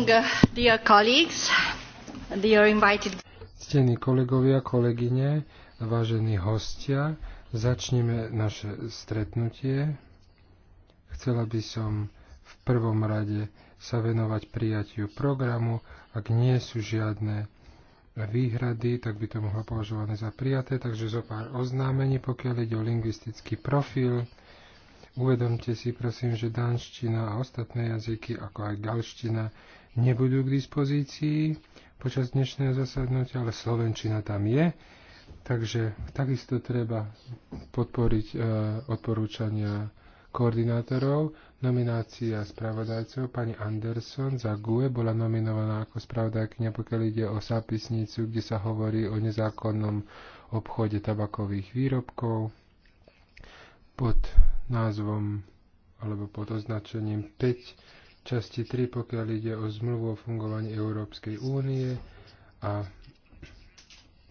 morning, uh, dear colleagues, dear invited... Stení kolegovia, kolegyne, vážení hostia, začneme naše stretnutie. Chcela by som v prvom rade sa venovať prijatiu programu. Ak nie sú žiadne výhrady, tak by to mohlo považované za prijaté. Takže zo pár oznámení, pokiaľ ide o lingvistický profil. Uvedomte si prosím, že danština a ostatné jazyky, ako aj galština, nebudú k dispozícii počas dnešného zasadnutia, ale Slovenčina tam je. Takže takisto treba podporiť e, odporúčania koordinátorov. Nominácia spravodajcov pani Anderson za GUE bola nominovaná ako spravodajkynia, pokiaľ ide o zápisnicu, kde sa hovorí o nezákonnom obchode tabakových výrobkov pod názvom alebo pod označením 5 časti 3, pokiaľ ide o zmluvu o fungovaní Európskej únie a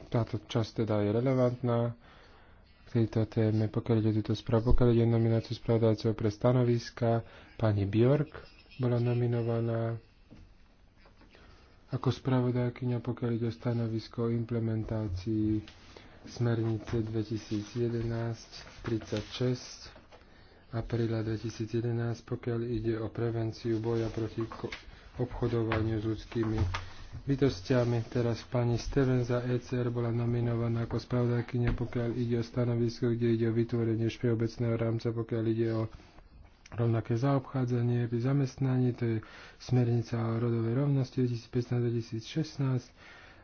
táto časť teda je relevantná k tejto téme, pokiaľ ide o túto správu, pokiaľ ide o nomináciu spravodajcov pre stanoviska, pani Bjork bola nominovaná ako spravodajkyňa, pokiaľ ide o stanovisko o implementácii smernice 2011-36 apríla 2011, pokiaľ ide o prevenciu boja proti obchodovaniu s ľudskými bytostiami. Teraz pani Stevenza ECR bola nominovaná ako spravodajkynia, pokiaľ ide o stanovisko, kde ide o vytvorenie všeobecného rámca, pokiaľ ide o rovnaké zaobchádzanie pri zamestnaní, to je smernica o rodovej rovnosti 2015-2016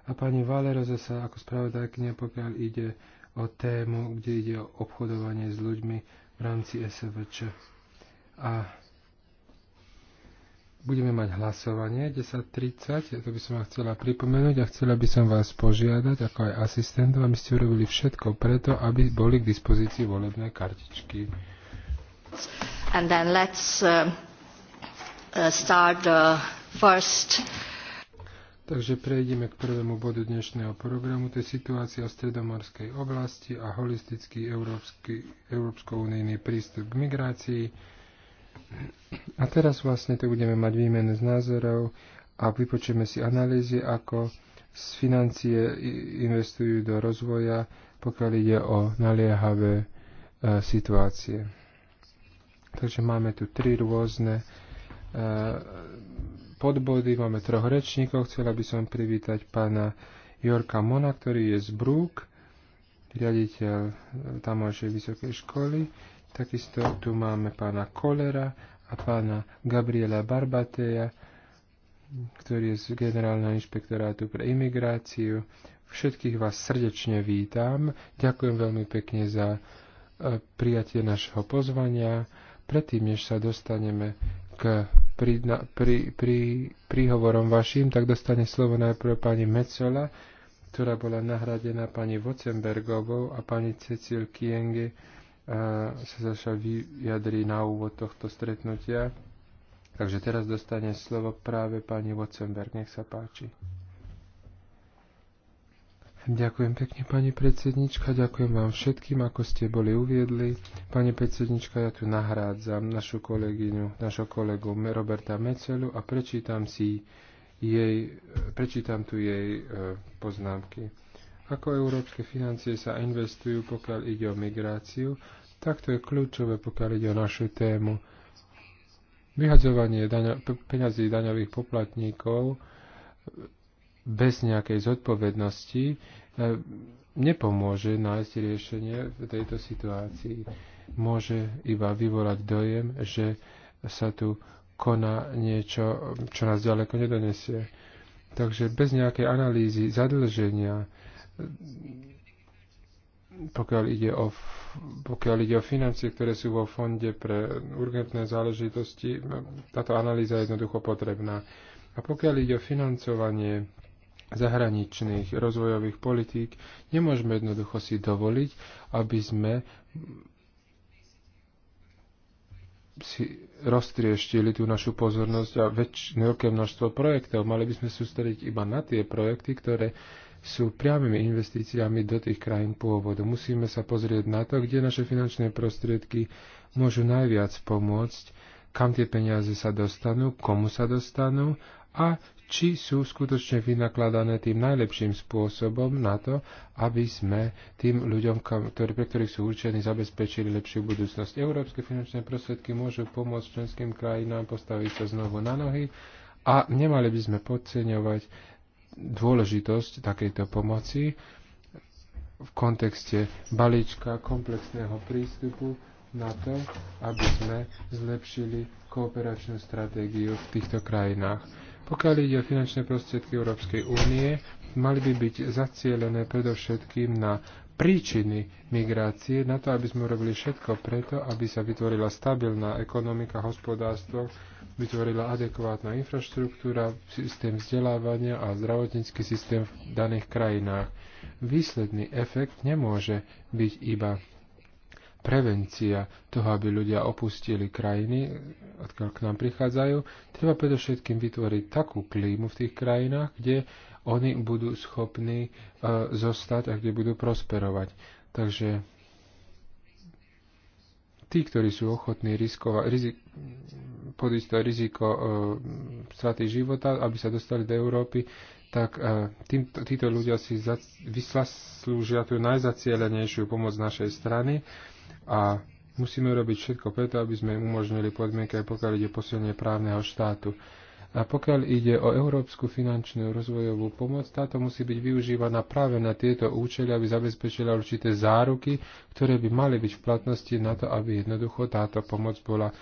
a pani Valero zase ako spravodajkynia, pokiaľ ide o tému, kde ide o obchodovanie s ľuďmi v rámci SVČ. A budeme mať hlasovanie 10.30, ja to by som vám chcela pripomenúť a chcela by som vás požiadať, ako aj asistentov, aby ste urobili všetko preto, aby boli k dispozícii volebné kartičky. And then let's uh, uh start the first Takže prejdeme k prvému bodu dnešného programu, to je situácia v stredomorskej oblasti a holistický európsko-unijný prístup k migrácii. A teraz vlastne tu budeme mať výmenu z názorov a vypočujeme si analýzy, ako z financie investujú do rozvoja, pokiaľ ide o naliehavé e, situácie. Takže máme tu tri rôzne e, podbody, máme troch rečníkov. Chcela by som privítať pána Jorka Mona, ktorý je z Brúk, riaditeľ tamojšej vysokej školy. Takisto tu máme pána Kolera a pána Gabriela Barbateja, ktorý je z Generálneho inšpektorátu pre imigráciu. Všetkých vás srdečne vítam. Ďakujem veľmi pekne za e, prijatie našeho pozvania. Predtým, než sa dostaneme k pri, pri, pri príhovorom vašim, tak dostane slovo najprv pani Mecola, ktorá bola nahradená pani Vocenbergovou a pani Cecil Kienge a sa zaša vyjadrí na úvod tohto stretnutia. Takže teraz dostane slovo práve pani Vocenberg. Nech sa páči. Ďakujem pekne, pani predsednička. Ďakujem vám všetkým, ako ste boli uviedli. Pani predsednička, ja tu nahrádzam našu kolegyňu, našho kolegu Roberta Mecelu a prečítam si jej, prečítam tu jej e, poznámky. Ako európske financie sa investujú, pokiaľ ide o migráciu, tak to je kľúčové, pokiaľ ide o našu tému. Vyhadzovanie daňo, peňazí daňových poplatníkov bez nejakej zodpovednosti e, nepomôže nájsť riešenie v tejto situácii. Môže iba vyvolať dojem, že sa tu koná niečo, čo nás ďaleko nedonesie. Takže bez nejakej analýzy zadlženia, pokiaľ ide o, pokiaľ ide o financie, ktoré sú vo fonde pre urgentné záležitosti, táto analýza je jednoducho potrebná. A pokiaľ ide o financovanie zahraničných rozvojových politík, nemôžeme jednoducho si dovoliť, aby sme si roztrieštili tú našu pozornosť a veľké množstvo projektov. Mali by sme sústrediť iba na tie projekty, ktoré sú priamými investíciami do tých krajín pôvodu. Musíme sa pozrieť na to, kde naše finančné prostriedky môžu najviac pomôcť, kam tie peniaze sa dostanú, komu sa dostanú a či sú skutočne vynakladané tým najlepším spôsobom na to, aby sme tým ľuďom, ktorý, pre ktorých sú určení, zabezpečili lepšiu budúcnosť. Európske finančné prostriedky môžu pomôcť členským krajinám postaviť sa znovu na nohy a nemali by sme podceňovať dôležitosť takejto pomoci v kontexte balíčka komplexného prístupu na to, aby sme zlepšili kooperačnú stratégiu v týchto krajinách. Pokiaľ ide o finančné prostriedky Európskej únie, mali by byť zacielené predovšetkým na príčiny migrácie, na to, aby sme robili všetko preto, aby sa vytvorila stabilná ekonomika, hospodárstvo, vytvorila adekvátna infraštruktúra, systém vzdelávania a zdravotnícky systém v daných krajinách. Výsledný efekt nemôže byť iba prevencia toho, aby ľudia opustili krajiny, odkiaľ k nám prichádzajú, treba predovšetkým vytvoriť takú klímu v tých krajinách, kde oni budú schopní e, zostať a kde budú prosperovať. Takže tí, ktorí sú ochotní riskovať, rizik, podísť to riziko e, straty života, aby sa dostali do Európy, tak e, tým, títo ľudia si zaslúžia tú najzacielenejšiu pomoc našej strany a musíme robiť všetko preto, aby sme im umožnili podmienky, pokiaľ ide posilnenie právneho štátu. A pokiaľ ide o európsku finančnú rozvojovú pomoc, táto musí byť využívaná práve na tieto účely, aby zabezpečila určité záruky, ktoré by mali byť v platnosti na to, aby jednoducho táto pomoc bola e,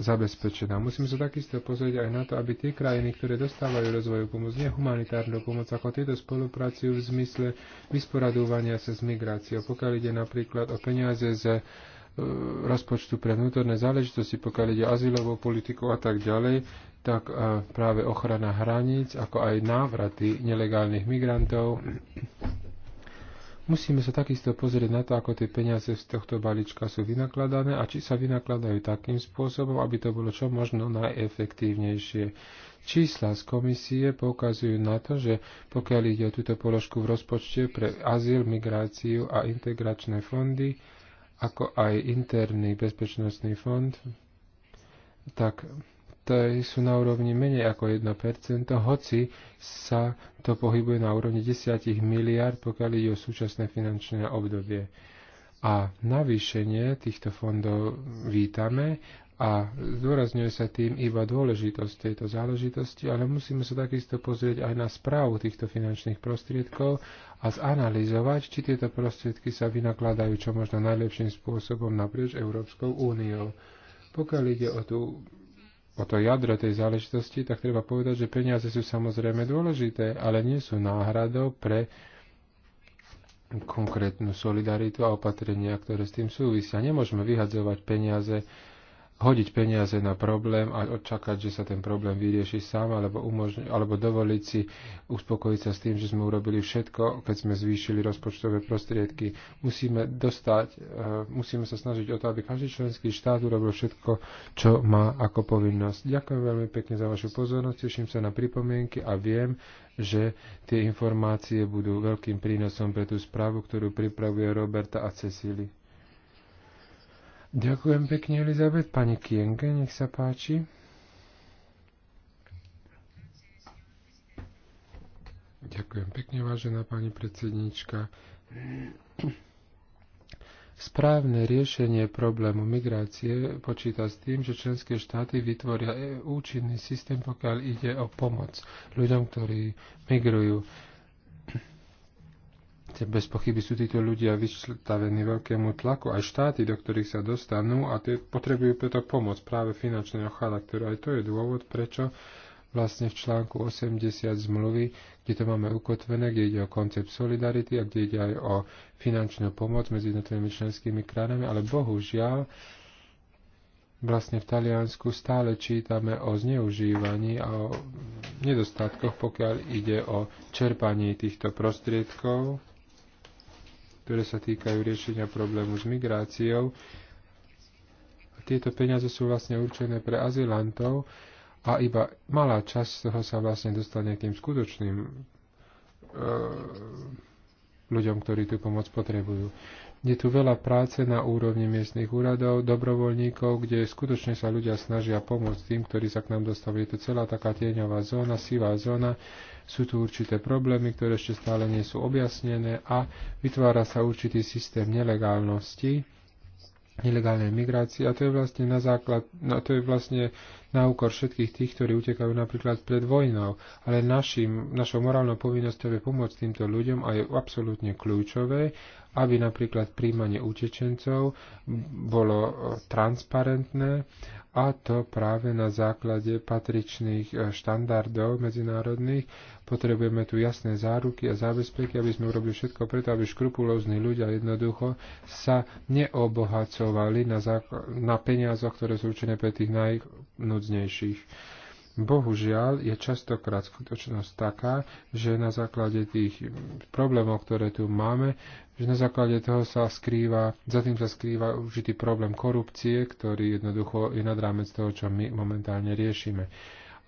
zabezpečená. Musíme sa takisto pozrieť aj na to, aby tie krajiny, ktoré dostávajú rozvojovú pomoc, nie humanitárnu pomoc, ako tieto spolupracujú v zmysle vysporadúvania sa s migráciou. Pokiaľ ide napríklad o peniaze z rozpočtu pre vnútorné záležitosti, pokiaľ ide o azylovú politiku a tak ďalej, tak e, práve ochrana hraníc, ako aj návraty nelegálnych migrantov. Musíme sa takisto pozrieť na to, ako tie peniaze z tohto balíčka sú vynakladané a či sa vynakladajú takým spôsobom, aby to bolo čo možno najefektívnejšie. Čísla z komisie poukazujú na to, že pokiaľ ide o túto položku v rozpočte pre azyl, migráciu a integračné fondy, ako aj interný bezpečnostný fond, tak to sú na úrovni menej ako 1%, hoci sa to pohybuje na úrovni 10 miliard, pokiaľ ide o súčasné finančné obdobie. A navýšenie týchto fondov vítame a zdôrazňuje sa tým iba dôležitosť tejto záležitosti, ale musíme sa takisto pozrieť aj na správu týchto finančných prostriedkov a zanalizovať, či tieto prostriedky sa vynakladajú čo možno najlepším spôsobom naprieč Európskou úniou. Pokiaľ ide o, tú, o to jadro tej záležitosti, tak treba povedať, že peniaze sú samozrejme dôležité, ale nie sú náhradou pre konkrétnu solidaritu a opatrenia, ktoré s tým súvisia. Nemôžeme vyhadzovať peniaze hodiť peniaze na problém a očakať, že sa ten problém vyrieši sám, alebo, umožni, alebo dovoliť si uspokojiť sa s tým, že sme urobili všetko, keď sme zvýšili rozpočtové prostriedky. Musíme dostať, e, musíme sa snažiť o to, aby každý členský štát urobil všetko, čo má ako povinnosť. Ďakujem veľmi pekne za vašu pozornosť, teším sa na pripomienky a viem, že tie informácie budú veľkým prínosom pre tú správu, ktorú pripravuje Roberta a Cecily. Ďakujem pekne, Elizabet. Pani Kienke, nech sa páči. Ďakujem pekne, vážená pani predsednička. Správne riešenie problému migrácie počíta s tým, že členské štáty vytvoria účinný systém, pokiaľ ide o pomoc ľuďom, ktorí migrujú bez pochyby sú títo ľudia vystavení veľkému tlaku, aj štáty, do ktorých sa dostanú a tie potrebujú preto pomoc práve finančného charakteru. Aj to je dôvod, prečo vlastne v článku 80 zmluvy, kde to máme ukotvené, kde ide o koncept solidarity a kde ide aj o finančnú pomoc medzi jednotlivými členskými krajinami, ale bohužiaľ vlastne v Taliansku stále čítame o zneužívaní a o nedostatkoch, pokiaľ ide o čerpanie týchto prostriedkov ktoré sa týkajú riešenia problému s migráciou. Tieto peniaze sú vlastne určené pre azylantov a iba malá časť z toho sa vlastne dostane tým skutočným e, ľuďom, ktorí tú pomoc potrebujú. Je tu veľa práce na úrovni miestnych úradov, dobrovoľníkov, kde skutočne sa ľudia snažia pomôcť tým, ktorí sa k nám dostavujú. Je to celá taká tieňová zóna, sivá zóna, sú tu určité problémy, ktoré ešte stále nie sú objasnené a vytvára sa určitý systém nelegálnosti, nelegálnej migrácie a to je vlastne na základ, no to je vlastne na úkor všetkých tých, ktorí utekajú napríklad pred vojnou. Ale našim, našou morálnou povinnosťou je pomôcť týmto ľuďom a je absolútne kľúčové, aby napríklad príjmanie utečencov bolo e, transparentné a to práve na základe patričných e, štandardov medzinárodných. Potrebujeme tu jasné záruky a zábezpeky, aby sme urobili všetko preto, aby škrupulózni ľudia jednoducho sa neobohacovali na, na peniazoch, ktoré sú určené pre tých naj- najnudznejších. Bohužiaľ je častokrát skutočnosť taká, že na základe tých problémov, ktoré tu máme, že na základe toho sa skrýva, za tým sa skrýva určitý problém korupcie, ktorý jednoducho je nad rámec toho, čo my momentálne riešime.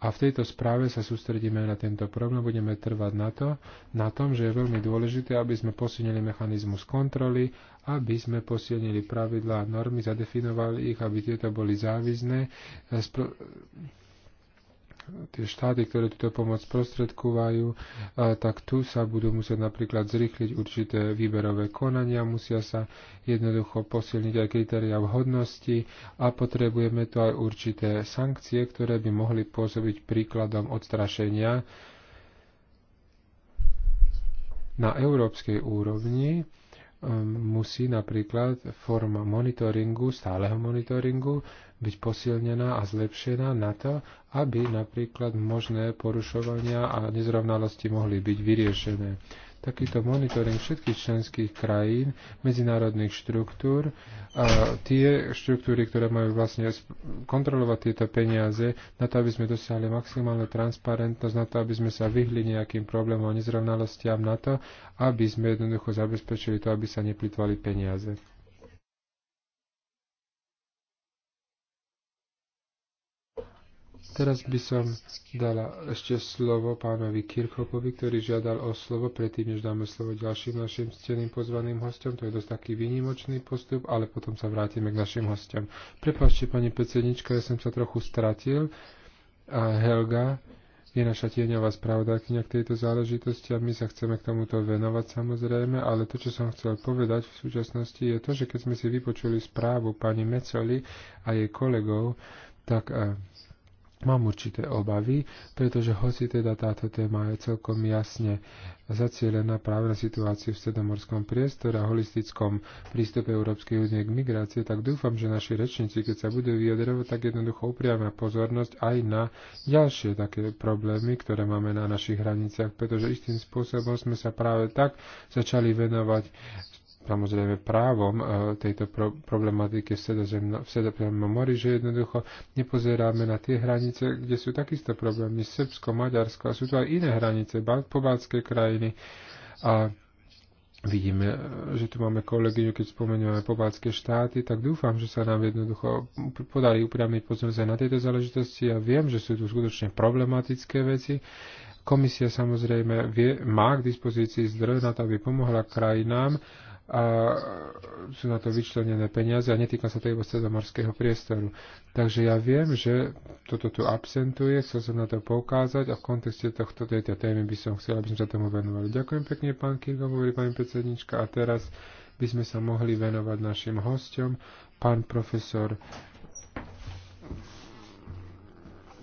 A v tejto správe sa sústredíme na tento problém, budeme trvať na, to, na tom, že je veľmi dôležité, aby sme posilnili mechanizmus kontroly, aby sme posilnili pravidlá a normy, zadefinovali ich, aby tieto boli závisné tie štáty, ktoré túto pomoc prostredkovajú, tak tu sa budú musieť napríklad zrýchliť určité výberové konania, musia sa jednoducho posilniť aj kritéria vhodnosti a potrebujeme tu aj určité sankcie, ktoré by mohli pôsobiť príkladom odstrašenia na európskej úrovni Ehm, musí napríklad forma monitoringu, stáleho monitoringu, byť posilnená a zlepšená na to, aby napríklad možné porušovania a nezrovnalosti mohli byť vyriešené takýto monitoring všetkých členských krajín, medzinárodných štruktúr a tie štruktúry, ktoré majú vlastne kontrolovať tieto peniaze, na to, aby sme dosiahli maximálnu transparentnosť, na to, aby sme sa vyhli nejakým problémom a nezrovnalostiam, na to, aby sme jednoducho zabezpečili to, aby sa neplitvali peniaze. Teraz by som dala ešte slovo pánovi Kirchhoffovi, ktorý žiadal o slovo, predtým, než dáme slovo ďalším našim steným pozvaným hostom. To je dosť taký výnimočný postup, ale potom sa vrátime k našim hostom. Prepašte, pani predsednička, ja som sa trochu stratil. A Helga je naša tieňová spravodajkynia k tejto záležitosti a my sa chceme k tomuto venovať samozrejme, ale to, čo som chcel povedať v súčasnosti, je to, že keď sme si vypočuli správu pani Mecoli a jej kolegov, tak eh, Mám určité obavy, pretože hoci teda táto téma je celkom jasne zacielená práve na situáciu v stredomorskom priestore a holistickom prístupe Európskej únie k migrácie, tak dúfam, že naši rečníci, keď sa budú vyjadrovať, tak jednoducho upriamia pozornosť aj na ďalšie také problémy, ktoré máme na našich hraniciach, pretože istým spôsobom sme sa práve tak začali venovať samozrejme právom e, tejto pro- problematiky v Stredozemnom mori, že jednoducho nepozeráme na tie hranice, kde sú takisto problémy Srbsko, Maďarsko a sú tu aj iné hranice, pobaltské krajiny a vidíme, e, že tu máme kolegyňu, keď spomenieme pobaltské štáty, tak dúfam, že sa nám jednoducho podarí upriamiť pozornosť aj na tejto záležitosti. Ja viem, že sú tu skutočne problematické veci. Komisia samozrejme vie, má k dispozícii zdroj na to, aby pomohla krajinám, a sú na to vyčlenené peniaze a netýka sa to iba stredomorského priestoru. Takže ja viem, že toto tu absentuje, chcel som na to poukázať a v kontexte tohto tejto témy by som chcel, aby sme sa tomu venovali. Ďakujem pekne, pán Kirko, hovorí pani predsednička a teraz by sme sa mohli venovať našim hostom, pán profesor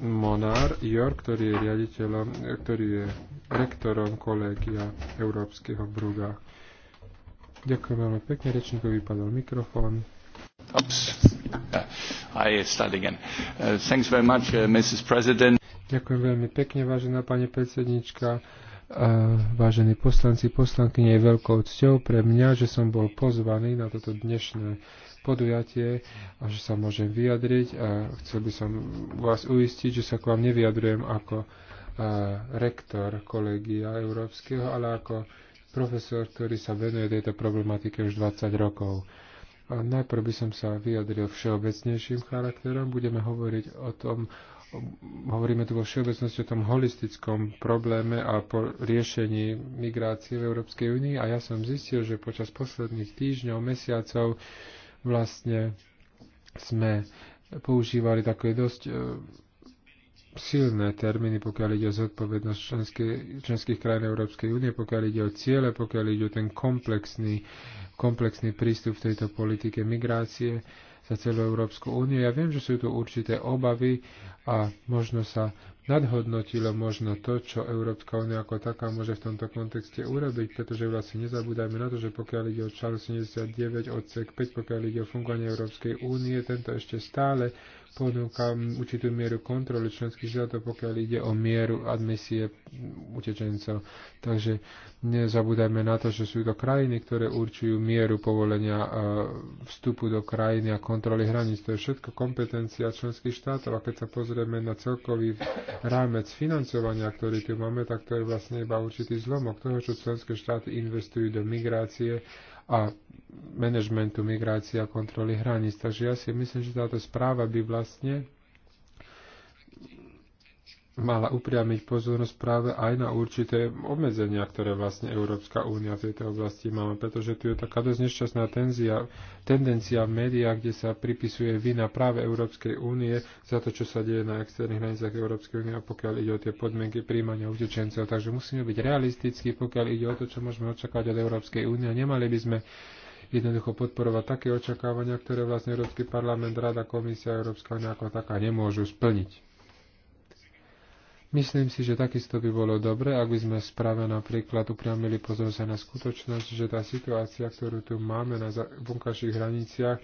Monár Jor, ktorý je riaditeľom, ktorý je rektorom kolégia Európskeho Bruga. Ďakujem veľmi pekne, rečníkovi vypadol mikrofón. Oops. I start again. Uh, thanks very much, uh, Mrs. President. Ďakujem veľmi pekne, vážená pani predsednička. Uh, vážení poslanci, nie je veľkou cťou pre mňa, že som bol pozvaný na toto dnešné podujatie a že sa môžem vyjadriť. A chcel by som vás uistiť, že sa k vám nevyjadrujem ako uh, rektor kolegia európskeho, ale ako uh, profesor, ktorý sa venuje tejto problematike už 20 rokov. A najprv by som sa vyjadril všeobecnejším charakterom. Budeme hovoriť o tom, hovoríme tu vo všeobecnosti o tom holistickom probléme a po riešení migrácie v Európskej únii a ja som zistil, že počas posledných týždňov, mesiacov vlastne sme používali také dosť e, silné termíny, pokiaľ ide o zodpovednosť členských, členských krajín Európskej únie, pokiaľ ide o ciele, pokiaľ ide o ten komplexný, komplexný prístup v tejto politike migrácie za celú Európsku úniu. Ja viem, že sú tu určité obavy a možno sa nadhodnotilo možno to, čo Európska únia ako taká môže v tomto kontexte urobiť, pretože vlastne nezabúdajme na to, že pokiaľ ide o článok 79 odsek 5, pokiaľ ide o fungovanie Európskej únie, tento ešte stále ponúka určitú mieru kontroly členských štátov, pokiaľ ide o mieru admisie utečencov. Takže nezabúdajme na to, že sú to krajiny, ktoré určujú mieru povolenia e, vstupu do krajiny a kontroly hraníc. To je všetko kompetencia členských štátov. A keď sa pozrieme na celkový rámec financovania, ktorý tu máme, tak to je vlastne iba určitý zlomok toho, čo členské štáty investujú do migrácie a manažmentu migrácie a kontroly hraníc. Takže ja si myslím, že táto správa by vlastne mala upriamiť pozornosť práve aj na určité obmedzenia, ktoré vlastne Európska únia v tejto oblasti máme, pretože tu je taká dosť nešťastná tenzia, tendencia v médiách, kde sa pripisuje vina práve Európskej únie za to, čo sa deje na externých hranicách Európskej únie, a pokiaľ ide o tie podmienky príjmania utečencov. Takže musíme byť realistickí, pokiaľ ide o to, čo môžeme očakávať od Európskej únie. Nemali by sme jednoducho podporovať také očakávania, ktoré vlastne Európsky parlament, Rada, Komisia, Európska únia ako taká nemôžu splniť. Myslím si, že takisto by bolo dobre, ak by sme správe napríklad upriamili pozor sa na skutočnosť, že tá situácia, ktorú tu máme na vonkajších hraniciach,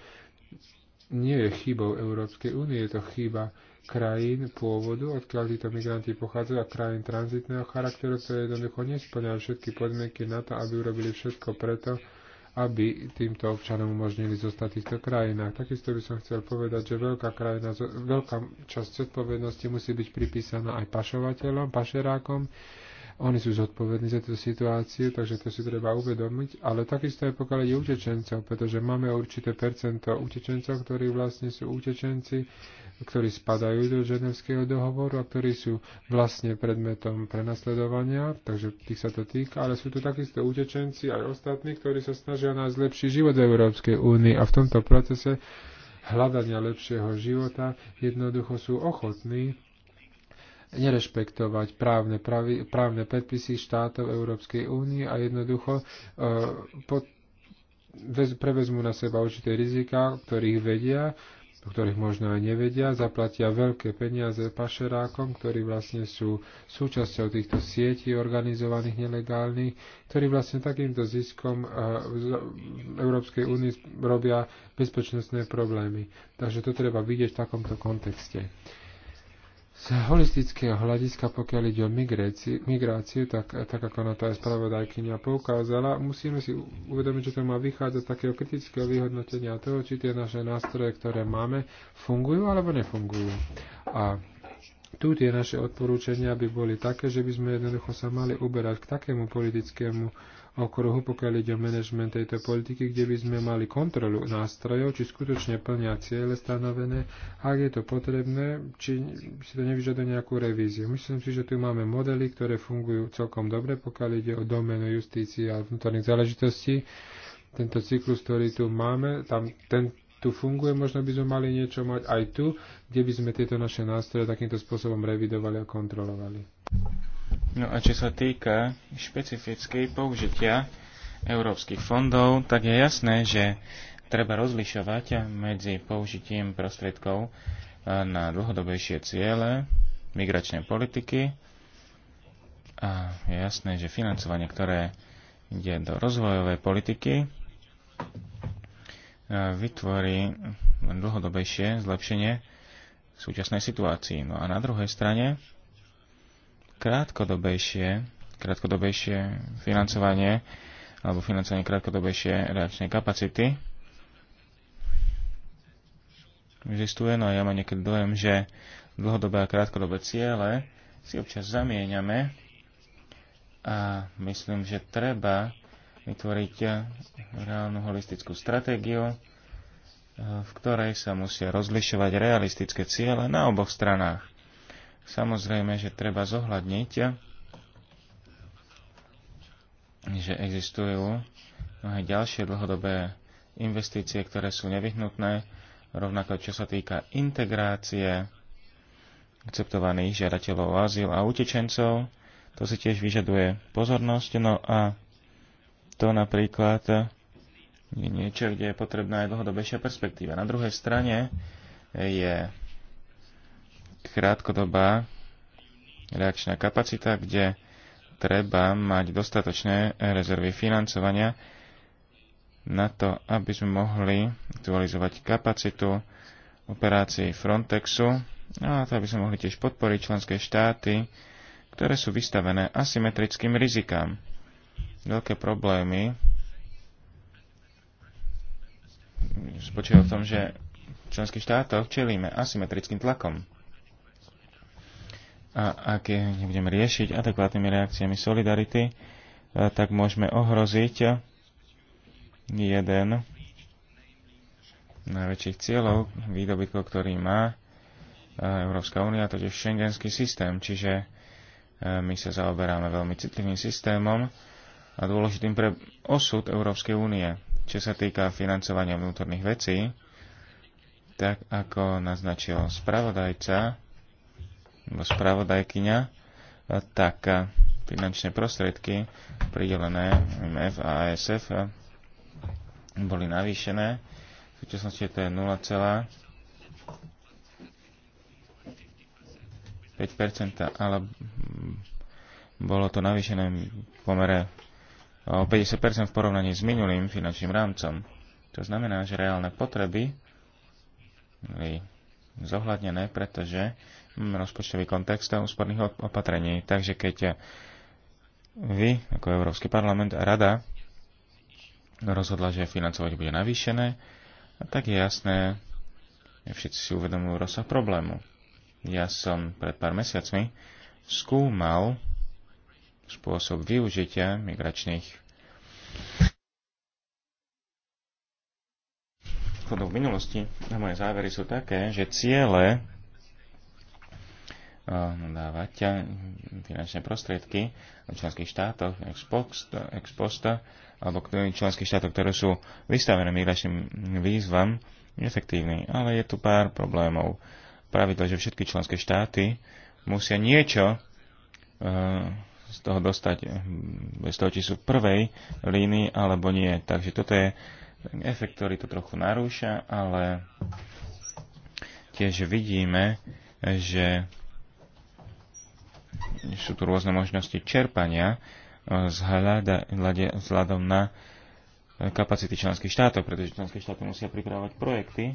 nie je chybou Európskej únie, je to chyba krajín pôvodu, odkiaľ títo migranti pochádzajú, a krajín tranzitného charakteru, ktoré jednoducho nesplňajú všetky podmienky na to, aby urobili všetko preto, aby týmto občanom umožnili zostať v týchto krajinách. Takisto by som chcel povedať, že veľká, krajina, veľká časť zodpovednosti musí byť pripísaná aj pašovateľom, pašerákom. Oni sú zodpovední za tú situáciu, takže to si treba uvedomiť, ale takisto aj pokiaľ je utečencov, pretože máme určité percento utečencov, ktorí vlastne sú utečenci, ktorí spadajú do ženevského dohovoru a ktorí sú vlastne predmetom prenasledovania, takže tých sa to týka, ale sú tu takisto utečenci aj ostatní, ktorí sa snažia nájsť lepší život v Európskej únii a v tomto procese hľadania lepšieho života jednoducho sú ochotní nerešpektovať právne, pravi, právne predpisy štátov Európskej únie a jednoducho e, pod, vez, na seba určité rizika, ktorých vedia o ktorých možno aj nevedia, zaplatia veľké peniaze pašerákom, ktorí vlastne sú súčasťou týchto sietí organizovaných nelegálnych, ktorí vlastne takýmto ziskom v eh, Európskej únii robia bezpečnostné problémy. Takže to treba vidieť v takomto kontexte. Z holistického hľadiska, pokiaľ ide o migráciu, migráciu tak, tak ako na to aj spravodajkynia poukázala, musíme si uvedomiť, že to má vychádzať z takého kritického vyhodnotenia toho, či tie naše nástroje, ktoré máme, fungujú alebo nefungujú. A tu tie naše odporúčania by boli také, že by sme jednoducho sa mali uberať k takému politickému okruhu, pokiaľ ide o manažment tejto politiky, kde by sme mali kontrolu nástrojov, či skutočne plnia ciele stanovené, ak je to potrebné, či si to nevyžaduje nejakú revíziu. Myslím si, že tu máme modely, ktoré fungujú celkom dobre, pokiaľ ide o domenu justície a vnútorných záležitostí. Tento cyklus, ktorý tu máme, tam ten, tu funguje, možno by sme mali niečo mať aj tu, kde by sme tieto naše nástroje takýmto spôsobom revidovali a kontrolovali. No a čo sa týka špecificky použitia európskych fondov, tak je jasné, že treba rozlišovať medzi použitím prostriedkov e, na dlhodobejšie ciele migračnej politiky a je jasné, že financovanie, ktoré ide do rozvojovej politiky, e, vytvorí dlhodobejšie zlepšenie súčasnej situácii. No a na druhej strane krátkodobejšie, krátkodobejšie financovanie alebo financovanie krátkodobejšie reakčnej kapacity existuje, no a ja mám niekedy dojem, že dlhodobé a krátkodobé ciele si občas zamieňame a myslím, že treba vytvoriť reálnu holistickú stratégiu, v ktorej sa musia rozlišovať realistické ciele na oboch stranách. Samozrejme, že treba zohľadniť, že existujú mnohé ďalšie dlhodobé investície, ktoré sú nevyhnutné, rovnako čo sa týka integrácie akceptovaných žiadateľov o azyl a utečencov. To si tiež vyžaduje pozornosť. No a to napríklad je niečo, kde je potrebná aj dlhodobejšia perspektíva. Na druhej strane je krátkodobá reakčná kapacita, kde treba mať dostatočné rezervy financovania na to, aby sme mohli aktualizovať kapacitu operácií Frontexu a to, aby sme mohli tiež podporiť členské štáty, ktoré sú vystavené asymetrickým rizikám. Veľké problémy spočívajú v tom, že v členských štátoch čelíme asymetrickým tlakom a ak nebudeme riešiť adekvátnymi reakciami solidarity, e, tak môžeme ohroziť jeden najväčších cieľov, výdobytkov, ktorý má e, Európska únia, to je šengenský systém. Čiže e, my sa zaoberáme veľmi citlivým systémom a dôležitým pre osud Európskej únie. Čo sa týka financovania vnútorných vecí, tak ako naznačil spravodajca, spravodajkyňa, tak finančné prostriedky pridelené MF a ASF boli navýšené. V súčasnosti to je 0,5%, ale bolo to navýšené v pomere o 50% v porovnaní s minulým finančným rámcom. To znamená, že reálne potreby boli zohľadnené, pretože rozpočtový kontext a úsporných opatrení. Takže keď vy, ako Európsky parlament a Rada, rozhodla, že financovať bude navýšené, tak je jasné, že všetci si uvedomujú rozsah problému. Ja som pred pár mesiacmi skúmal spôsob využitia migračných chodov v minulosti a moje závery sú také, že ciele dávať finančné prostriedky v členských štátoch ex post, alebo členských štátoch, ktoré sú vystavené migračným výzvam, efektívny. Ale je tu pár problémov. Pravidlo, že všetky členské štáty musia niečo e, z toho dostať, bez toho, či sú v prvej línii alebo nie. Takže toto je efekt, ktorý to trochu narúša, ale tiež vidíme, že sú tu rôzne možnosti čerpania e, vzhľadom na e, kapacity členských štátov, pretože členské štáty musia pripravovať projekty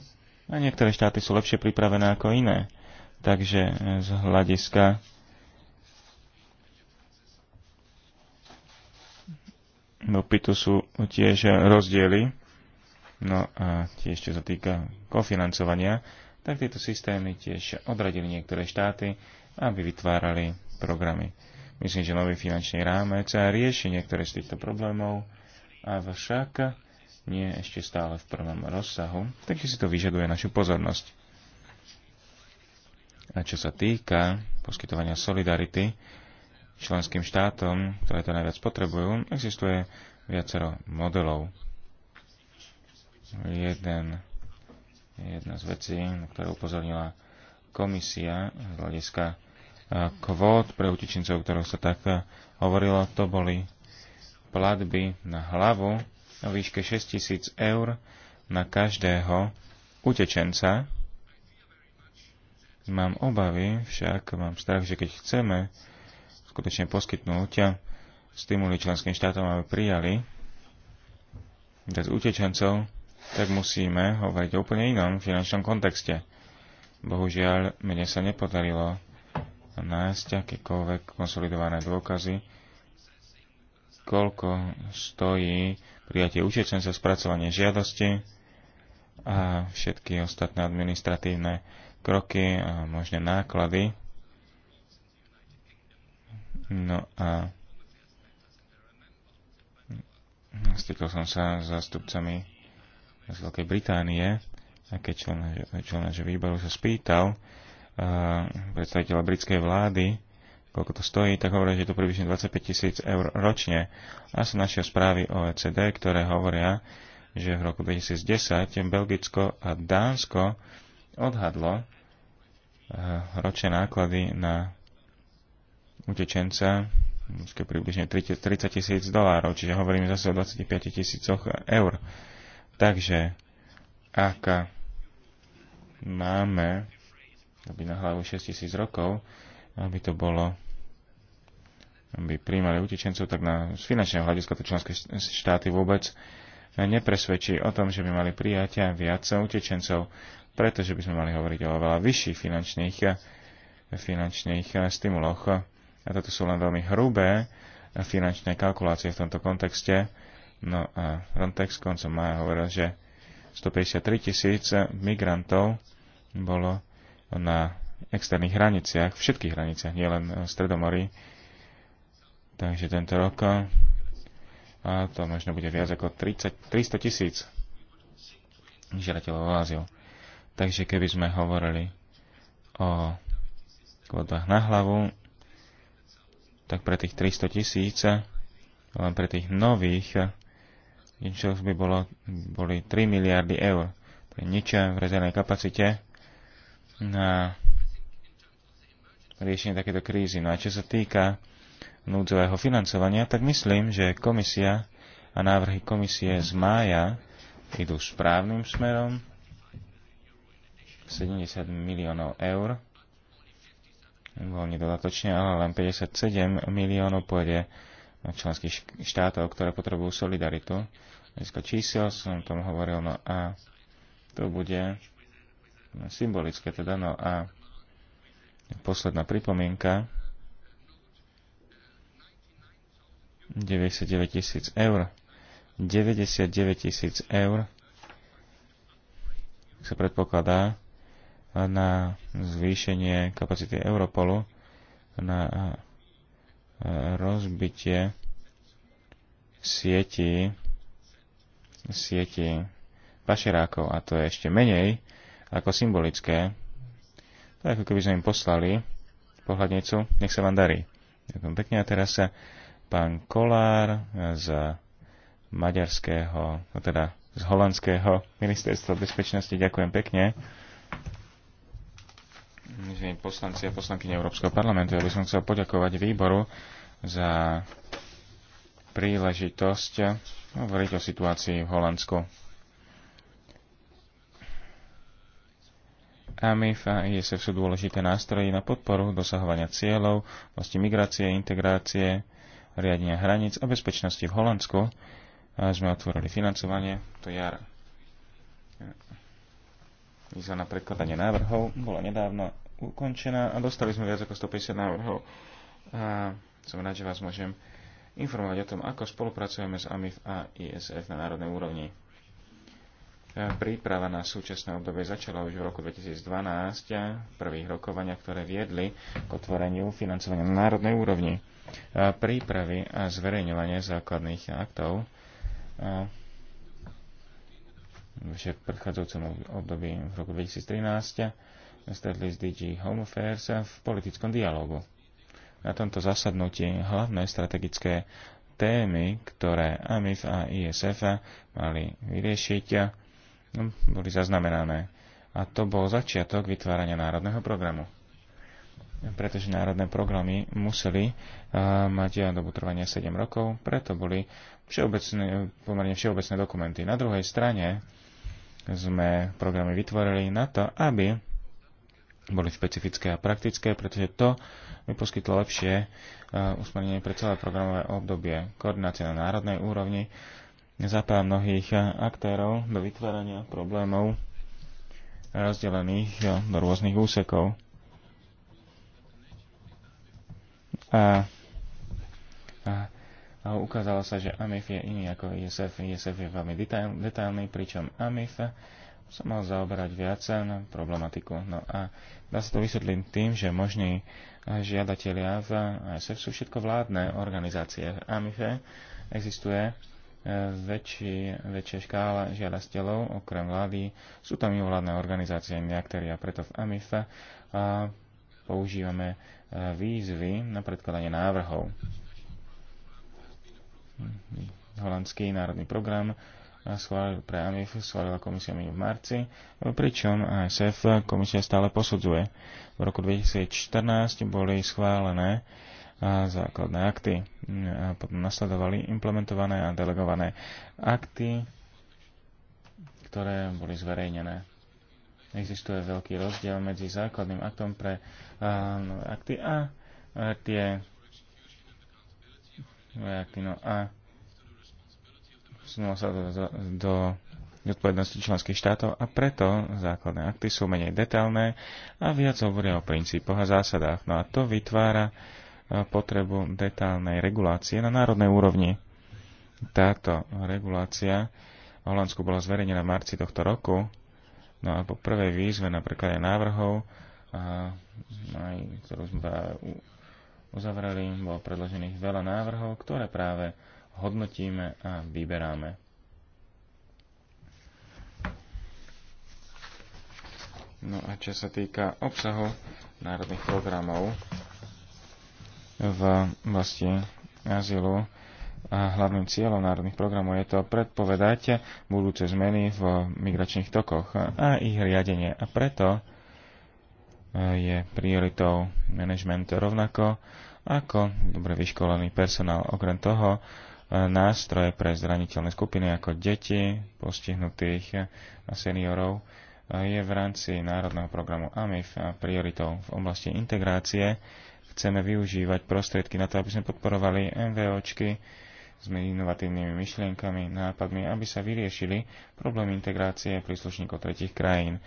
a niektoré štáty sú lepšie pripravené ako iné. Takže e, z hľadiska dopytu sú tiež rozdiely, no a tiež čo sa týka kofinancovania, tak tieto systémy tiež odradili niektoré štáty, aby vytvárali programy. Myslím, že nový finančný rámec rieši niektoré z týchto problémov, avšak nie ešte stále v prvom rozsahu, takže si to vyžaduje našu pozornosť. A čo sa týka poskytovania solidarity členským štátom, ktoré to najviac potrebujú, existuje viacero modelov. Jeden, jedna z vecí, na ktoré upozornila komisia z hľadiska kvót pre utečencov, o ktorých sa tak eh, hovorilo, to boli platby na hlavu o výške 6000 eur na každého utečenca. Mám obavy, však mám strach, že keď chceme skutočne poskytnúť stimuli členským štátom, aby prijali bez utečencov, tak musíme hovoriť o úplne inom finančnom kontexte. Bohužiaľ, mne sa nepodarilo nájsť akékoľvek konsolidované dôkazy, koľko stojí prijatie učečenca, spracovanie žiadosti a všetky ostatné administratívne kroky a možné náklady. No a stýkal som sa s zástupcami z Veľkej Británie a keď člen, člen výboru sa spýtal, predstaviteľa britskej vlády, koľko to stojí, tak hovoria, že je to približne 25 tisíc eur ročne. A sa našiel správy OECD, ktoré hovoria, že v roku 2010 Belgicko a Dánsko odhadlo e, ročné náklady na utečenca približne 30 tisíc dolárov, čiže hovoríme zase o 25 tisícoch eur. Takže ak máme aby na hlavu 6 tisíc rokov, aby to bolo aby príjmali utečencov, tak na, z finančného hľadiska to členské štáty vôbec eh, nepresvedčí o tom, že by mali prijať viac utečencov, pretože by sme mali hovoriť o veľa vyšších finančných, eh, finančných eh, stimuloch. A toto sú len veľmi hrubé finančné kalkulácie v tomto kontexte. No a Frontex koncom maja hovoril, že 153 tisíc migrantov bolo na externých hraniciach, všetkých hraniciach, nielen v eh, Stredomorí. Takže tento rok a to možno bude viac ako 30, 300 tisíc žiadateľov o azyl. Takže keby sme hovorili o kvotách na hlavu, tak pre tých 300 tisíc, len pre tých nových, niečo by bolo, boli 3 miliardy eur. To je nič v rezervnej kapacite na riešenie takéto krízy. No a čo sa týka núdzového financovania, tak myslím, že komisia a návrhy komisie z mája idú správnym smerom. 70 miliónov eur voľne dodatočne, ale len 57 miliónov pôjde členských štátov, ktoré potrebujú solidaritu. Dneska čísel som o tom hovoril, no a to bude symbolické teda. No a posledná pripomienka. 99 tisíc eur. 99 tisíc eur sa predpokladá na zvýšenie kapacity Europolu, na rozbitie sieti, sieti pašerákov, a to je ešte menej, ako symbolické. To je ako keby sme im poslali pohľadnicu. Nech sa vám darí. Ďakujem pekne. A teraz sa pán Kolár z maďarského, no teda z holandského ministerstva bezpečnosti. Ďakujem pekne. Poslanci a poslankyne Európskeho parlamentu, ja by som chcel poďakovať výboru za príležitosť hovoriť o situácii v Holandsku. AMIF a ISF sú dôležité nástroje na podporu dosahovania cieľov vlasti migrácie, integrácie, riadenia hraníc a bezpečnosti v Holandsku. A sme otvorili financovanie to jar. Výzva na predkladanie návrhov bola nedávno ukončená a dostali sme viac ako 150 návrhov. A som rád, že vás môžem informovať o tom, ako spolupracujeme s AMIF a ISF na národnej úrovni. Príprava na súčasné obdobie začala už v roku 2012 prvých rokovania, ktoré viedli k otvoreniu financovania na národnej úrovni. Prípravy a zverejňovanie základných aktov že v predchádzajúcom období v roku 2013 stretli s DG Home Affairs v politickom dialogu. Na tomto zasadnutí hlavné strategické témy, ktoré AMIF a ISF mali vyriešiť, No, boli zaznamenané. A to bol začiatok vytvárania národného programu. Pretože národné programy museli eh, mať dobu trvania 7 rokov, preto boli všeobecné, pomerne všeobecné dokumenty. Na druhej strane sme programy vytvorili na to, aby boli špecifické a praktické, pretože to mi poskytlo lepšie eh, usmernenie pre celé programové obdobie. koordinácie na národnej úrovni zapája mnohých aktérov do vytvárania problémov rozdelených eh, do rôznych úsekov. A, a, a ukázalo sa, že AMIF je iný ako ISF. ISF je veľmi detail, detailný, pričom AMIF sa mal zaoberať viac na problematiku. No a dá sa to vysvetliť tým, že možní žiadatelia v ISF sú všetko vládne organizácie. V AMIFE existuje E, väčší, väčšia škála žiadateľov, okrem vlády, sú tam mimovládne organizácie a a preto v AMIFE a používame e, výzvy na predkladanie návrhov. Holandský národný program e, schválil pre AMIF schválila komisia v marci, pričom ASF komisia stále posudzuje. V roku 2014 boli schválené základné akty a potom nasledovali implementované a delegované akty, ktoré boli zverejnené. Existuje veľký rozdiel medzi základným aktom pre a, akty a, tie akty, no a sa do, do, do členských štátov a preto základné akty sú menej detailné a viac hovoria o princípoch a zásadách. No a to vytvára potrebu detálnej regulácie na národnej úrovni. Táto regulácia v Holandsku bola zverejnená v marci tohto roku, no a po prvej výzve na preklade návrhov, ktorú sme teda uzavreli, bolo predložených veľa návrhov, ktoré práve hodnotíme a vyberáme. No a čo sa týka obsahu národných programov, v vlasti azylu a hlavným cieľom národných programov je to predpovedať budúce zmeny v migračných tokoch a ich riadenie. A preto e, je prioritou management rovnako ako dobre vyškolený personál. Okrem toho e, nástroje pre zraniteľné skupiny ako deti, postihnutých a seniorov e, je v rámci národného programu AMIF prioritou v oblasti integrácie chceme využívať prostriedky na to, aby sme podporovali MVOčky s inovatívnymi myšlienkami, nápadmi, aby sa vyriešili problémy integrácie príslušníkov tretich krajín.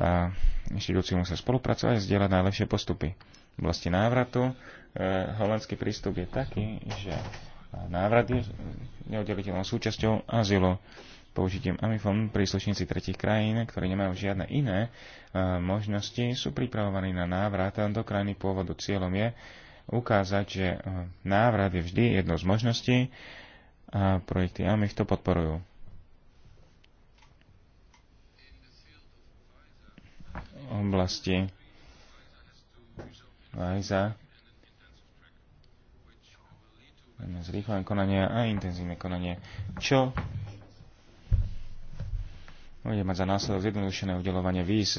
A inštitúcii musia spolupracovať a zdieľať najlepšie postupy. V oblasti návratu e, holandský prístup je taký, že návrat je neoddeliteľnou súčasťou azylu použitím AMIFOM príslušníci tretich krajín, ktorí nemajú žiadne iné e, možnosti, sú pripravovaní na návrat do krajiny pôvodu. Cieľom je ukázať, že e, návrat je vždy jednou z možností a projekty AMIF to podporujú. oblasti Vajza. zrýchlené konanie a intenzívne konanie, čo bude mať za následok zjednodušené udelovanie víz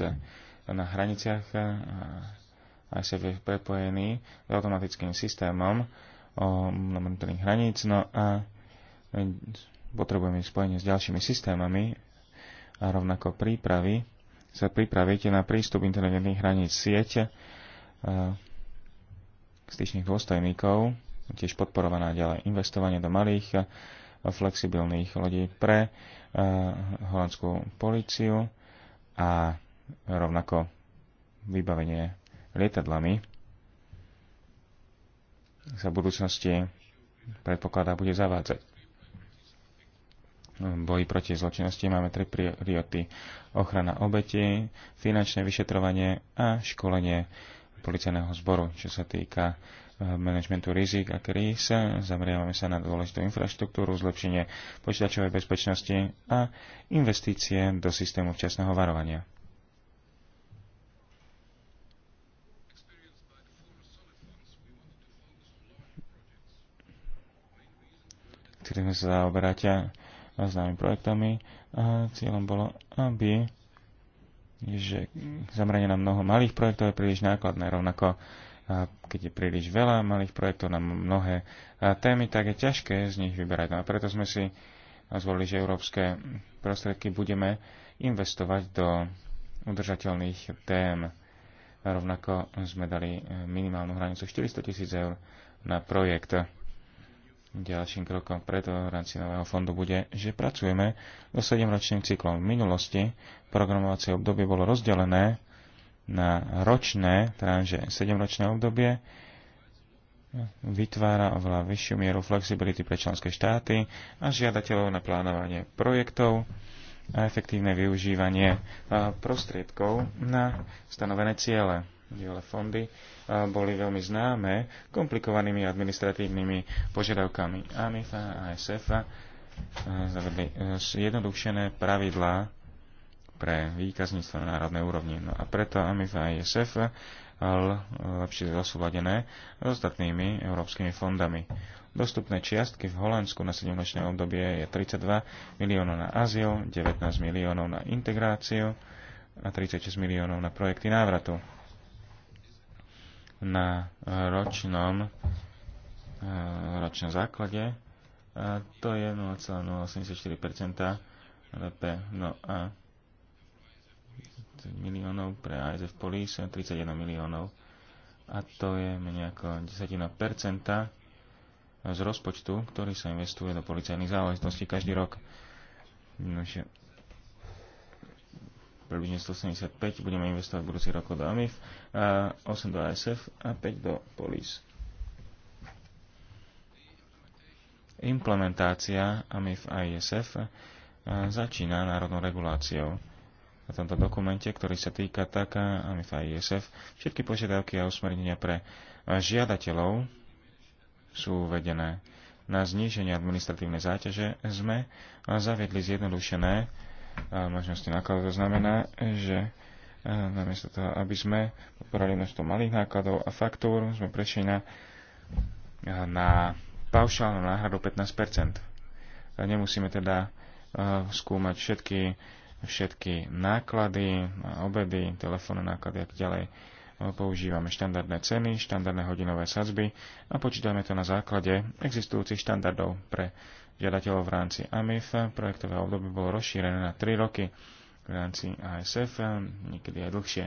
na hraniciach a sa je prepojený s automatickým systémom o monitoring hraníc. No a potrebujeme spojenie s ďalšími systémami a rovnako prípravy sa pripravíte na prístup inteligentných hraníc sieť styčných dôstojníkov, tiež podporovaná ďalej investovanie do malých flexibilných lodí pre eh, holandskú políciu a rovnako vybavenie lietadlami sa v budúcnosti predpokladá bude zavádzať. V boji proti zločinnosti máme tri prioty. Ochrana obeti, finančné vyšetrovanie a školenie policajného zboru, čo sa týka manažmentu rizik a kríz. Zameriavame sa na dôležitú infraštruktúru, zlepšenie počítačovej bezpečnosti a investície do systému včasného varovania. Chceli sme sa zaoberať námi projektami a cieľom bolo, aby že zameranie na mnoho malých projektov je príliš nákladné, rovnako a keď je príliš veľa malých projektov na mnohé témy, tak je ťažké z nich vyberať. No a preto sme si zvolili, že európske prostriedky budeme investovať do udržateľných tém. Rovnako sme dali e, minimálnu hranicu 400 tisíc eur na projekt. Ďalším krokom preto v rámci nového fondu bude, že pracujeme so 7-ročným cyklom. V minulosti programovacie obdobie bolo rozdelené na ročné, teda 7-ročné obdobie, vytvára oveľa vyššiu mieru flexibility pre členské štáty a žiadateľov na plánovanie projektov a efektívne využívanie prostriedkov na stanovené ciele. Diele fondy boli veľmi známe komplikovanými administratívnymi požiadavkami AMIFA, a ASF zavedli e, jednodušené pravidlá pre výkazníctvo na národnej úrovni. No a preto AMIF a ISF eh, lepšie zosúladené s ostatnými európskymi fondami. Dostupné čiastky v Holandsku na 7-ročné obdobie je 32 miliónov na azyl, 19 miliónov na integráciu a 36 miliónov na projekty návratu. Na ročnom, eh, ročnom základe eh, to je 0,084% HDP. No a miliónov pre ASF Police a 31 miliónov. A to je menej ako desatina percenta z rozpočtu, ktorý sa investuje do policajných záležitostí každý rok. Nože, približne 175 budeme investovať v budúci rok do AMIF, a 8 do ASF a 5 do Police. Implementácia AMIF a ISF začína národnou reguláciou na tomto dokumente, ktorý sa týka tak a MIFA ISF. Všetky požiadavky a usmernenia pre žiadateľov sú uvedené. Na zníženie administratívnej záťaže sme zaviedli zjednodušené možnosti nákladov. To znamená, že namiesto toho, aby sme podporali množstvo malých nákladov a faktúr, sme prešli na, na paušálnu náhradu 15 Nemusíme teda skúmať všetky všetky náklady, obedy, telefónne náklady a tak ďalej. Používame štandardné ceny, štandardné hodinové sadzby a počítame to na základe existujúcich štandardov pre žiadateľov v rámci AMIF. Projektové obdobie bolo rozšírené na 3 roky v rámci ASF, niekedy aj dlhšie.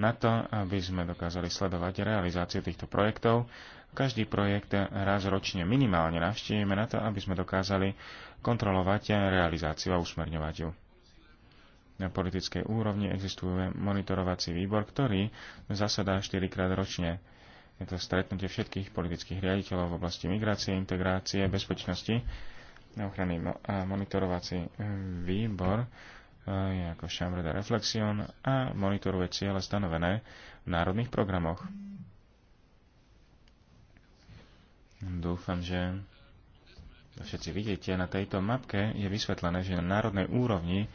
Na to, aby sme dokázali sledovať realizáciu týchto projektov, každý projekt raz ročne minimálne navštívime na to, aby sme dokázali kontrolovať realizáciu a usmerňovať ju na politickej úrovni existuje monitorovací výbor, ktorý zasadá 4 krát ročne. Je to stretnutie všetkých politických riaditeľov v oblasti migrácie, integrácie, bezpečnosti na ochrany. A monitorovací eh, výbor eh, je ako Chambre de Reflexion a monitoruje ciele stanovené v národných programoch. Dúfam, že to všetci vidíte. Na tejto mapke je vysvetlené, že na národnej úrovni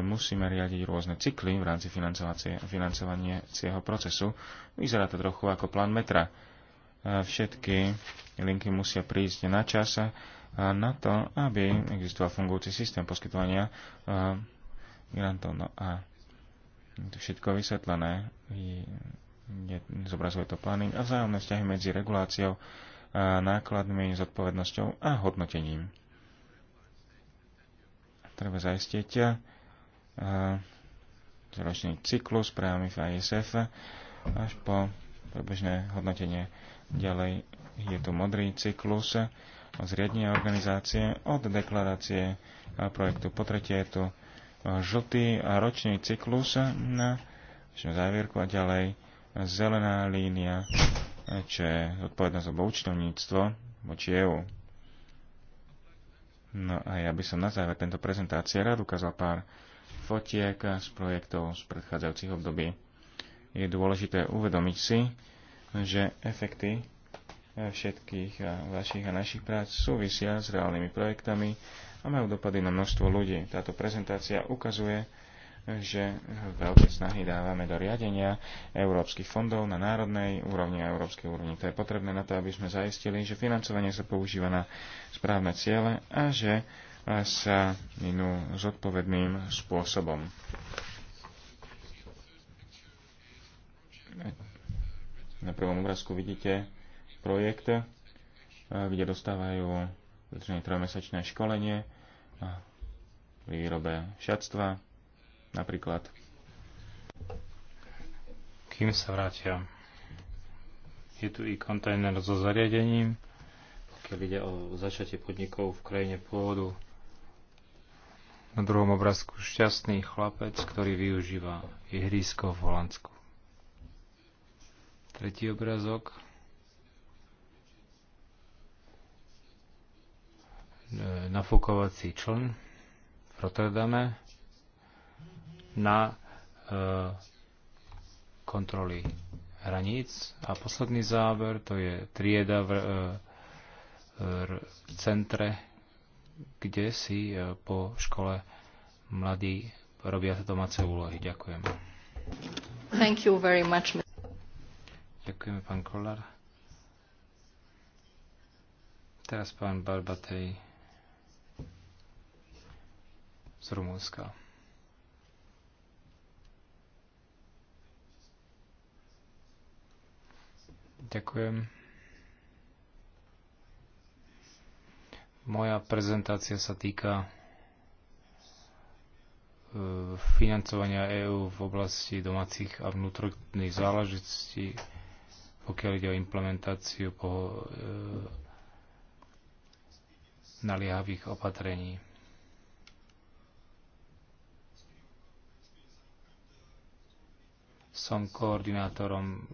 musíme riadiť rôzne cykly v rámci financovania procesu. Vyzerá to trochu ako plán metra. Všetky linky musia prísť na čas na to, aby existoval fungujúci systém poskytovania grantov. No a to všetko vysvetlené. Zobrazuje to plány a vzájomné vzťahy medzi reguláciou, nákladmi, zodpovednosťou a hodnotením. Treba zaistiť, ročný cyklus právami v ISF až po prebežné hodnotenie. Ďalej je tu modrý cyklus od zriadenie organizácie od deklarácie projektu. Po tretie je tu žltý ročný cyklus na závierku a ďalej zelená línia, čo je odpovednosť za účtovníctvo voči EU. No a ja by som na záver tento prezentácie rád ukázal pár fotiek z projektov z predchádzajúcich období. Je dôležité uvedomiť si, že efekty eh, všetkých eh, vašich a našich prác súvisia s reálnymi projektami a majú dopady na množstvo ľudí. Táto prezentácia ukazuje, že veľké snahy dávame do riadenia európskych fondov na národnej úrovni a európskej úrovni. To je potrebné na to, aby sme zaistili, že financovanie sa používa na správne ciele a že sa minú zodpovedným spôsobom. Na prvom obrázku vidíte projekt, kde dostávajú trojmesačné školenie a výrobe šatstva napríklad. Kým sa vrátia? Je tu i kontajner so zariadením, keď ide o začatie podnikov v krajine pôvodu na druhom obrázku šťastný chlapec, ktorý využíva ihrisko v Holandsku. Tretí obrázok. E, nafúkovací čln v Rotterdame na e, kontroly hraníc. A posledný záber, to je trieda v e, e r, centre kde si e, po škole mladí robia domáce úlohy. Ďakujem. Thank you very much. Ďakujem, pán Kolár. Teraz pán Barbatej z Rumúnska. Ďakujem. Moja prezentácia sa týka e, financovania EÚ v oblasti domácich a vnútorných záležitostí, pokiaľ ide o implementáciu po, e, naliehavých opatrení. Som koordinátorom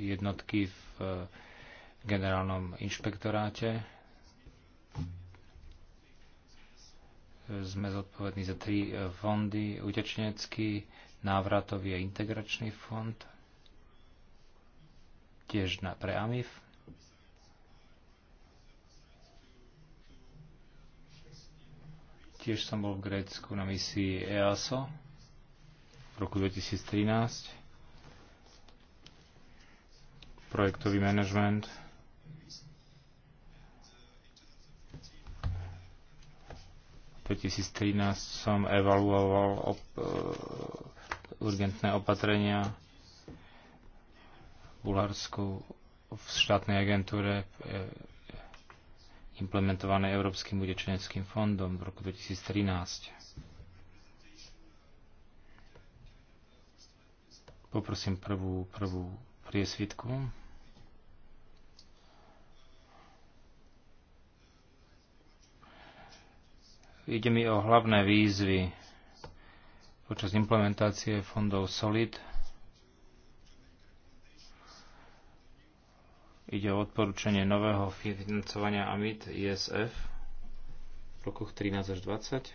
jednotky v e, generálnom inšpektoráte Sme zodpovední za tri e, fondy, utečenecký, návratový a integračný fond, tiež na, pre AMIF. Tiež som bol v Grécku na misii EASO v roku 2013. Projektový manažment 2013 som evaluoval op, eh, urgentné opatrenia v Bulharsku v štátnej agentúre eh, implementované Európskym utečeneckým fondom v roku 2013. Poprosím prvú, prvú priesvitku. Ide mi o hlavné výzvy počas implementácie fondov SOLID. Ide o odporúčanie nového financovania AMIT ISF v rokoch 13 až 20.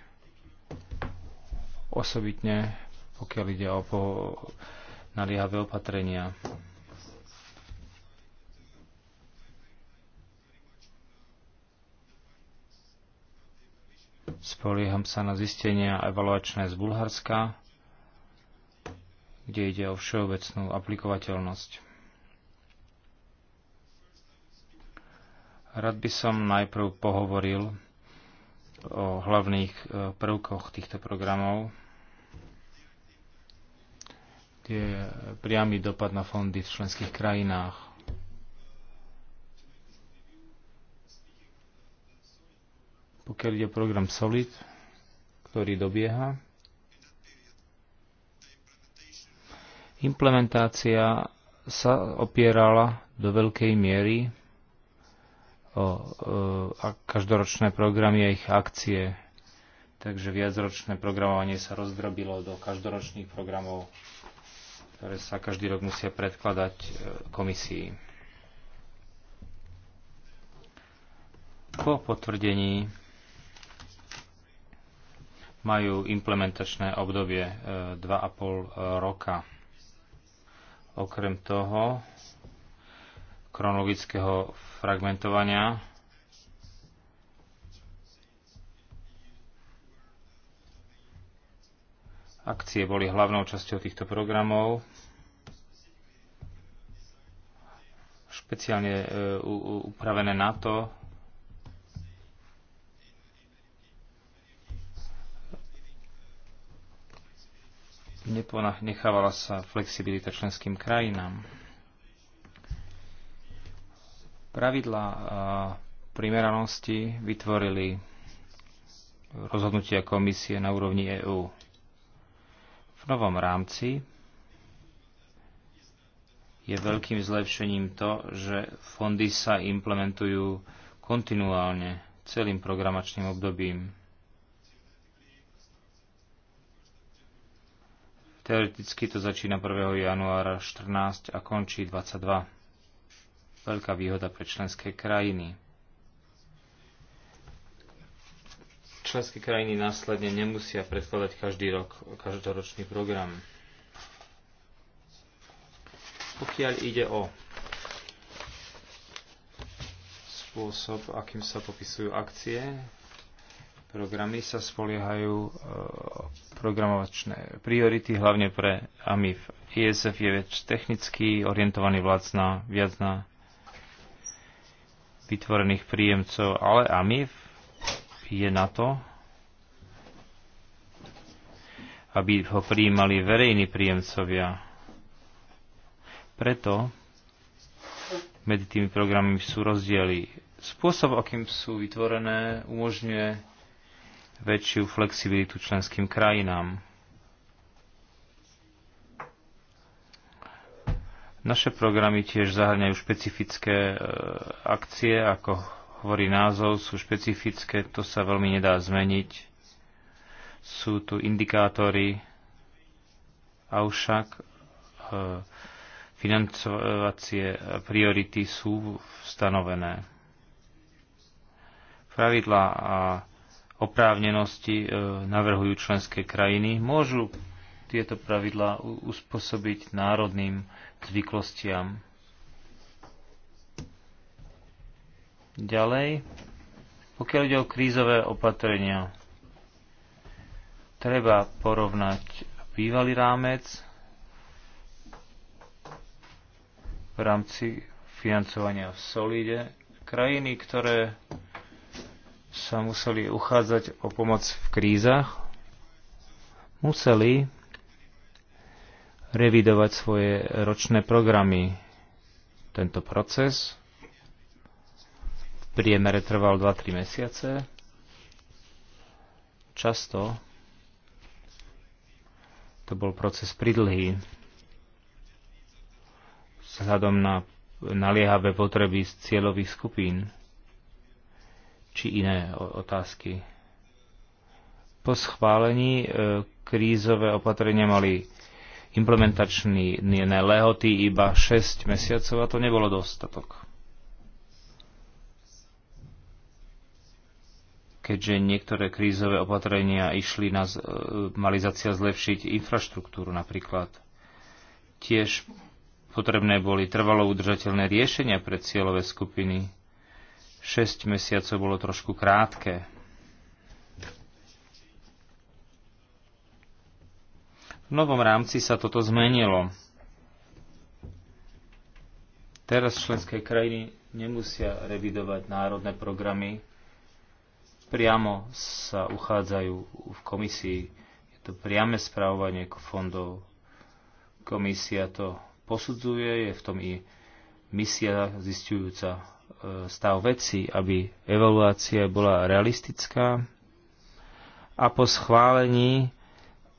Osobitne, pokiaľ ide o po naliehavé opatrenia. Spolieham sa na zistenia evaluačné z Bulharska, kde ide o všeobecnú aplikovateľnosť. Rád by som najprv pohovoril o hlavných e, prvkoch týchto programov, kde je priamy dopad na fondy v členských krajinách. pokiaľ ide program SOLID, ktorý dobieha. Implementácia sa opierala do veľkej miery o e, každoročné programy a ich akcie. Takže viacročné programovanie sa rozdrobilo do každoročných programov, ktoré sa každý rok musia predkladať e, komisii. Po potvrdení majú implementačné obdobie 2,5 e, e, roka. Okrem toho, chronologického fragmentovania Akcie boli hlavnou časťou týchto programov. Špeciálne e, upravené na to, Nechávala sa flexibilita členským krajinám. Pravidlá primeranosti vytvorili rozhodnutia komisie na úrovni EÚ. V novom rámci je veľkým zlepšením to, že fondy sa implementujú kontinuálne celým programačným obdobím. Teoreticky to začína 1. januára 14 a končí 22. Veľká výhoda pre členské krajiny. Členské krajiny následne nemusia predkladať každý rok každoročný program. Pokiaľ ide o spôsob, akým sa popisujú akcie, programy sa spoliehajú e, programovačné priority, hlavne pre AMIF. ISF je väčš technicky orientovaný viac na, viac na vytvorených príjemcov, ale AMIF je na to, aby ho prijímali verejní príjemcovia. Preto medzi tými programmi sú rozdiely. Spôsob, akým sú vytvorené, umožňuje väčšiu flexibilitu členským krajinám. Naše programy tiež zahrňajú špecifické e, akcie, ako hovorí názov, sú špecifické, to sa veľmi nedá zmeniť. Sú tu indikátory, avšak e, financovacie priority sú stanovené. Pravidla a oprávnenosti e, navrhujú členské krajiny, môžu tieto pravidlá uspôsobiť národným zvyklostiam. Ďalej, pokiaľ ide o krízové opatrenia, treba porovnať bývalý rámec v rámci financovania v Solide, krajiny, ktoré sa museli uchádzať o pomoc v krízach, museli revidovať svoje ročné programy. Tento proces v priemere trval 2-3 mesiace. Často to bol proces pridlhý vzhľadom na naliehavé potreby z cieľových skupín či iné otázky. Po schválení e, krízové opatrenia mali implementačný lehoty iba 6 mesiacov a to nebolo dostatok. Keďže niektoré krízové opatrenia išli na, e, mali za cieľ zlepšiť infraštruktúru napríklad. Tiež potrebné boli trvalo udržateľné riešenia pre cieľové skupiny 6 mesiacov bolo trošku krátke. V novom rámci sa toto zmenilo. Teraz členské krajiny nemusia revidovať národné programy, priamo sa uchádzajú v komisii. Je to priame správovanie fondov. Komisia to posudzuje, je v tom i misia zistujúca E, stav veci, aby evaluácia bola realistická a po schválení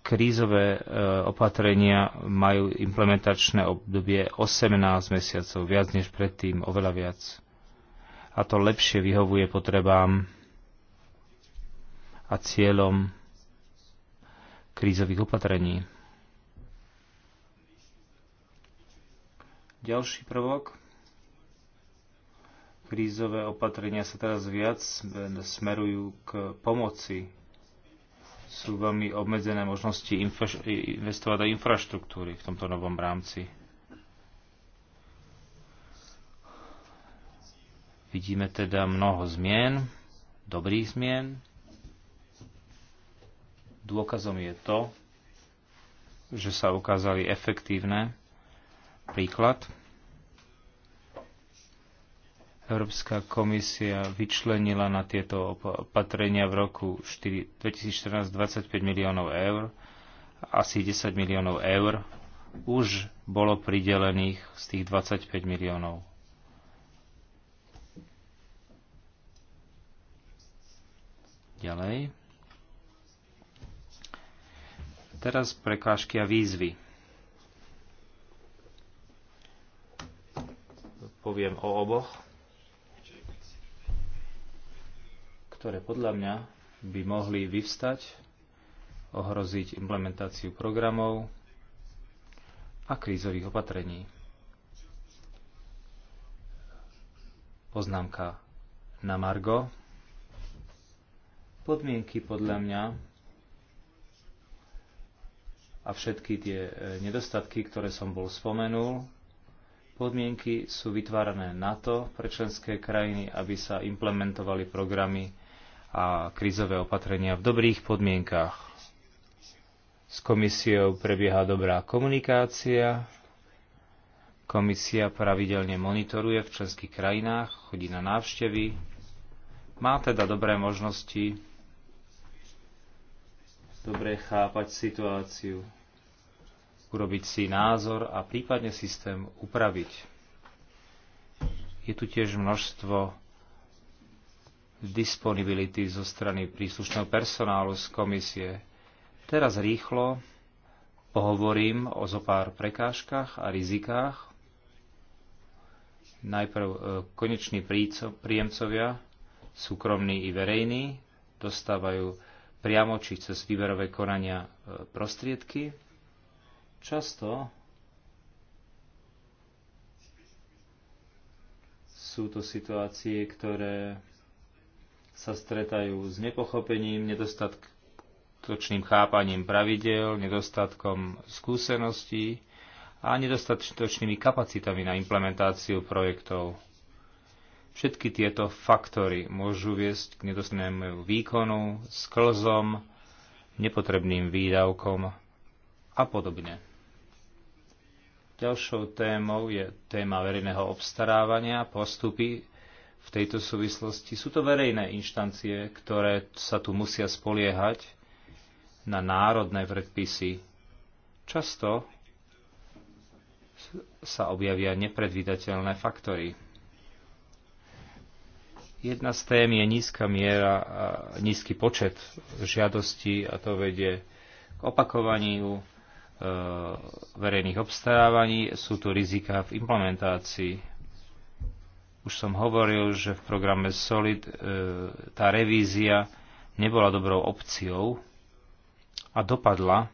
krízové e, opatrenia majú implementačné obdobie 18 mesiacov, viac než predtým, oveľa viac. A to lepšie vyhovuje potrebám a cieľom krízových opatrení. Ďalší prvok. Krízové opatrenia sa teraz viac smerujú k pomoci. Sú veľmi obmedzené možnosti investovať do infraštruktúry v tomto novom rámci. Vidíme teda mnoho zmien, dobrých zmien. Dôkazom je to, že sa ukázali efektívne. Príklad. Európska komisia vyčlenila na tieto opatrenia v roku 2014 25 miliónov eur, asi 10 miliónov eur už bolo pridelených z tých 25 miliónov. Ďalej. Teraz prekážky a výzvy. Poviem o oboch ktoré podľa mňa by mohli vyvstať, ohroziť implementáciu programov a krízových opatrení. Poznámka na Margo. Podmienky podľa mňa a všetky tie e, nedostatky, ktoré som bol spomenul, podmienky sú vytvárané na to pre členské krajiny, aby sa implementovali programy a krízové opatrenia v dobrých podmienkach. S komisiou prebieha dobrá komunikácia. Komisia pravidelne monitoruje v členských krajinách, chodí na návštevy. Má teda dobré možnosti dobre chápať situáciu, urobiť si názor a prípadne systém upraviť. Je tu tiež množstvo disponibility zo strany príslušného personálu z komisie. Teraz rýchlo pohovorím o zo pár prekážkach a rizikách. Najprv e, koneční príjemcovia, súkromní i verejní, dostávajú priamo či cez výberové konania e, prostriedky. Často sú to situácie, ktoré sa stretajú s nepochopením, nedostatočným chápaním pravidel, nedostatkom skúseností a nedostatočnými kapacitami na implementáciu projektov. Všetky tieto faktory môžu viesť k nedostatnému výkonu, sklzom, nepotrebným výdavkom a podobne. Ďalšou témou je téma verejného obstarávania, postupy v tejto súvislosti. Sú to verejné inštancie, ktoré sa tu musia spoliehať na národné predpisy. Často sa objavia nepredvídateľné faktory. Jedna z tém je nízka miera a nízky počet žiadostí a to vedie k opakovaniu e, verejných obstarávaní. Sú tu rizika v implementácii už som hovoril, že v programe SOLID e, tá revízia nebola dobrou opciou a dopadla,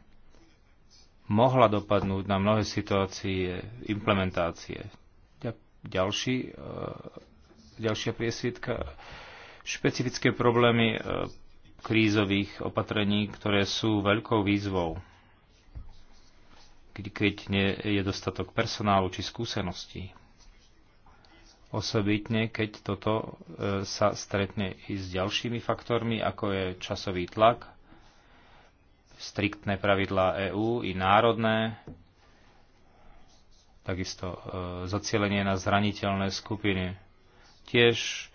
mohla dopadnúť na mnohé situácie implementácie. Ďalší, e, ďalšia priesvitka. Špecifické problémy e, krízových opatrení, ktoré sú veľkou výzvou, keď nie je dostatok personálu či skúseností osobitne keď toto e, sa stretne i s ďalšími faktormi, ako je časový tlak, striktné pravidlá EÚ i národné, takisto e, zacielenie na zraniteľné skupiny, tiež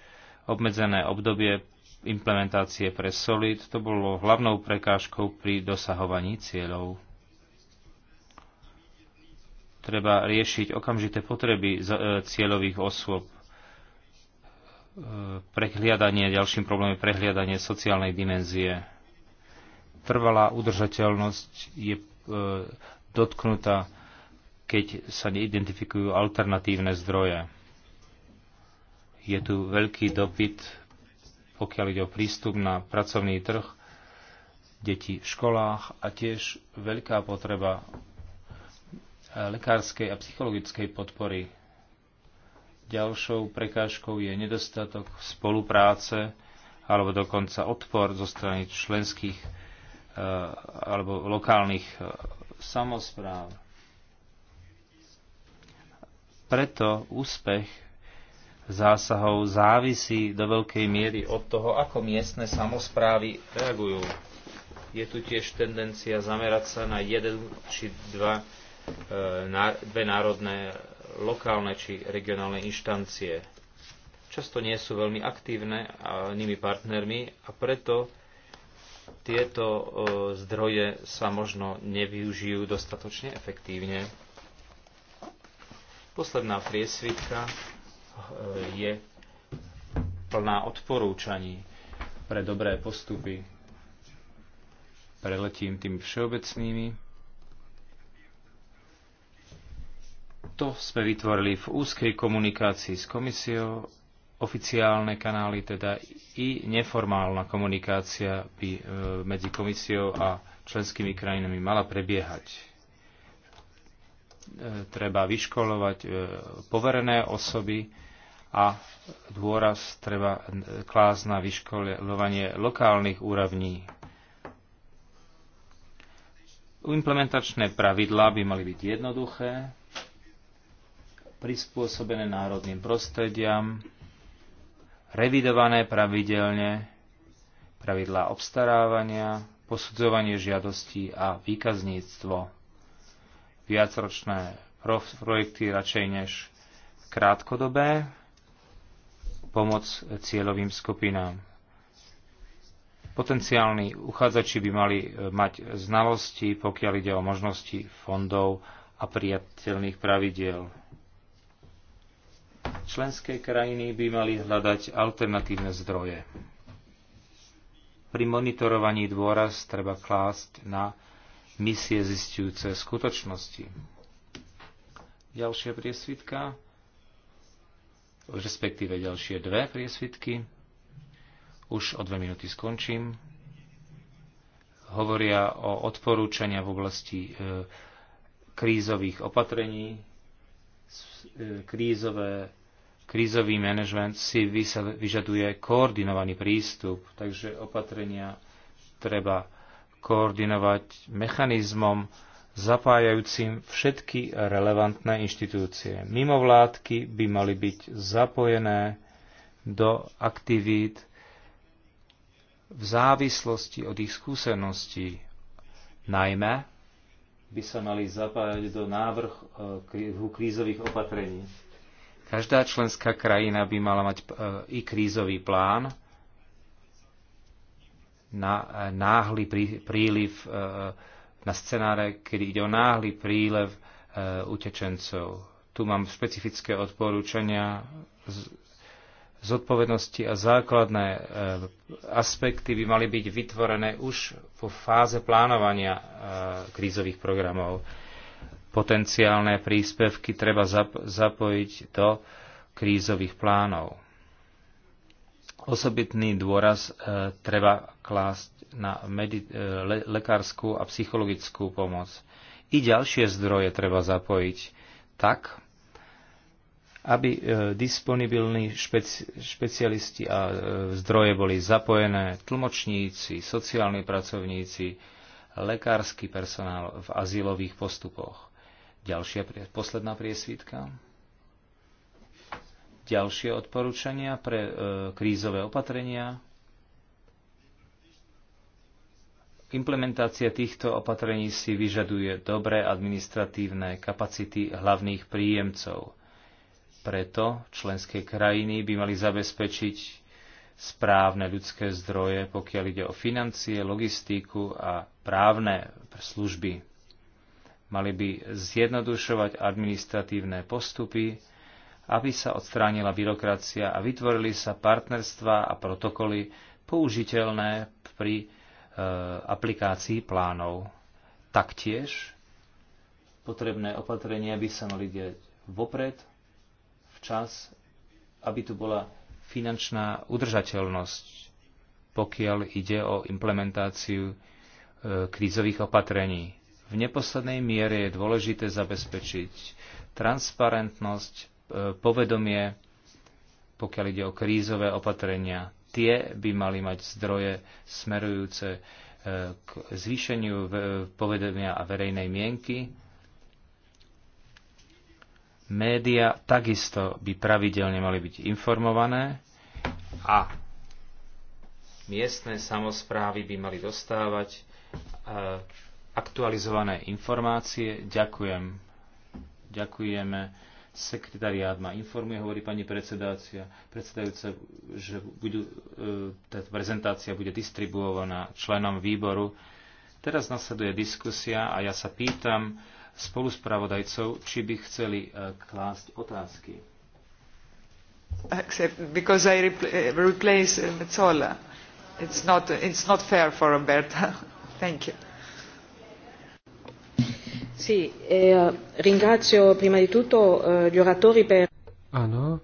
obmedzené obdobie implementácie pre SOLID, to bolo hlavnou prekážkou pri dosahovaní cieľov. Treba riešiť okamžité potreby e, cieľových osôb. E, prehliadanie, ďalším problémom je prehliadanie sociálnej dimenzie. Trvalá udržateľnosť je e, dotknutá, keď sa neidentifikujú alternatívne zdroje. Je tu veľký dopyt, pokiaľ ide o prístup na pracovný trh, deti v školách a tiež veľká potreba lekárskej a psychologickej podpory. Ďalšou prekážkou je nedostatok spolupráce alebo dokonca odpor zo strany členských eh, alebo lokálnych eh, samozpráv. Preto úspech zásahov závisí do veľkej miery od toho, ako miestne samozprávy reagujú. Je tu tiež tendencia zamerať sa na jeden či dva E, dve národné, lokálne či regionálne inštancie. Často nie sú veľmi aktívne a nimi partnermi a preto tieto e, zdroje sa možno nevyužijú dostatočne efektívne. Posledná priesvitka e, je plná odporúčaní pre dobré postupy. Preletím tým všeobecnými To sme vytvorili v úzkej komunikácii s komisiou, oficiálne kanály teda i neformálna komunikácia by e, medzi komisiou a členskými krajinami mala prebiehať. E, treba vyškolovať e, poverené osoby a dôraz treba klásť na vyškolovanie lokálnych úrovní. Implementačné pravidlá by mali byť jednoduché, prispôsobené národným prostrediam, revidované pravidelne, pravidlá obstarávania, posudzovanie žiadostí a výkazníctvo. Viacročné projekty radšej než krátkodobé, pomoc cieľovým skupinám. Potenciálni uchádzači by mali e, mať znalosti, pokiaľ ide o možnosti fondov a priateľných pravidiel Členské krajiny by mali hľadať alternatívne zdroje. Pri monitorovaní dôraz treba klásť na misie zistujúce skutočnosti. Ďalšia priesvitka, respektíve ďalšie dve priesvitky. Už o dve minúty skončím. Hovoria o odporúčania v oblasti e, krízových opatrení, e, krízové Krízový manažment si vyžaduje koordinovaný prístup, takže opatrenia treba koordinovať mechanizmom zapájajúcim všetky relevantné inštitúcie. Mimovládky by mali byť zapojené do aktivít v závislosti od ich skúseností. Najmä by sa mali zapájať do návrhu eh, krízových opatrení. Každá členská krajina by mala mať e, i krízový plán na e, náhly príliv, e, na scenáre, kedy ide o náhly prílev utečencov. Tu mám špecifické odporúčania zodpovednosti a základné aspekty by mali byť vytvorené už po fáze plánovania krízových programov potenciálne príspevky treba zapojiť do krízových plánov. Osobitný dôraz e, treba klásť na medi- e, le- lekárskú a psychologickú pomoc. I ďalšie zdroje treba zapojiť tak, aby e, disponibilní špeci- špecialisti a e, zdroje boli zapojené tlmočníci, sociálni pracovníci, lekársky personál v azylových postupoch. Ďalšia posledná priesvítka. Ďalšie odporúčania pre e, krízové opatrenia. Implementácia týchto opatrení si vyžaduje dobré administratívne kapacity hlavných príjemcov. Preto členské krajiny by mali zabezpečiť správne ľudské zdroje, pokiaľ ide o financie, logistiku a právne služby. Mali by zjednodušovať administratívne postupy, aby sa odstránila byrokracia a vytvorili sa partnerstva a protokoly použiteľné pri e, aplikácii plánov. Taktiež potrebné opatrenia by sa mali diať vopred, včas, aby tu bola finančná udržateľnosť, pokiaľ ide o implementáciu e, krízových opatrení. V neposlednej miere je dôležité zabezpečiť transparentnosť, e, povedomie, pokiaľ ide o krízové opatrenia. Tie by mali mať zdroje smerujúce e, k zvýšeniu e, povedomia a verejnej mienky. Média takisto by pravidelne mali byť informované a miestne samozprávy by mali dostávať aktualizované informácie. Ďakujem. Ďakujeme. Sekretariát ma informuje, hovorí pani predsedácia, predsedajúce, že budú, e, tá prezentácia bude distribuovaná členom výboru. Teraz nasleduje diskusia a ja sa pýtam spoluspravodajcov, či by chceli e, klásť otázky. Except because I e, replace Metzola. Um, it's not, it's not fair for Roberta. Thank you. E, eh, ringrazio prima di tutto eh, gli oratori per... Áno,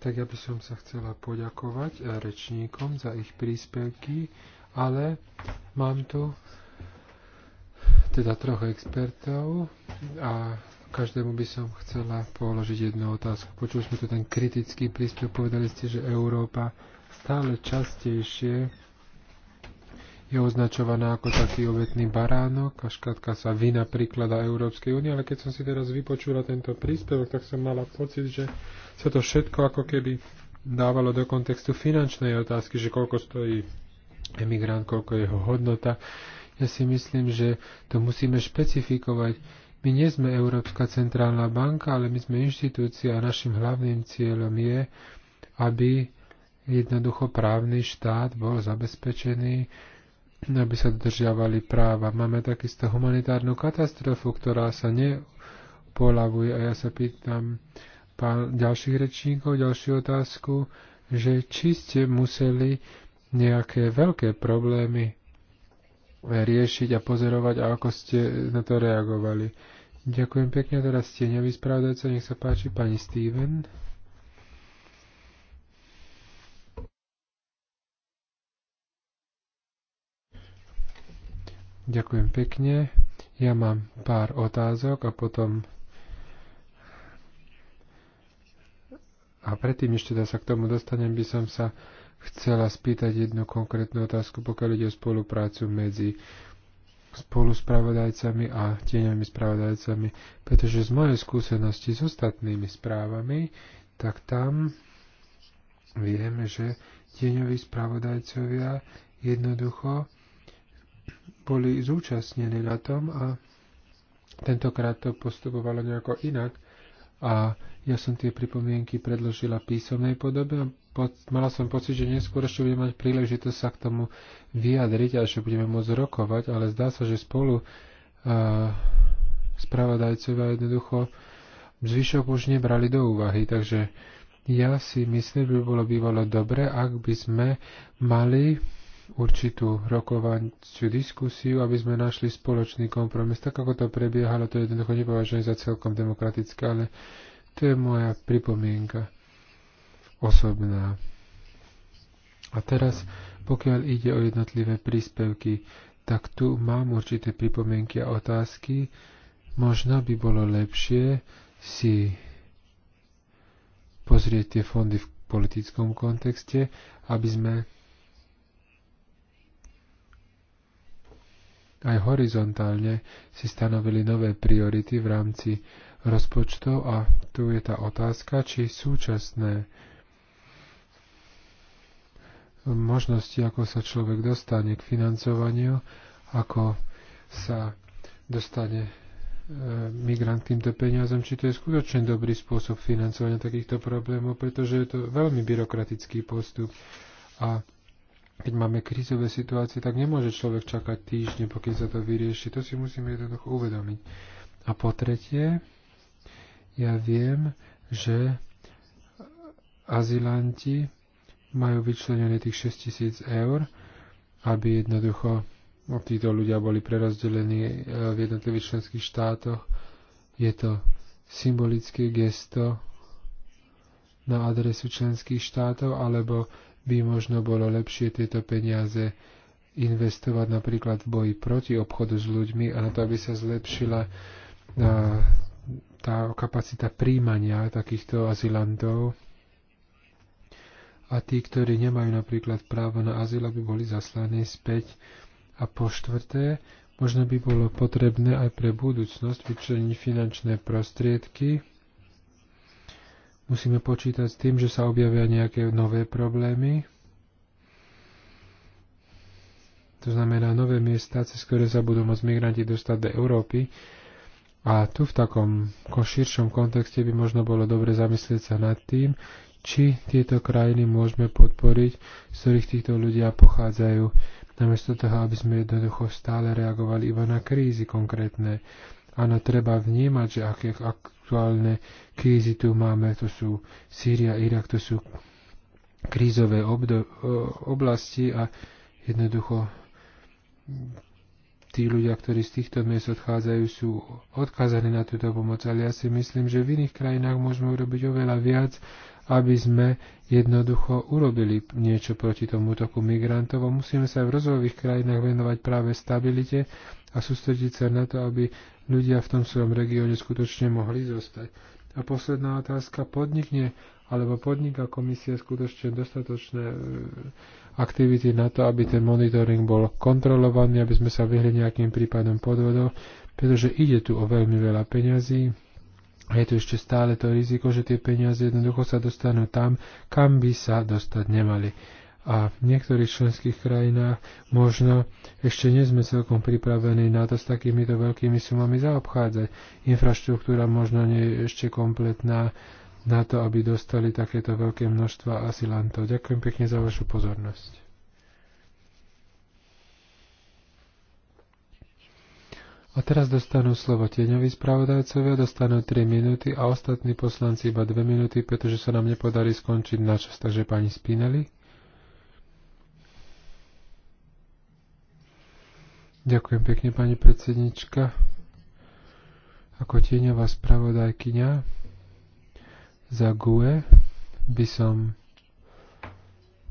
tak ja by som sa chcela poďakovať eh, rečníkom za ich príspevky, ale mám tu teda troch expertov a každému by som chcela položiť jednu otázku. Počuli sme tu ten kritický príspev, povedali ste, že Európa stále častejšie je označovaná ako taký obetný baránok a škatka sa vy prikladá Európskej únie, ale keď som si teraz vypočula tento príspevok, tak som mala pocit, že sa to všetko ako keby dávalo do kontextu finančnej otázky, že koľko stojí emigrant, koľko je jeho hodnota. Ja si myslím, že to musíme špecifikovať. My nie sme Európska centrálna banka, ale my sme inštitúcia a našim hlavným cieľom je, aby jednoducho právny štát bol zabezpečený, aby sa dodržiavali práva. Máme takisto humanitárnu katastrofu, ktorá sa nepolavuje a ja sa pýtam pán, ďalších rečníkov ďalšiu otázku, že či ste museli nejaké veľké problémy riešiť a pozorovať a ako ste na to reagovali. Ďakujem pekne, teraz ste nevyspravdajúce, nech sa páči pani Steven. Ďakujem pekne. Ja mám pár otázok a potom... A predtým, ešte teda sa k tomu dostanem, by som sa chcela spýtať jednu konkrétnu otázku, pokiaľ ide o spoluprácu medzi spoluspravodajcami a tieňovými spravodajcami, pretože z mojej skúsenosti s ostatnými správami, tak tam vieme, že tieňoví spravodajcovia jednoducho boli zúčastnení na tom a tentokrát to postupovalo nejako inak a ja som tie pripomienky predložila písomnej podobe a mala som pocit, že neskôr ešte budeme mať príležitosť sa k tomu vyjadriť a že budeme môcť rokovať, ale zdá sa, že spolu uh, spravodajcovia jednoducho zvyšok už nebrali do úvahy, takže ja si myslím, že by bolo bývalo dobre, ak by sme mali určitú rokovanciu diskusiu, aby sme našli spoločný kompromis. Tak ako to prebiehalo, to jednoducho nepovažujem za celkom demokratické, ale to je moja pripomienka osobná. A teraz, pokiaľ ide o jednotlivé príspevky, tak tu mám určité pripomienky a otázky. Možno by bolo lepšie si pozrieť tie fondy v politickom kontexte, aby sme aj horizontálne si stanovili nové priority v rámci rozpočtov a tu je tá otázka, či súčasné možnosti, ako sa človek dostane k financovaniu, ako sa dostane e, migrant k týmto peniazom, či to je skutočne dobrý spôsob financovania takýchto problémov, pretože je to veľmi byrokratický postup a keď máme krízové situácie, tak nemôže človek čakať týždne, pokiaľ sa to vyrieši. To si musíme jednoducho uvedomiť. A po tretie, ja viem, že azilanti majú vyčlenené tých 6000 eur, aby jednoducho no, títo ľudia boli prerozdelení e, v jednotlivých členských štátoch. Je to symbolické gesto na adresu členských štátov, alebo by možno bolo lepšie tieto peniaze investovať napríklad v boji proti obchodu s ľuďmi a na to, aby sa zlepšila tá kapacita príjmania takýchto azylantov. A tí, ktorí nemajú napríklad právo na azyl, aby boli zaslaní späť. A po štvrté, možno by bolo potrebné aj pre budúcnosť vyčleniť finančné prostriedky Musíme počítať s tým, že sa objavia nejaké nové problémy. To znamená nové miesta, cez ktoré sa budú môcť migranti dostať do Európy. A tu v takom širšom kontexte by možno bolo dobre zamyslieť sa nad tým, či tieto krajiny môžeme podporiť, z ktorých týchto ľudia pochádzajú, namiesto toho, aby sme jednoducho stále reagovali iba na krízy konkrétne. Áno, treba vnímať, že ak, ak aktuálne krízy tu máme, to sú Sýria, Irak, to sú krízové obdo- oblasti a jednoducho tí ľudia, ktorí z týchto miest odchádzajú, sú odkázaní na túto pomoc, ale ja si myslím, že v iných krajinách môžeme urobiť oveľa viac, aby sme jednoducho urobili niečo proti tomu toku migrantov a musíme sa aj v rozvojových krajinách venovať práve stabilite a sústrediť sa na to, aby ľudia v tom svojom regióne skutočne mohli zostať. A posledná otázka, podnikne alebo podniká komisia skutočne dostatočné e, aktivity na to, aby ten monitoring bol kontrolovaný, aby sme sa vyhli nejakým prípadom podvodov, pretože ide tu o veľmi veľa peňazí, je tu ešte stále to riziko, že tie peniaze jednoducho sa dostanú tam, kam by sa dostať nemali. A v niektorých členských krajinách možno ešte nie sme celkom pripravení na to s takýmito veľkými sumami zaobchádzať. Infraštruktúra možno nie je ešte kompletná na to, aby dostali takéto veľké množstva asilantov. Ďakujem pekne za vašu pozornosť. A teraz dostanú slovo tieňoví spravodajcovia, dostanú 3 minúty a ostatní poslanci iba 2 minúty, pretože sa nám nepodarí skončiť na čas. Takže pani Spinelli. Ďakujem pekne, pani predsednička. Ako tieňová spravodajkyňa za GUE by som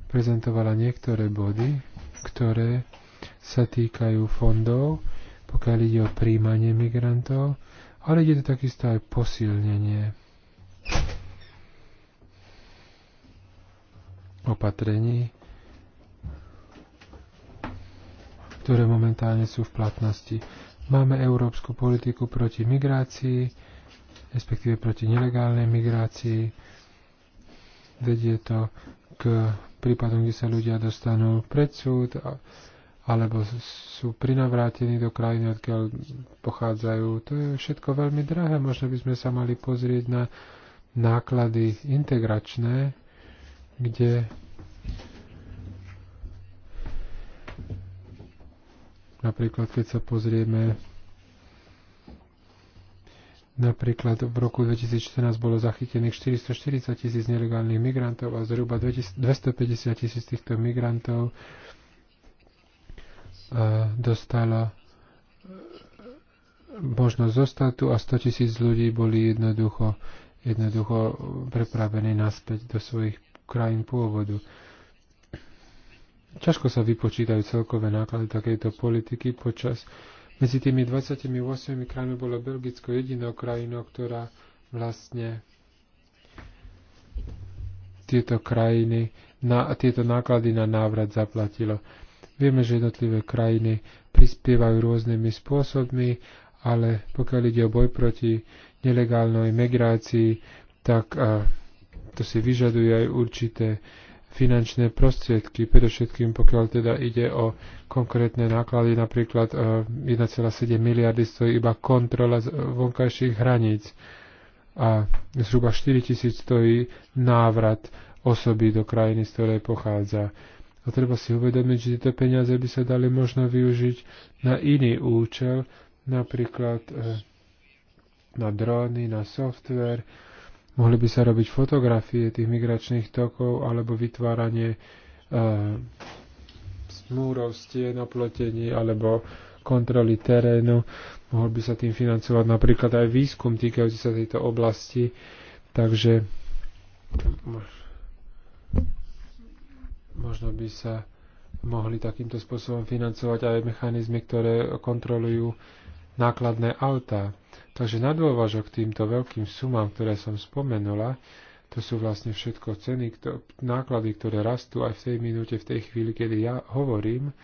prezentovala niektoré body, ktoré sa týkajú fondov, pokiaľ ide o príjmanie migrantov, ale ide to takisto aj posilnenie opatrení, ktoré momentálne sú v platnosti. Máme európsku politiku proti migrácii, respektíve proti nelegálnej migrácii. Vedie to k prípadom, kde sa ľudia dostanú pred súd a alebo sú prinavrátení do krajiny, odkiaľ pochádzajú. To je všetko veľmi drahé. Možno by sme sa mali pozrieť na náklady integračné, kde napríklad keď sa pozrieme Napríklad v roku 2014 bolo zachytených 440 tisíc nelegálnych migrantov a zhruba 250 tisíc týchto migrantov E, dostala e, možnosť zostať tu a 100 tisíc ľudí boli jednoducho, jednoducho prepravení naspäť do svojich krajín pôvodu. Ťažko sa vypočítajú celkové náklady takejto politiky počas. Medzi tými 28 krajinami bolo Belgicko jedinou krajinou, ktorá vlastne tieto krajiny, na, tieto náklady na návrat zaplatilo. Vieme, že jednotlivé krajiny prispievajú rôznymi spôsobmi, ale pokiaľ ide o boj proti nelegálnej migrácii, tak a, to si vyžaduje aj určité finančné prostriedky, predovšetkým pokiaľ teda ide o konkrétne náklady, napríklad 1,7 miliardy stojí iba kontrola vonkajších hraníc a zhruba 4 tisíc stojí návrat osoby do krajiny, z ktorej pochádza. A treba si uvedomiť, že tieto peniaze by sa dali možno využiť na iný účel, napríklad e, na dróny, na software, mohli by sa robiť fotografie tých migračných tokov alebo vytváranie e, smúrov, stien, oplotení alebo kontroly terénu. Mohol by sa tým financovať napríklad aj výskum týkajúci sa tejto oblasti. Takže Možno by sa mohli takýmto spôsobom financovať aj mechanizmy, ktoré kontrolujú nákladné autá. Takže na dôvažok týmto veľkým sumám, ktoré som spomenula, to sú vlastne všetko ceny, kto, náklady, ktoré rastú aj v tej minúte, v tej chvíli, kedy ja hovorím.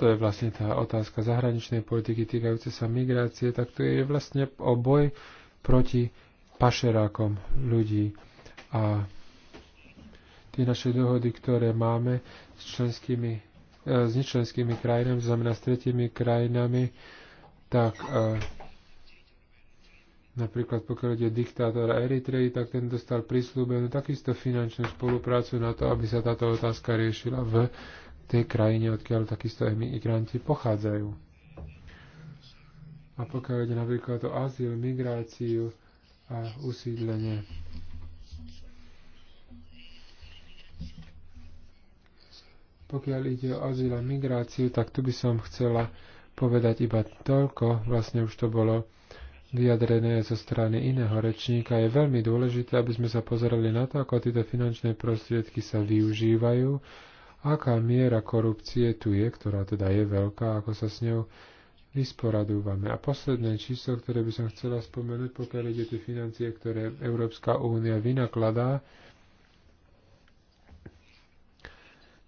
To je vlastne tá otázka zahraničnej politiky týkajúce sa migrácie, tak to je vlastne oboj proti pašerákom ľudí. A tie naše dohody, ktoré máme s členskými, e, s nečlenskými krajinami, to znamená s tretími krajinami, tak e, Napríklad pokiaľ ide diktátora Eritreji, tak ten dostal prislúbenú takisto finančnú spoluprácu na to, aby sa táto otázka riešila v tej krajine, odkiaľ takisto aj migranti pochádzajú. A pokiaľ ide napríklad o azyl, migráciu a usídlenie. Pokiaľ ide o azyl a migráciu, tak tu by som chcela povedať iba toľko, vlastne už to bolo vyjadrené zo strany iného rečníka, je veľmi dôležité, aby sme sa pozerali na to, ako tieto finančné prostriedky sa využívajú, aká miera korupcie tu je, ktorá teda je veľká, ako sa s ňou vysporadúvame. A posledné číslo, ktoré by som chcela spomenúť, pokiaľ ide tie financie, ktoré Európska únia vynakladá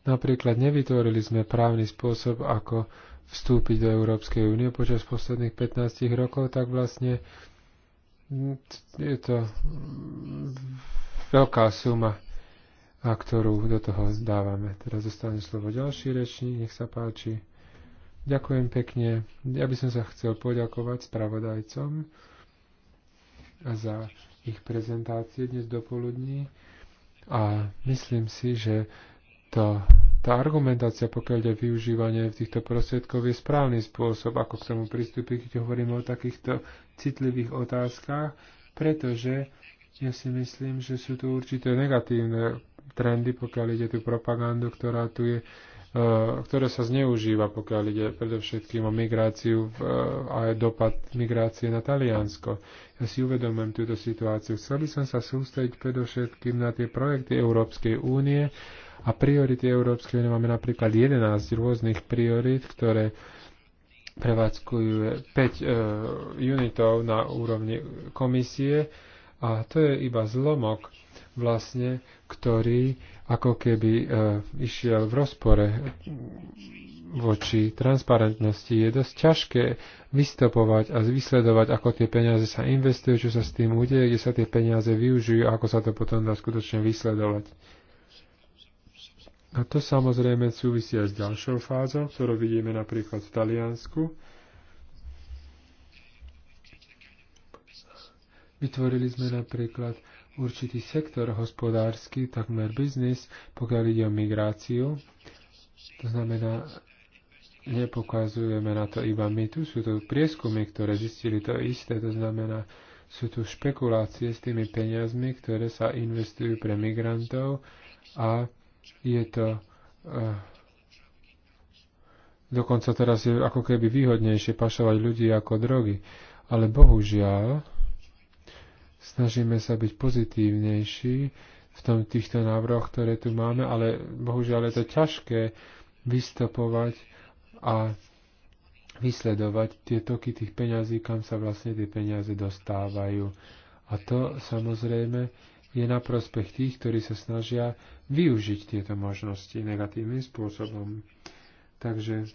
Napríklad nevytvorili sme právny spôsob, ako vstúpiť do Európskej únie počas posledných 15 rokov, tak vlastne je to veľká suma, a ktorú do toho dávame. Teraz zostane slovo ďalší rečník, nech sa páči. Ďakujem pekne. Ja by som sa chcel poďakovať spravodajcom za ich prezentácie dnes dopoludní a myslím si, že tá, tá argumentácia, pokiaľ ide využívanie týchto prostriedkov, je správny spôsob, ako k tomu pristúpiť, keď hovoríme o takýchto citlivých otázkach, pretože ja si myslím, že sú tu určité negatívne trendy, pokiaľ ide tu propagandu, ktorá tu je Eh, ktoré sa zneužíva, pokiaľ ide predovšetkým o migráciu eh, a aj dopad migrácie na Taliansko. Ja si uvedomujem túto situáciu. Chcel by som sa sústrediť predovšetkým na tie projekty Európskej únie a priority Európskej únie. Máme napríklad 11 rôznych priorit, ktoré prevádzkujú 5 eh, unitov na úrovni komisie a to je iba zlomok vlastne, ktorý ako keby e, išiel v rozpore voči transparentnosti. Je dosť ťažké vystopovať a vysledovať, ako tie peniaze sa investujú, čo sa s tým udeje, kde sa tie peniaze využijú a ako sa to potom dá skutočne vysledovať. A to samozrejme súvisí aj s ďalšou fázou, ktorú vidíme napríklad v Taliansku, Vytvorili sme napríklad určitý sektor hospodársky, takmer biznis, pokiaľ ide o migráciu. To znamená, nepokazujeme na to iba my. Tu sú to prieskumy, ktoré zistili to isté. To znamená, sú tu špekulácie s tými peniazmi, ktoré sa investujú pre migrantov a je to uh, dokonca teraz je ako keby výhodnejšie pašovať ľudí ako drogy. Ale bohužiaľ, Snažíme sa byť pozitívnejší v tom, týchto návrhoch, ktoré tu máme, ale bohužiaľ je to ťažké vystopovať a vysledovať tie toky tých peňazí, kam sa vlastne tie peniaze dostávajú. A to samozrejme je na prospech tých, ktorí sa snažia využiť tieto možnosti negatívnym spôsobom. Takže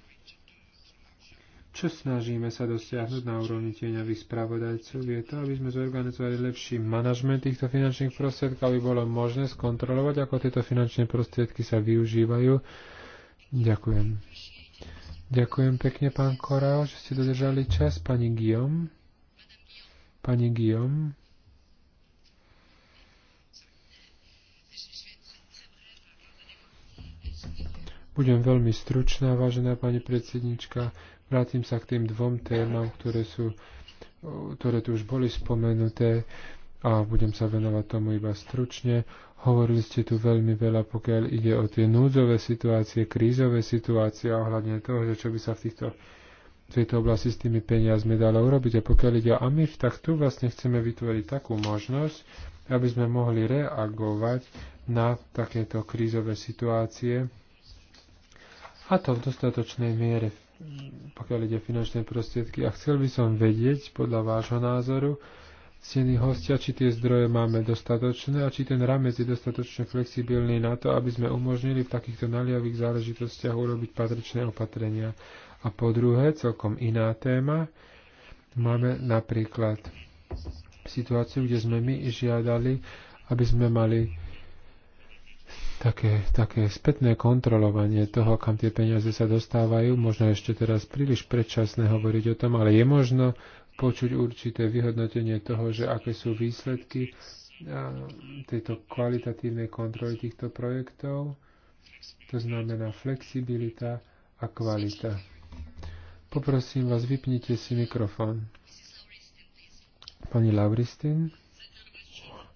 čo snažíme sa dosiahnuť na úrovni tieňových spravodajcov je to, aby sme zorganizovali lepší manažment týchto finančných prostriedkov, aby bolo možné skontrolovať, ako tieto finančné prostriedky sa využívajú. Ďakujem. Ďakujem pekne, pán Korál, že ste dodržali čas. Pani Guillaume. Pani Guillaume. Budem veľmi stručná, vážená pani predsednička. Vrátim sa k tým dvom témam, ktoré, sú, ktoré tu už boli spomenuté a budem sa venovať tomu iba stručne. Hovorili ste tu veľmi veľa, pokiaľ ide o tie núdzové situácie, krízové situácie a ohľadne toho, že čo by sa v týchto v tejto oblasti s tými peniazmi dalo urobiť. A pokiaľ ide o AMIF, tak tu vlastne chceme vytvoriť takú možnosť, aby sme mohli reagovať na takéto krízové situácie a to v dostatočnej miere pokiaľ ide finančné prostriedky. A chcel by som vedieť, podľa vášho názoru, ctení hostia, či tie zdroje máme dostatočné a či ten ramec je dostatočne flexibilný na to, aby sme umožnili v takýchto naliavých záležitostiach urobiť patričné opatrenia. A po druhé, celkom iná téma, máme napríklad situáciu, kde sme my žiadali, aby sme mali také, také spätné kontrolovanie toho, kam tie peniaze sa dostávajú. Možno ešte teraz príliš predčasné hovoriť o tom, ale je možno počuť určité vyhodnotenie toho, že aké sú výsledky tejto kvalitatívnej kontroly týchto projektov. To znamená flexibilita a kvalita. Poprosím vás, vypnite si mikrofón. Pani Lauristin,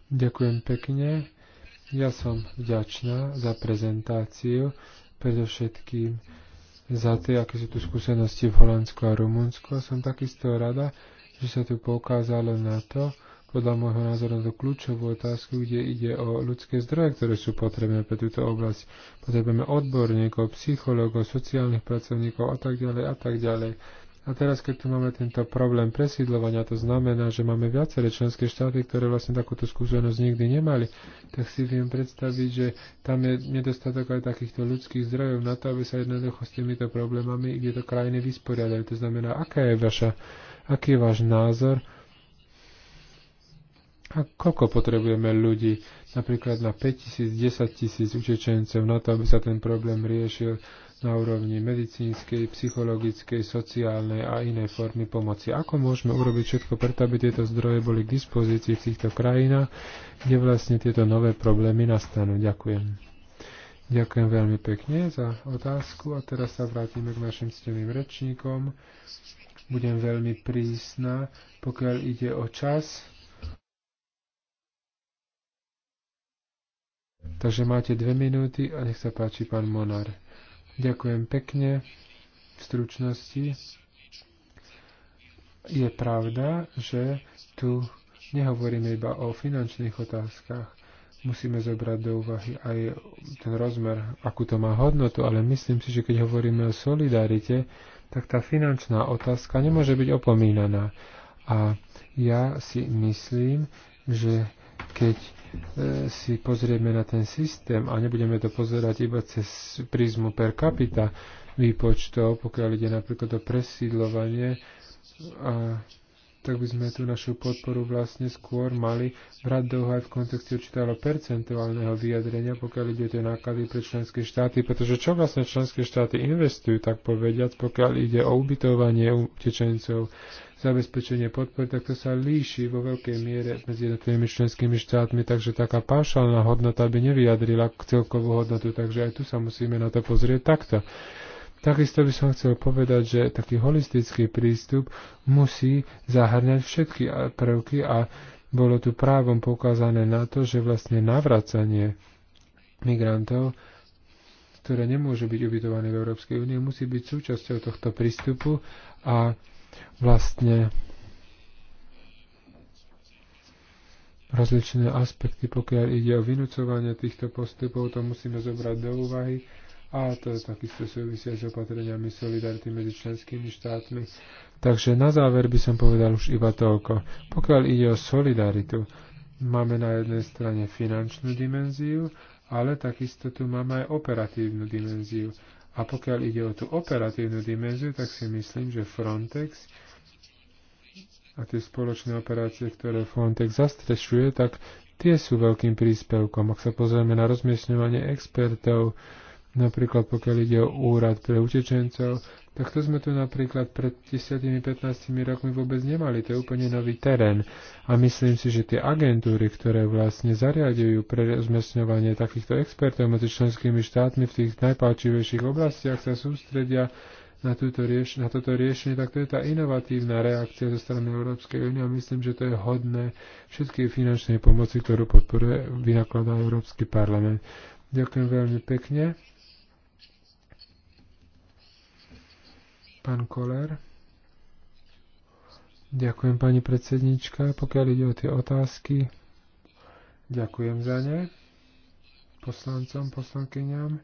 ďakujem pekne. Ja som vďačná za prezentáciu, predovšetkým za tie, aké sú tu skúsenosti v Holandsku a Rumunsku. A som takisto rada, že sa tu poukázalo na to, podľa môjho názoru na tú kľúčovú otázku, kde ide o ľudské zdroje, ktoré sú potrebné pre túto oblasť. Potrebujeme odborníkov, psychológov, sociálnych pracovníkov a tak ďalej a tak ďalej. A teraz, keď tu máme tento problém presídlovania, to znamená, že máme viaceré členské štáty, ktoré vlastne takúto skúsenosť nikdy nemali, tak si viem predstaviť, že tam je nedostatok aj takýchto ľudských zdrojov na to, aby sa jednoducho s týmito problémami, kde to krajiny vysporiadali. To znamená, aká je vaša, aký je váš názor a koľko potrebujeme ľudí, napríklad na 5 tisíc, 10 tisíc utečencov na to, aby sa ten problém riešil na úrovni medicínskej, psychologickej, sociálnej a inej formy pomoci. Ako môžeme urobiť všetko preto, aby tieto zdroje boli k dispozícii v týchto krajinách, kde vlastne tieto nové problémy nastanú? Ďakujem. Ďakujem veľmi pekne za otázku a teraz sa vrátime k našim cteným rečníkom. Budem veľmi prísna, pokiaľ ide o čas. Takže máte dve minúty a nech sa páči pán Monar. Ďakujem pekne. V stručnosti je pravda, že tu nehovoríme iba o finančných otázkach. Musíme zobrať do úvahy aj ten rozmer, akú to má hodnotu, ale myslím si, že keď hovoríme o solidarite, tak tá finančná otázka nemôže byť opomínaná. A ja si myslím, že keď e, si pozrieme na ten systém a nebudeme to pozerať iba cez prízmu per capita výpočtov, pokiaľ ide napríklad o presídlovanie a tak by sme tú našu podporu vlastne skôr mali brať do aj v kontexte určitého percentuálneho vyjadrenia, pokiaľ ide o tie náklady pre členské štáty, pretože čo vlastne členské štáty investujú, tak povediať, pokiaľ ide o ubytovanie utečencov, zabezpečenie podpory, tak to sa líši vo veľkej miere medzi jednotlivými členskými štátmi, takže taká paušálna hodnota by nevyjadrila celkovú hodnotu, takže aj tu sa musíme na to pozrieť takto. Takisto by som chcel povedať, že taký holistický prístup musí zahrňať všetky prvky a bolo tu právom poukázané na to, že vlastne navracanie migrantov, ktoré nemôžu byť ubytované v Európskej únie, musí byť súčasťou tohto prístupu a vlastne rozličné aspekty, pokiaľ ide o vynúcovanie týchto postupov, to musíme zobrať do úvahy a to je takisto súvisia s opatreniami solidarity medzi členskými štátmi. Takže na záver by som povedal už iba toľko. Pokiaľ ide o solidaritu, máme na jednej strane finančnú dimenziu, ale takisto tu máme aj operatívnu dimenziu. A pokiaľ ide o tú operatívnu dimenziu, tak si myslím, že Frontex a tie spoločné operácie, ktoré Frontex zastrešuje, tak tie sú veľkým príspevkom. Ak sa pozrieme na rozmiestňovanie expertov, Napríklad pokiaľ ide o úrad pre utečencov, tak to sme tu napríklad pred 10-15 rokmi vôbec nemali. To je úplne nový terén. A myslím si, že tie agentúry, ktoré vlastne zariadujú pre rozmestňovanie takýchto expertov medzi členskými štátmi v tých najpáčivejších oblastiach, sa sústredia na, túto rieš- na toto riešenie, tak to je tá inovatívna reakcia zo strany Európskej únie a myslím, že to je hodné všetkej finančnej pomoci, ktorú podporuje, vynakladá Európsky parlament. Ďakujem veľmi pekne. Pán Koler. Ďakujem, pani predsednička. Pokiaľ ide o tie otázky, ďakujem za ne poslancom, poslankyňam.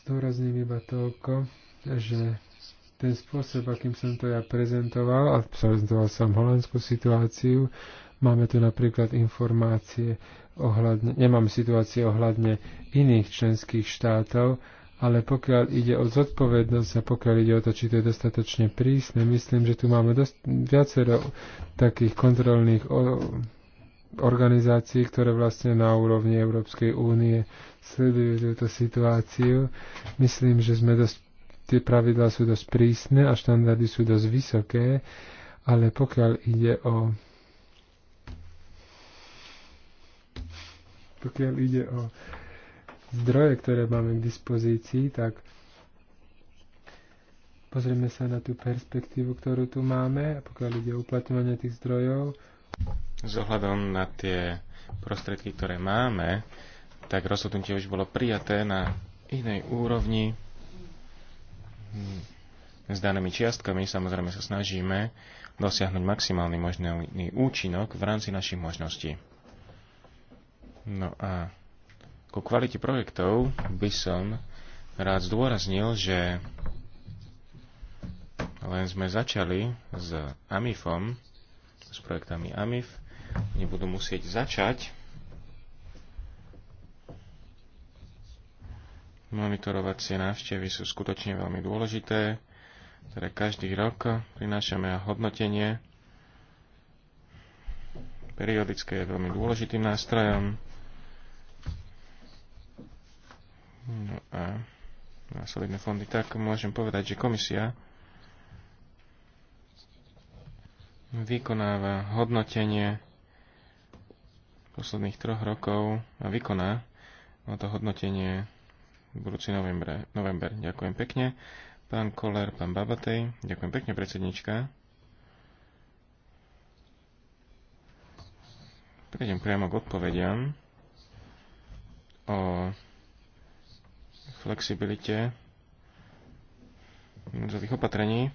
Zdôrazním iba toľko, že ten spôsob, akým som to ja prezentoval, a prezentoval som holandskú situáciu, máme tu napríklad informácie ohľadne, nemám situácie ohľadne iných členských štátov, ale pokiaľ ide o zodpovednosť a pokiaľ ide o to, či to je dostatočne prísne, myslím, že tu máme dosť, viacero takých kontrolných organizácií, ktoré vlastne na úrovni Európskej únie sledujú túto situáciu. Myslím, že sme dosť, tie pravidlá sú dosť prísne a štandardy sú dosť vysoké, ale pokiaľ ide o pokiaľ ide o zdroje, ktoré máme k dispozícii, tak pozrieme sa na tú perspektívu, ktorú tu máme, pokiaľ ide o uplatňovanie tých zdrojov. Zohľadom ohľadom na tie prostriedky, ktoré máme, tak rozhodnutie už bolo prijaté na inej úrovni s danými čiastkami. Samozrejme sa snažíme dosiahnuť maximálny možný účinok v rámci našich možností. No a ku kvalite projektov by som rád zdôraznil, že len sme začali s AMIFom, s projektami AMIF. Oni budú musieť začať Monitorovacie návštevy sú skutočne veľmi dôležité, ktoré každý rok prinášame hodnotenie. Periodické je veľmi dôležitým nástrojom. no a na solidné fondy, tak môžem povedať, že komisia vykonáva hodnotenie posledných troch rokov a vykoná to hodnotenie v budúci november. november. Ďakujem pekne. Pán Koller, pán Babatej, ďakujem pekne, predsednička. Prejdem priamo k odpovediam o flexibilite núdzových opatrení.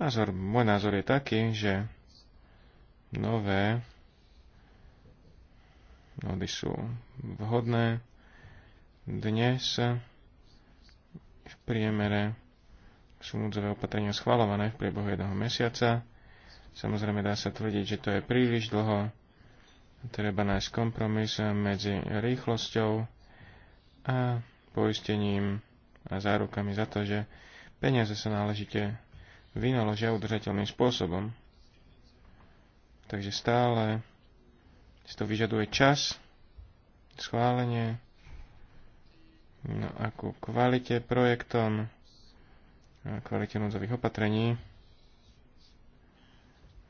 Názor, môj názor je taký, že nové nody sú vhodné. Dnes v priemere sú núdzové opatrenia schvalované v priebehu jedného mesiaca. Samozrejme dá sa tvrdiť, že to je príliš dlho. Treba nájsť kompromis medzi rýchlosťou a poistením a zárukami za to, že peniaze sa náležite vynaložia udržateľným spôsobom. Takže stále si to vyžaduje čas, schválenie, no a ku kvalite projektom, a kvalite núdzových opatrení.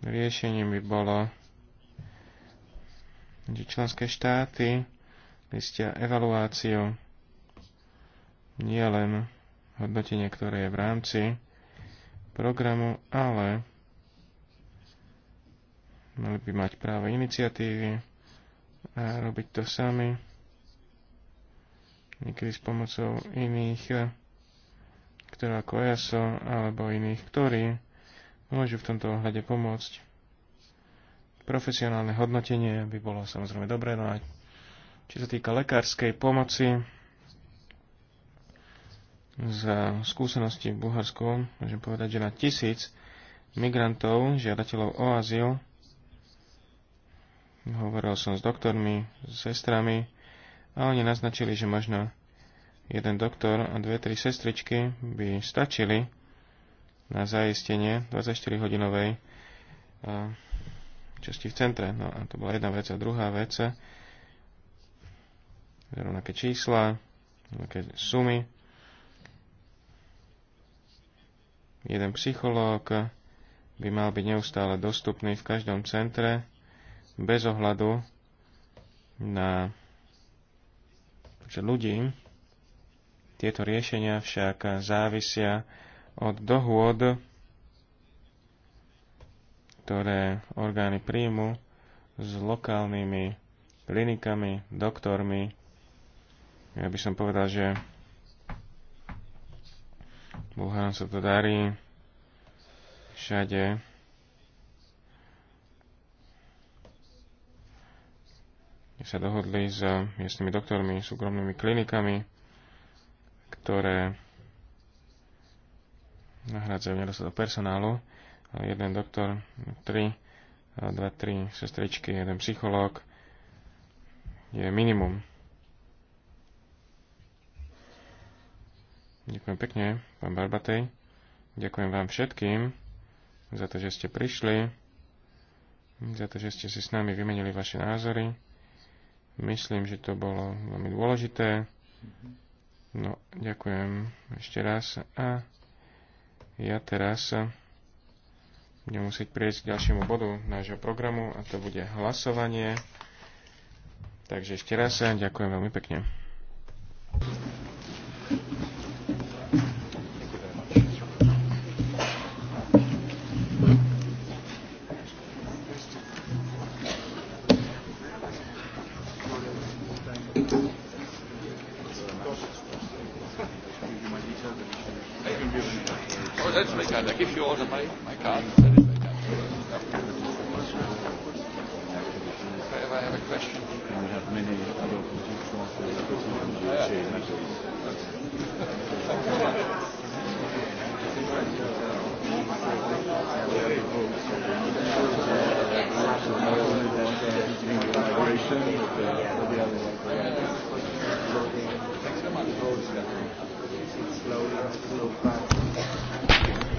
Riešením by bolo, že členské štáty listia evaluáciu nie len hodnotenie, ktoré je v rámci programu, ale mali by mať právo iniciatívy a robiť to sami, niekedy s pomocou iných, ktoré ako ESO, alebo iných, ktorí môžu v tomto ohľade pomôcť. Profesionálne hodnotenie by bolo samozrejme dobré, no a či sa týka lekárskej pomoci, z skúsenosti v Bulharsku môžem povedať, že na tisíc migrantov, žiadateľov o azyl, hovoril som s doktormi, s sestrami a oni naznačili, že možno jeden doktor a dve, tri sestričky by stačili na zaistenie 24-hodinovej časti v centre. No a to bola jedna vec. A druhá vec, rovnaké čísla, rovnaké sumy, Jeden psychológ by mal byť neustále dostupný v každom centre bez ohľadu na počet ľudí. Tieto riešenia však závisia od dohôd, ktoré orgány príjmu s lokálnymi klinikami, doktormi. Ja by som povedal, že Bulharom sa to darí. Všade. My sa dohodli s miestnymi doktormi, súkromnými klinikami, ktoré nahradzajú nedostatok personálu. Jeden doktor, tri, dva, tri sestričky, jeden psychológ je minimum. Ďakujem pekne, pán Barbatej. Ďakujem vám všetkým za to, že ste prišli, za to, že ste si s nami vymenili vaše názory. Myslím, že to bolo veľmi dôležité. No, ďakujem ešte raz a ja teraz budem musieť prejsť k ďalšiemu bodu nášho programu a to bude hlasovanie. Takže ešte raz ďakujem veľmi pekne. card. I give you all the my, my cards. That is my card. If I ever have a question. And we have many other constitutions for the Thanks so much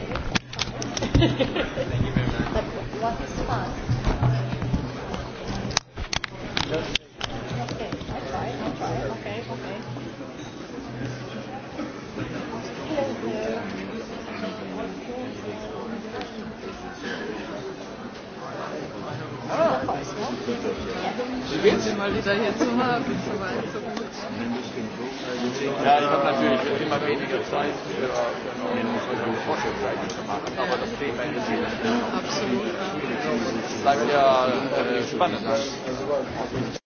mal wieder hier zu haben, ja, ich habe natürlich jetzt immer weniger Zeit für, für Forschungsseiten zu machen, aber das Thema interessiert mich. Absolut. Es bleibt ja äh, spannend.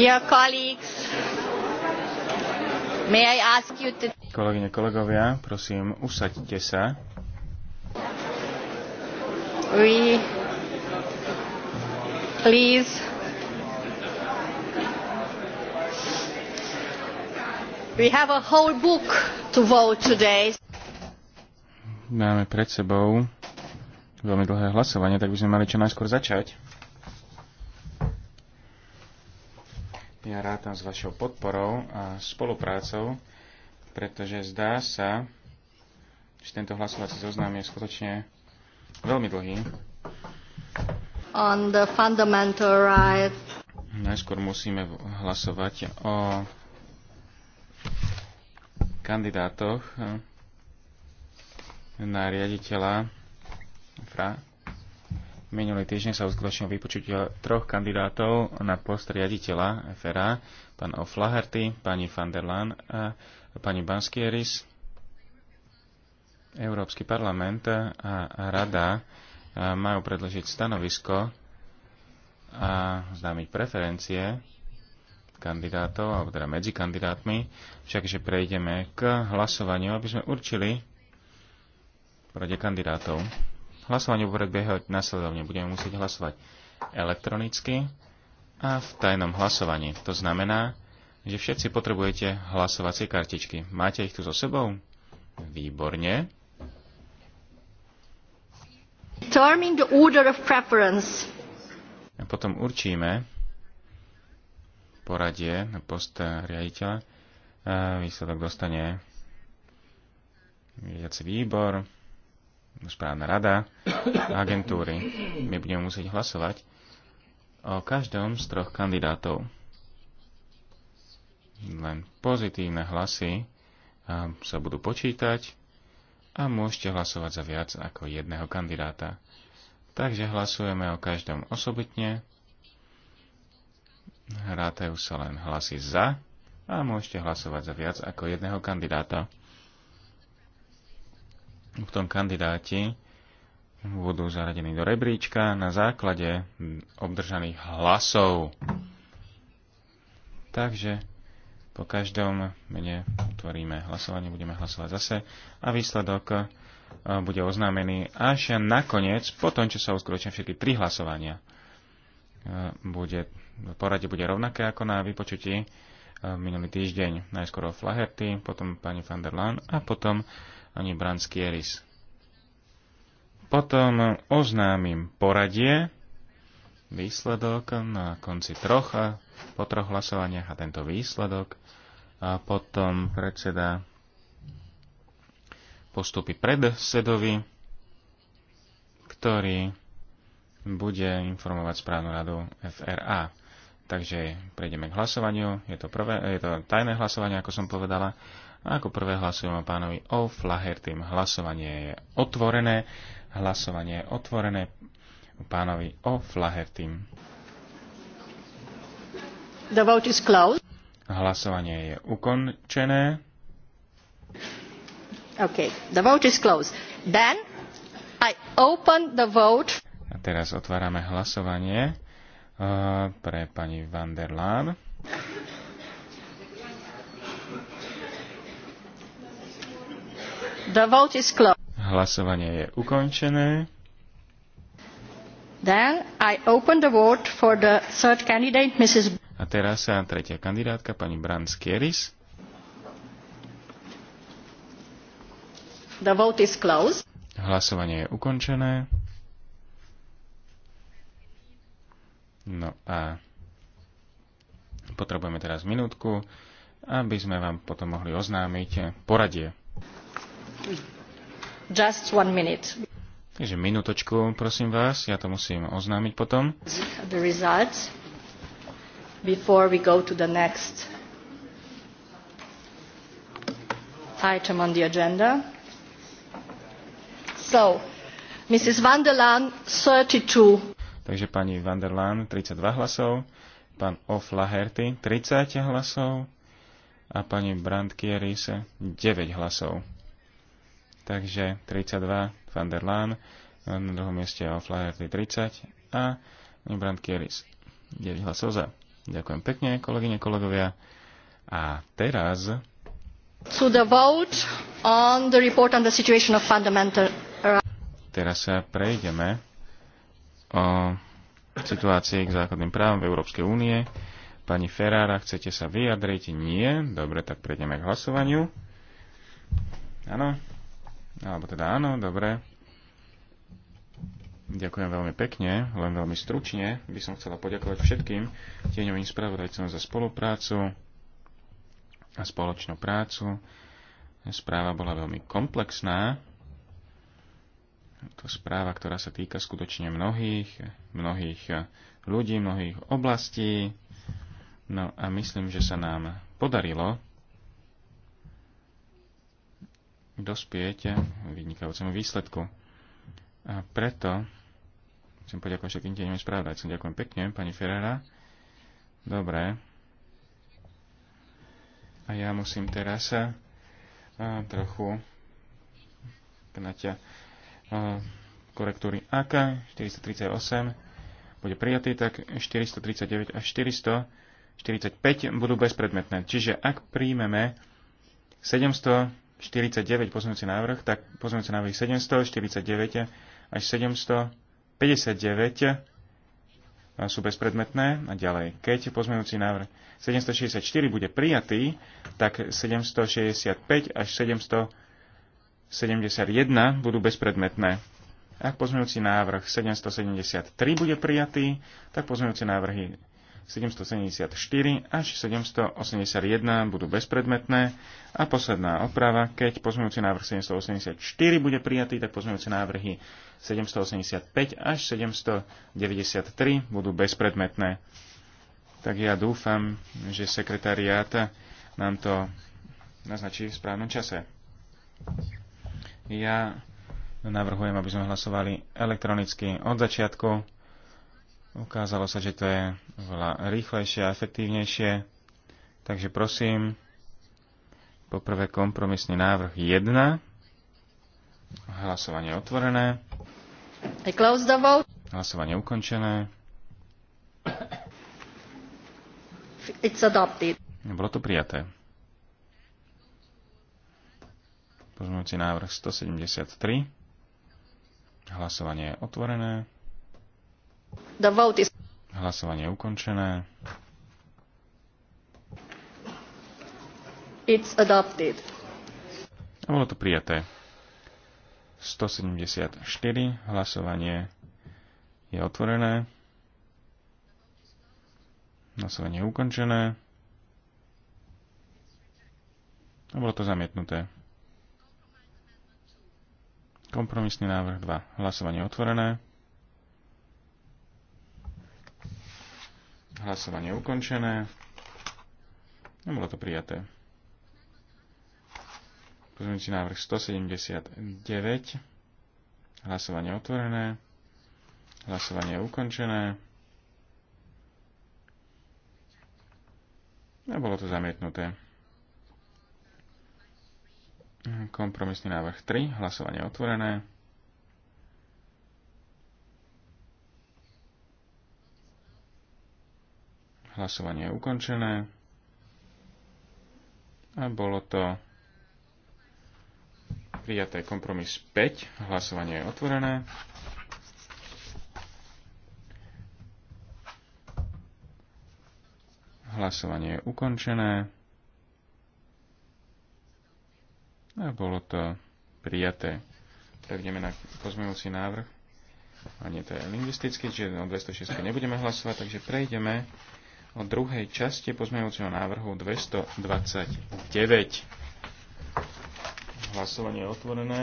Dear colleagues, may I ask you to... Kolegyne, kolegovia, prosím, usaďte sa. We... Please. We have a whole book to vote today. Máme pred sebou veľmi dlhé hlasovanie, tak by sme mali čo najskôr začať. Ja rátam s vašou podporou a spoluprácou, pretože zdá sa, že tento hlasovací zoznam je skutočne veľmi dlhý. On the fundamental right. Najskôr musíme hlasovať o kandidátoch na riaditeľa FRA Minulý týždeň sa uskutočnil vypočutie troch kandidátov na post riaditeľa FRA, pán O'Flaherty, pani van der Laan a pani Banskieris. Európsky parlament a rada majú predložiť stanovisko a známiť preferencie kandidátov, alebo teda medzi kandidátmi, všakže prejdeme k hlasovaniu, aby sme určili prode kandidátov hlasovanie bude behať nasledovne. Budeme musieť hlasovať elektronicky a v tajnom hlasovaní. To znamená, že všetci potrebujete hlasovacie kartičky. Máte ich tu so sebou? Výborne. A potom určíme poradie na post riaditeľa. Výsledok dostane riadiaci výbor správna rada agentúry. My budeme musieť hlasovať o každom z troch kandidátov. Len pozitívne hlasy sa budú počítať a môžete hlasovať za viac ako jedného kandidáta. Takže hlasujeme o každom osobitne. Rátajú sa len hlasy za a môžete hlasovať za viac ako jedného kandidáta v tom kandidáti budú zaradení do rebríčka na základe obdržaných hlasov. Takže po každom mene utvoríme hlasovanie, budeme hlasovať zase a výsledok e, bude oznámený až nakoniec, po tom, čo sa uskutočnia všetky tri hlasovania. E, bude, poradie bude rovnaké ako na vypočutí e, minulý týždeň. Najskôr o Flaherty, potom pani van der Laan a potom ani Branskieris. Potom oznámim poradie, výsledok na konci troch a po troch hlasovaniach a tento výsledok a potom predseda postupy predsedovi, ktorý bude informovať správnu radu FRA. Takže prejdeme k hlasovaniu. Je to, prvé, je to tajné hlasovanie, ako som povedala. A ako prvé hlasujem o pánovi O'Flahertym. Hlasovanie je otvorené. Hlasovanie je otvorené pánovi O'Flahertym. The vote is closed. Hlasovanie je ukončené. OK, the vote is closed. Then I open the vote. A teraz otvárame hlasovanie uh, pre pani van der Laan. The vote is closed. Hlasovanie je ukončené. Then I open the vote for the third candidate, Mrs. A teraz sa tretia kandidátka, pani Brans Kieris. The vote is closed. Hlasovanie je ukončené. No a potrebujeme teraz minútku, aby sme vám potom mohli oznámiť poradie Just one minute. Takže minútočku, prosím vás, ja to musím oznámiť potom. The before we go to the next item on the agenda. So, Mrs. Van der Laan, 32. Takže pani Van der Laan, 32 hlasov, pán O'Flaherty, 30 hlasov a pani Brandt Kierise, 9 hlasov takže 32 van der Laan, na druhom mieste O'Flaherty 30 a Brand Kieris 9 hlasov za. Ďakujem pekne, kolegyne, kolegovia. A teraz... To the vote on the report on the situation of fundamental Teraz sa prejdeme o situácii k základným právom v Európskej únie. Pani Ferrara, chcete sa vyjadriť? Nie. Dobre, tak prejdeme k hlasovaniu. Áno. Alebo teda áno, dobre. Ďakujem veľmi pekne, len veľmi stručne by som chcela poďakovať všetkým tieňovým spravodajcom za spoluprácu a spoločnú prácu. Správa bola veľmi komplexná. To správa, ktorá sa týka skutočne mnohých, mnohých ľudí, mnohých oblastí. No a myslím, že sa nám podarilo dospiete vynikajúcemu výsledku. A preto chcem poďakovať všetkým tým správdajcom. Ďakujem pekne, pani Ferrera. Dobre. A ja musím teraz a, trochu knaťa korektúry AK 438 bude prijatý, tak 439 až 445 budú bezpredmetné. Čiže ak príjmeme 700 49 pozmeňujúci návrh, tak pozmeňujúci návrh 749 až 759 sú bezpredmetné a ďalej. Keď pozmeňujúci návrh 764 bude prijatý, tak 765 až 771 budú bezpredmetné. Ak pozmeňujúci návrh 773 bude prijatý, tak pozmeňujúci návrhy 774 až 781 budú bezpredmetné a posledná oprava, keď pozmeňujúci návrh 784 bude prijatý, tak pozmeňujúce návrhy 785 až 793 budú bezpredmetné. Tak ja dúfam, že sekretariát nám to naznačí v správnom čase. Ja navrhujem, aby sme hlasovali elektronicky od začiatku Ukázalo sa, že to je veľa rýchlejšie a efektívnejšie. Takže prosím, poprvé kompromisný návrh 1. Hlasovanie otvorené. Hlasovanie ukončené. It's adopted. Bolo to prijaté. Pozmúci návrh 173. Hlasovanie je otvorené. The vote is... Hlasovanie je ukončené. It's adopted. A bolo to prijaté. 174 hlasovanie je otvorené. Hlasovanie je ukončené. A bolo to zamietnuté. Kompromisný návrh 2. Hlasovanie otvorené. Hlasovanie ukončené. Nebolo to prijaté. Pozmeňujúci návrh 179. Hlasovanie otvorené. Hlasovanie ukončené. A bolo to zamietnuté. Kompromisný návrh 3. Hlasovanie otvorené. Hlasovanie je ukončené. A bolo to prijaté kompromis 5. Hlasovanie je otvorené. Hlasovanie je ukončené. A bolo to prijaté. Prejdeme na pozmeňujúci návrh. A nie, to je lingvistický, čiže o 206 nebudeme hlasovať, takže prejdeme o druhej časti pozmeňujúceho návrhu 229. Hlasovanie je otvorené.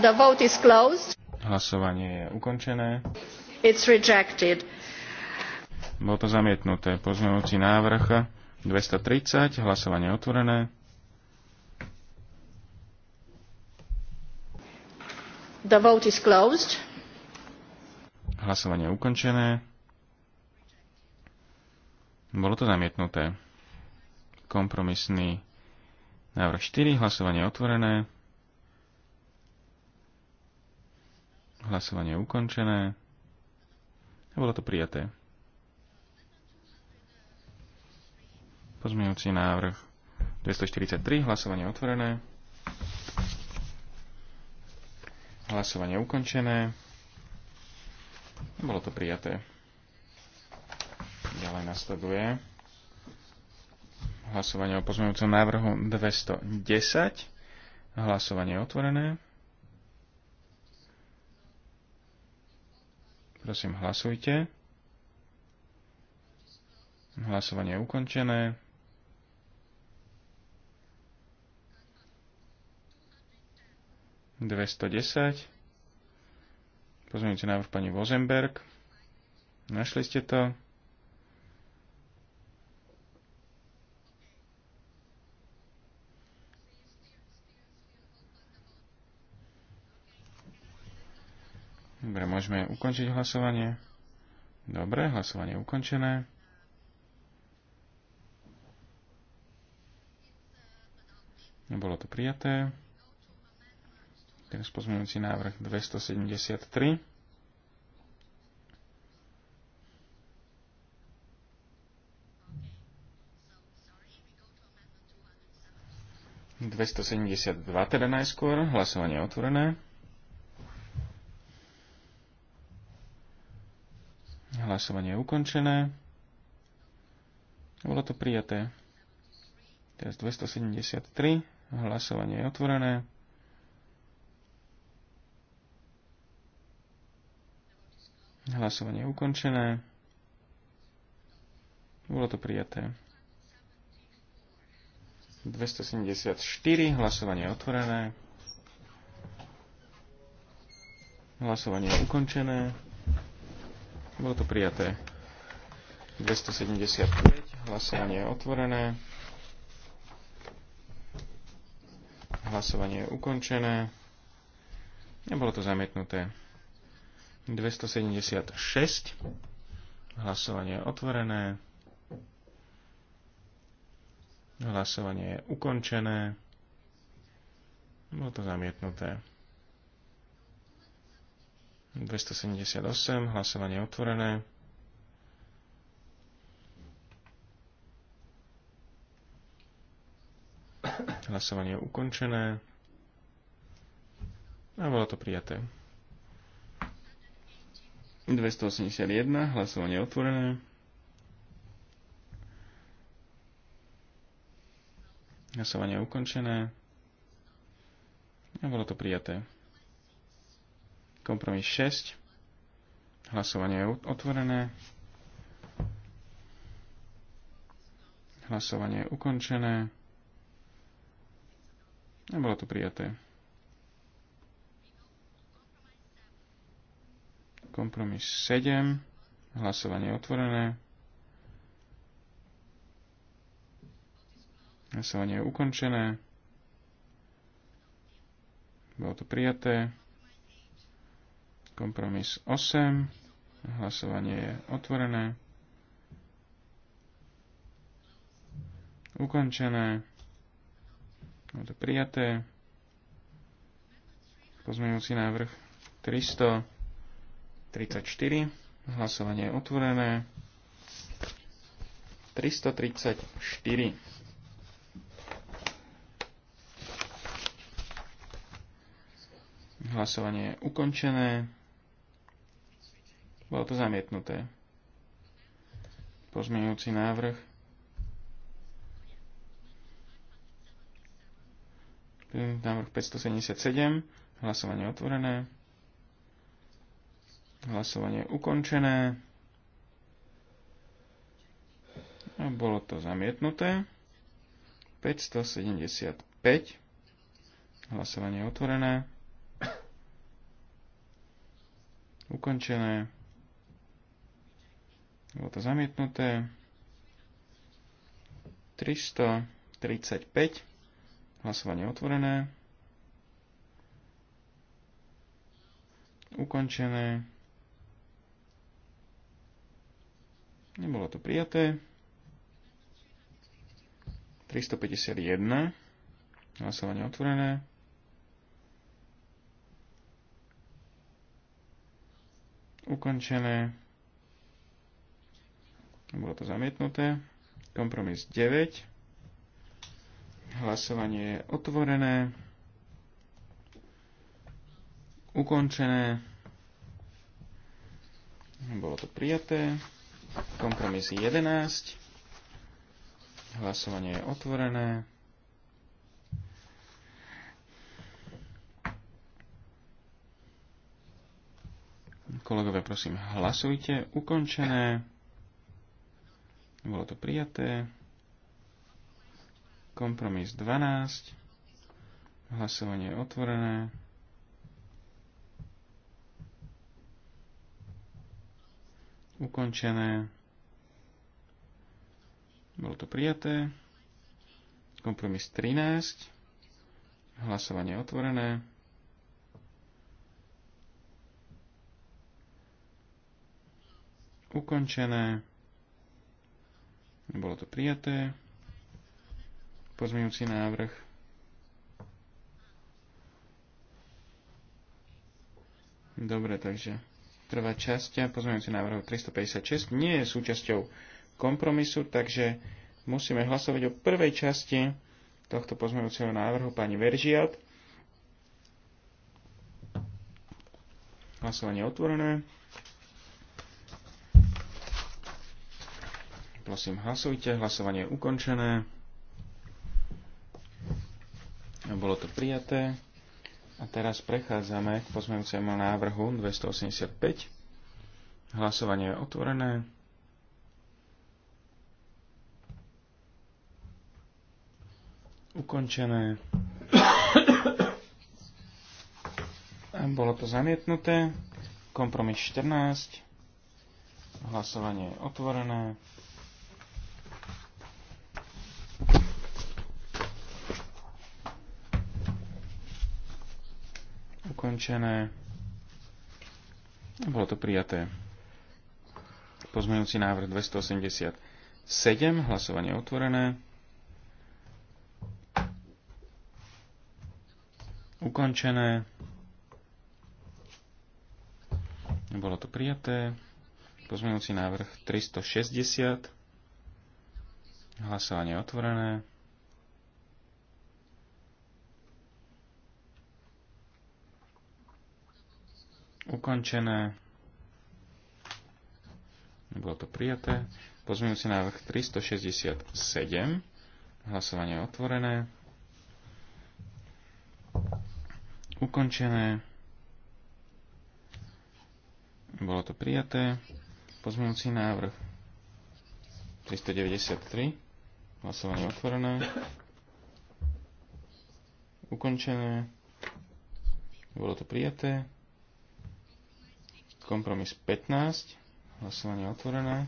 The vote is closed. Hlasovanie je ukončené. It's rejected. Bolo to zamietnuté. Pozmeňujúci návrh 230. Hlasovanie je otvorené. The vote is closed. Hlasovanie je ukončené. Bolo to zamietnuté. Kompromisný návrh 4, hlasovanie je otvorené. Hlasovanie je ukončené. A bolo to prijaté. Pozmejúci návrh 243, hlasovanie otvorené. Hlasovanie ukončené. Bolo to prijaté. Ďalej nasleduje hlasovanie o pozmeňujúcom návrhu 210. Hlasovanie je otvorené. Prosím, hlasujte. Hlasovanie je ukončené. 210. Pozmeňujúci návrh pani Vozenberg. Našli ste to. Dobre, môžeme ukončiť hlasovanie. Dobre, hlasovanie je ukončené. Bolo to prijaté. Teraz pozmeňujúci návrh 273. Dvesto dva teda najskôr, hlasovanie je otvorené. Hlasovanie je ukončené. Bolo to prijaté. Teraz 273. Hlasovanie je otvorené. Hlasovanie je ukončené. Bolo to prijaté. 274, hlasovanie je otvorené. Hlasovanie je ukončené. Bolo to prijaté. 275, hlasovanie je otvorené. Hlasovanie je ukončené. Nebolo to zamietnuté. 276. Hlasovanie je otvorené. Hlasovanie je ukončené. Bolo to zamietnuté. 278. Hlasovanie je otvorené. Hlasovanie je ukončené. A bolo to prijaté. 281, hlasovanie otvorené. Hlasovanie ukončené. A bolo to prijaté. Kompromis 6. Hlasovanie je otvorené. Hlasovanie je ukončené. A bolo to prijaté. Kompromis 7. Hlasovanie otvorené. Hlasovanie je ukončené. Bolo to prijaté. Kompromis 8. Hlasovanie je otvorené. Ukončené. Bolo to prijaté. Pozmeňujúci návrh 300. 34. Hlasovanie je otvorené. 334. Hlasovanie je ukončené. Bolo to zamietnuté. Pozmeňujúci návrh. Návrh 577. Hlasovanie otvorené. Hlasovanie je ukončené. A bolo to zamietnuté. 575. Hlasovanie je otvorené. Ukončené. Bolo to zamietnuté. 335. Hlasovanie otvorené. Ukončené. Nebolo to prijaté. 351. Hlasovanie otvorené. Ukončené. Bolo to zamietnuté. Kompromis 9. Hlasovanie je otvorené. Ukončené. Bolo to prijaté. Kompromis 11. Hlasovanie je otvorené. Kolegovia, prosím, hlasujte. Ukončené. Bolo to prijaté. Kompromis 12. Hlasovanie je otvorené. ukončené. Bolo to prijaté. Kompromis 13. Hlasovanie otvorené. Ukončené. Bolo to prijaté. Pozmeňujúci návrh. Dobre, takže Prvá časť pozmeňujúci návrh 356 nie je súčasťou kompromisu, takže musíme hlasovať o prvej časti tohto pozmeňujúceho návrhu pani Veržiat. Hlasovanie otvorené. Prosím, hlasujte. Hlasovanie je ukončené. Bolo to prijaté. A teraz prechádzame k pozmeňujúcemu návrhu 285. Hlasovanie je otvorené. Ukončené. A bolo to zamietnuté. Kompromis 14. Hlasovanie je otvorené. ukončené. Bolo to prijaté. Pozmeňujúci návrh 287. Hlasovanie otvorené. Ukončené. Bolo to prijaté. Pozmeňujúci návrh 360. Hlasovanie otvorené. ukončené. Bolo to prijaté. Pozmeňujúci návrh 367. Hlasovanie je otvorené. Ukončené. Bolo to prijaté. Pozmeňujúci návrh 393. Hlasovanie otvorené. Ukončené. Bolo to prijaté kompromis 15. Hlasovanie otvorené.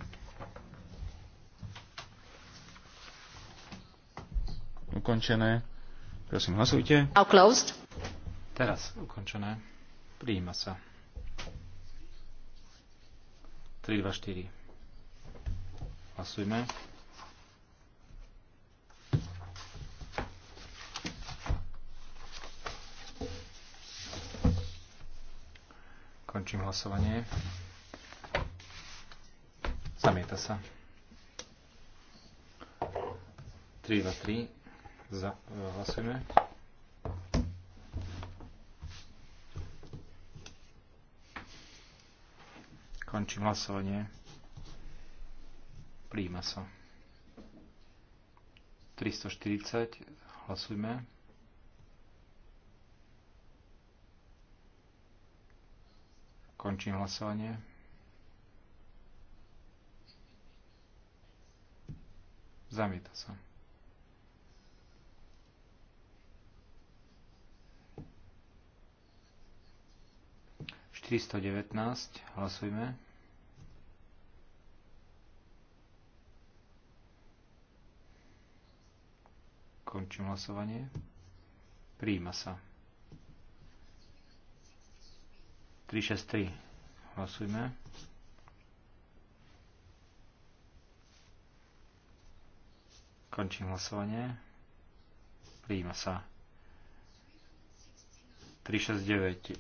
Ukončené. Prosím, hlasujte. Closed. Teraz ukončené. Prijíma sa. 3, 2, 4. Hlasujme. Končím hlasovanie. Zamieta sa. 3, 2, 3. Za, e, hlasujeme. Končím hlasovanie. Príjma sa. 340. Hlasujme. Končím hlasovanie. Zamieta sa. Tristo devätnásť. Hlasujme. Končím hlasovanie. Príjma sa. 363. Hlasujme. Končím hlasovanie. Prijíma sa. 369.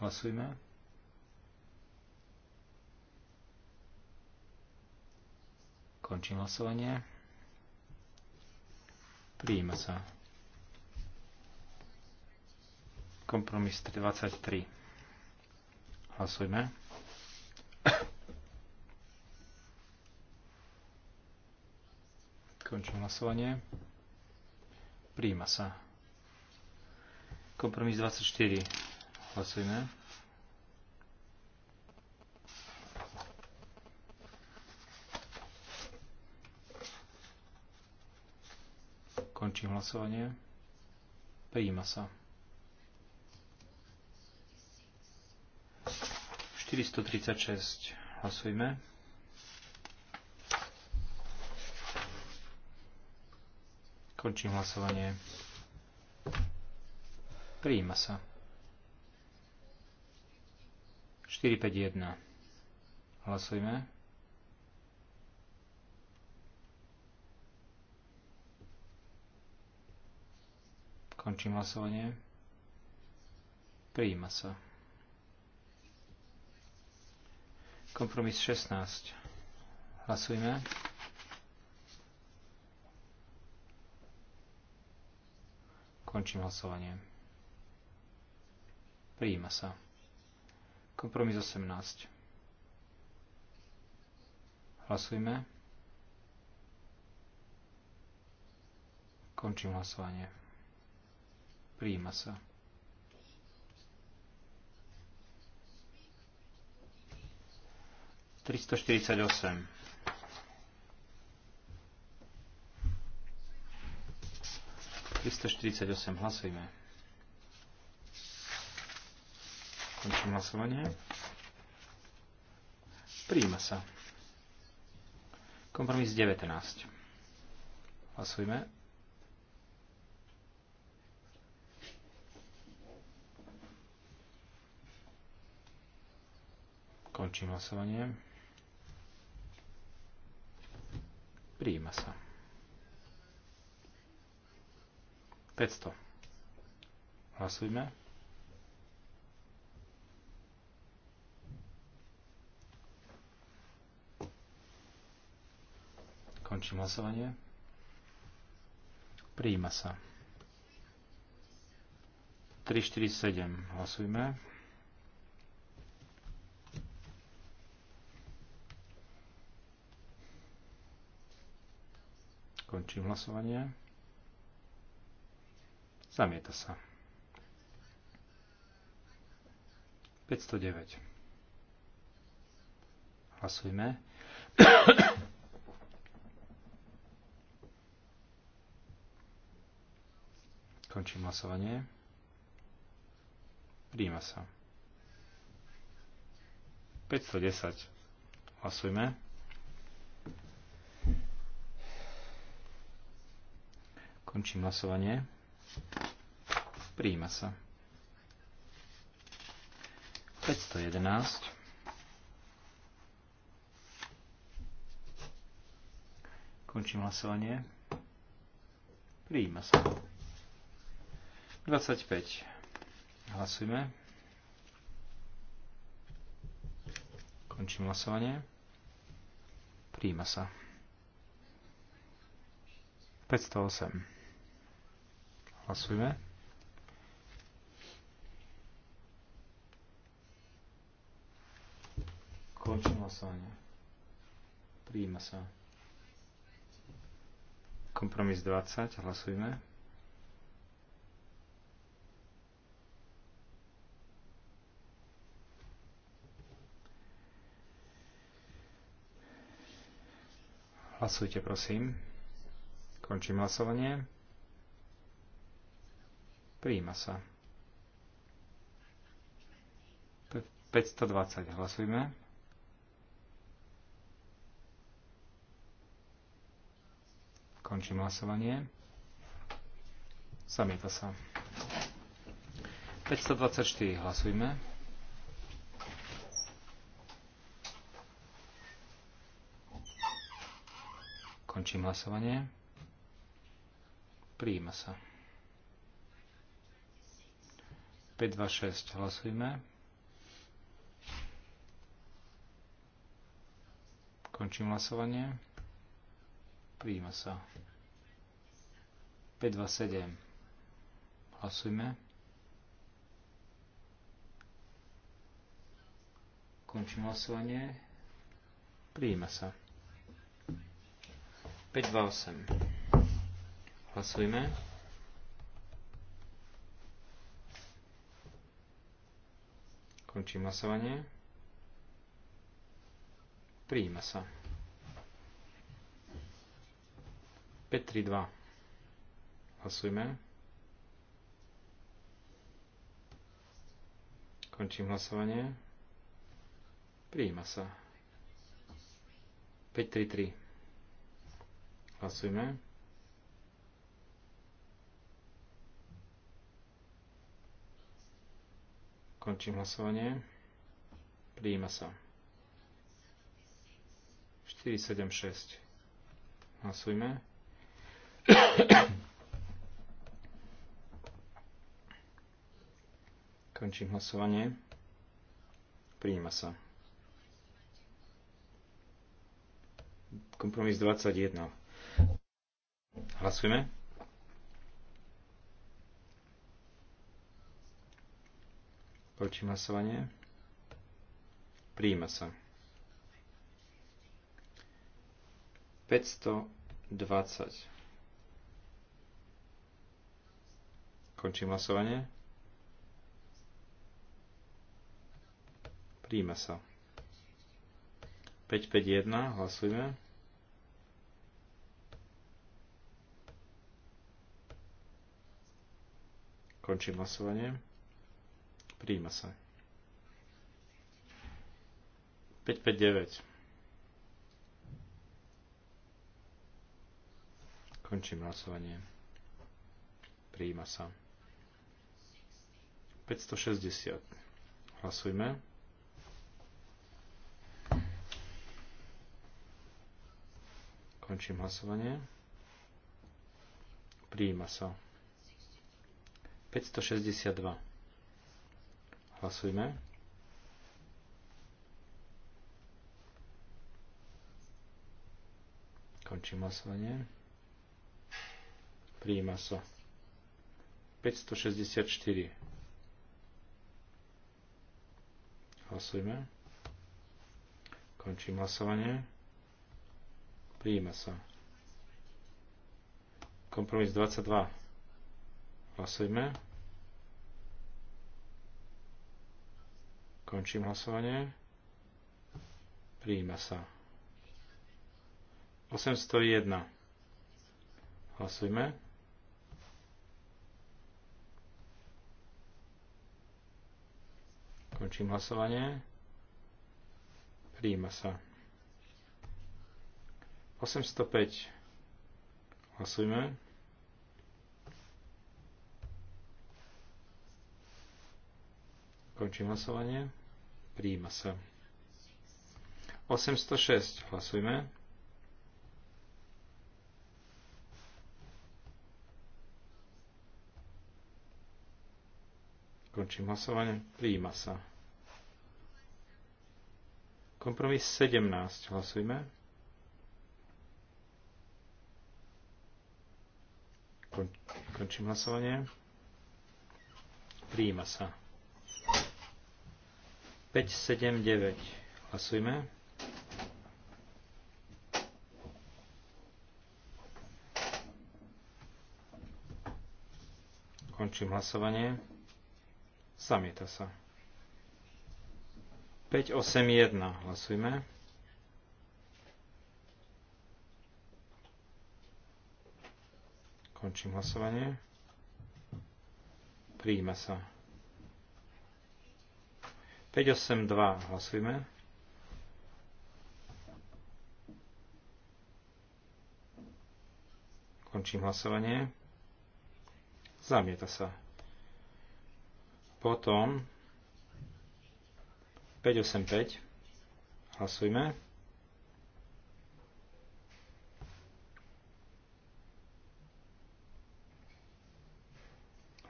Hlasujme. Končím hlasovanie. Prijíma sa. Kompromis 23. Hlasujme. Končím hlasovanie. Príjima sa. Kompromis 24. Hlasujme. Končím hlasovanie. Prijíma sa. 436. Hlasujme. Končím hlasovanie. Prijíma sa. 451. Hlasujme. Končím hlasovanie. Prijíma sa. Kompromis 16. Hlasujme. Končím hlasovanie. Prijíma sa. Kompromis 18. Hlasujme. Končím hlasovanie. Prijíma sa. 348. hlasujme. Končím hlasovanie. Príjima sa. Kompromis 19. Hlasujme. Končím hlasovanie. Prijíma sa. 500. Hlasujme. Končím hlasovanie. Prijíma sa. 347. Hlasujme. Končím hlasovanie. Zamieta sa. 509. Hlasujme. Končím hlasovanie. Príjma sa. 510. Hlasujme. Končím hlasovanie. Príjima sa. 511. Končím hlasovanie. Príjima sa. 25. Hlasujme. Končím hlasovanie. Príjima sa. 508. Hlasujme. Končím hlasovanie. Prijíma sa. Kompromis 20. Hlasujme. Hlasujte, prosím. Končím hlasovanie. Prijíma sa. 520. Hlasujme. Končím hlasovanie. Zamieta sa. 524. Hlasujme. Končím hlasovanie. Prijíma sa. 526 hlasujme. Končím hlasovanie. Príjima sa. 527. Hlasujme. Končím hlasovanie. Príjima sa. 528. Hlasujme. Končím hlasovanie. Prijíma sa. 5-3-2. Hlasujme. Končím hlasovanie. Prijíma sa. Hlasujme. Hlasujme. Končím hlasovanie. Prijíma sa. 476. Hlasujme. Končím hlasovanie. Prijíma sa. Kompromis 21. Hlasujme. Končím hlasovanie. Príjima sa. 520. Končím hlasovanie. Príjima sa. 551, hlasujme. Končím hlasovanie. Príjma sa. 559. Končím hlasovanie. Príjma sa. 560. Hlasujme. Končím hlasovanie. Príjma sa. 562. Hlasujme. Končím hlasovanie. Prijíma sa. 564. Hlasujme. Končím hlasovanie. Prijíma sa. Kompromis 22. Hlasujme. Končím hlasovanie. Prijíma sa. 801. Hlasujme. Končím hlasovanie. Prijíma sa. 805. Hlasujme. Končím hlasovanie. Príjima sa. 806. Hlasujme. Končím hlasovanie. Príjima sa. Kompromis 17. Hlasujme. Končím hlasovanie. Príjima sa. 5, 7, 9. Hlasujme. Končím hlasovanie. Samieta sa. 5, 8, 1. Hlasujme. Končím hlasovanie. Príjme sa. 582 hlasujeme. Končím hlasovanie. Zamieta sa. Potom 585 Hlasujeme.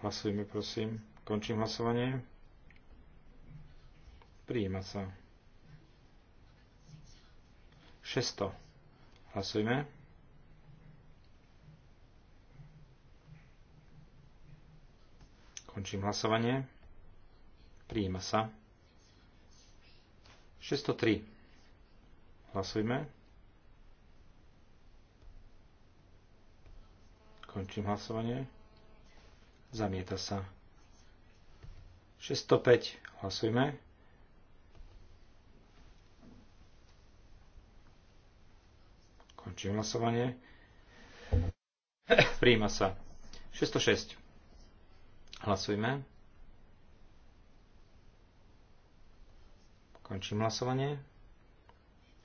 Hlasujeme, prosím. Končím hlasovanie. Prijíma sa. 600. Hlasujme. Končím hlasovanie. Prijíma sa. 603. Hlasujme. Končím hlasovanie. Zamieta sa. 605. Hlasujme. Končím hlasovanie. Príjima sa. 606. Hlasujme. Končím hlasovanie.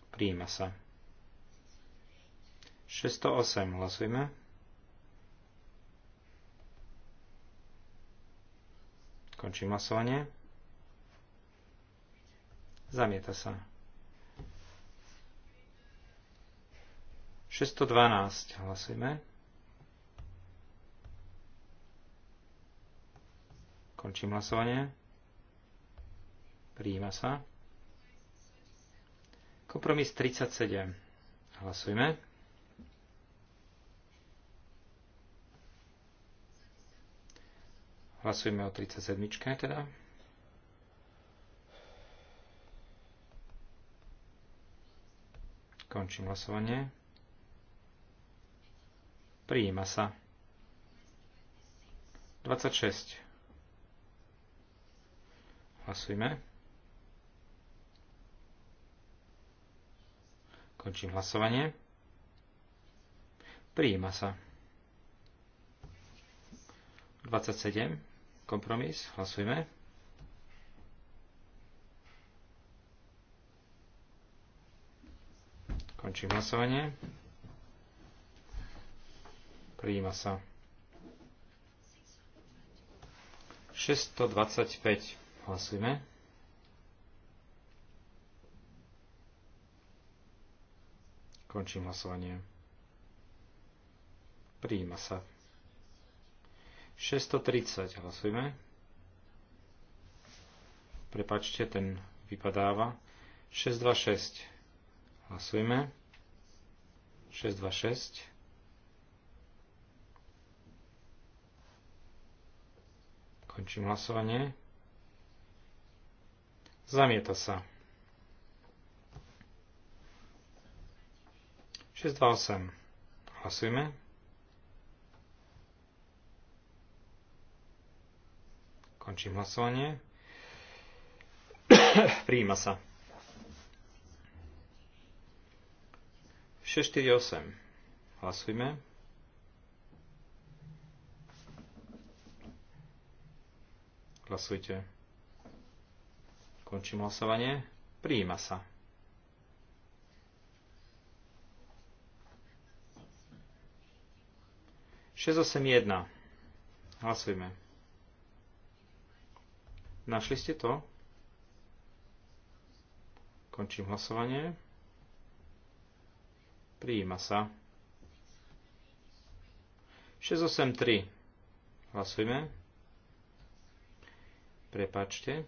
Príjima sa. 608. Hlasujme. Končím hlasovanie. Zamieta sa. 612 hlasujeme. Končím hlasovanie. Prijíma sa. Kompromis 37. Hlasujme. Hlasujeme o 37. teda. Končím hlasovanie. Prijíma sa. 26. Hlasujme. Končím hlasovanie. Prijíma sa. 27. Kompromis. Hlasujme. Končím hlasovanie. Prijíma sa. 625. Hlasujeme. Končím hlasovanie. Prijíma sa. 630. Hlasujeme. Prepačte, ten vypadáva. 626. Hlasujeme. 626. Končím hlasovanie. Zamieta sa. 628. Hlasujeme. Končím hlasovanie. Prijíma sa. 648. Hlasujeme. Hlasujte. Končím hlasovanie. Prijíma sa. Šesť osem jedna. Hlasujme. Našli ste to? Končím hlasovanie. Prijíma sa. 683. Hlasujme. Prepačte.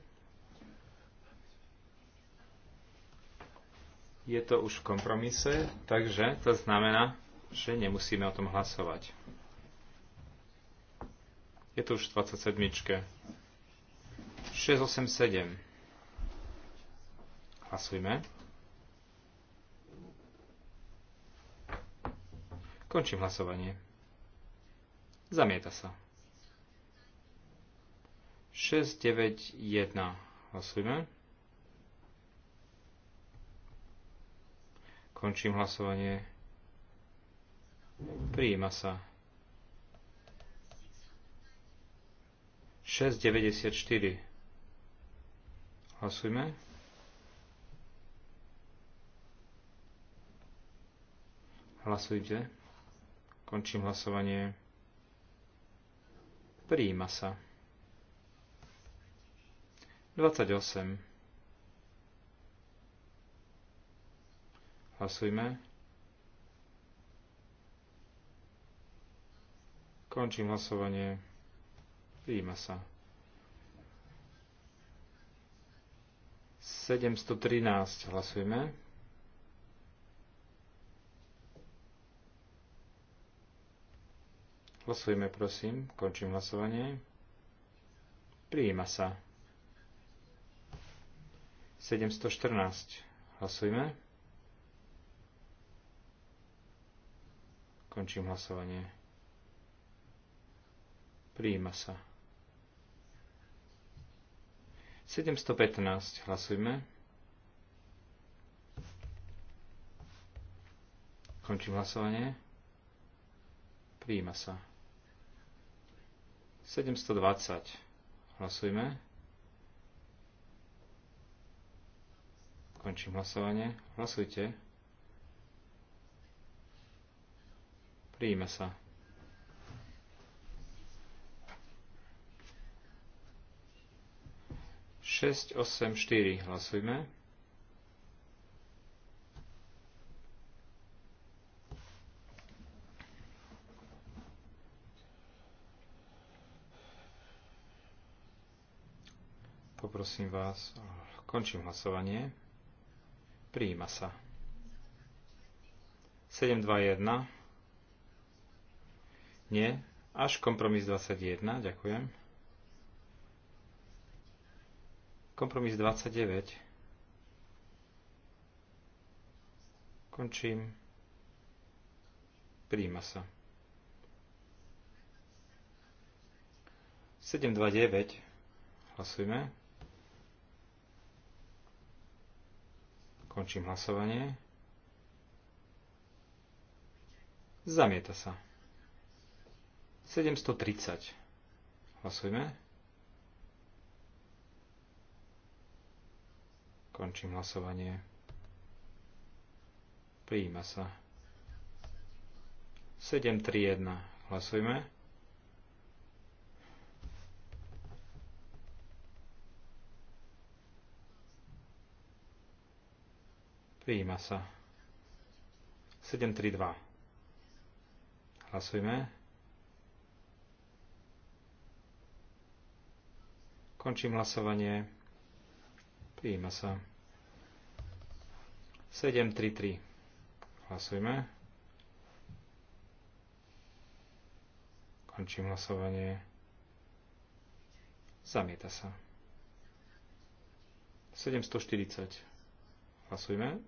Je to už v kompromise, takže to znamená, že nemusíme o tom hlasovať. Je to už v 27. 687. Hlasujme. Končím hlasovanie. Zamieta sa. 1. Hlasujme. Končím hlasovanie. Prijíma sa. 94. Hlasujme. Hlasujte. Končím hlasovanie. Prijíma sa. 28. Hlasujme. Končím hlasovanie. Výjima sa. 713 hlasujeme. Hlasujme, prosím. Končím hlasovanie. Prijíma sa. 714. Hlasujme. Končím hlasovanie. Prijíma sa. 715. Hlasujme. Končím hlasovanie. Prijíma sa. 720. Hlasujme. Končím hlasovanie. Hlasujte. Príjme sa. Šesť, osem, štyri. Hlasujme. Poprosím vás, končím hlasovanie. Prijíma sa. 721. Nie. Až kompromis 21. Ďakujem. Kompromis 29. Končím. Príjima sa. 729. Hlasujme. Končím hlasovanie. Zamieta sa. 730. Hlasujme. Končím hlasovanie. Prijíma sa. 731. Hlasujme. Prijíma sa. 732. Hlasujme. Končím hlasovanie. Prijíma sa. 733. Hlasujme. Končím hlasovanie. Zamieta sa. 740. Pasujme.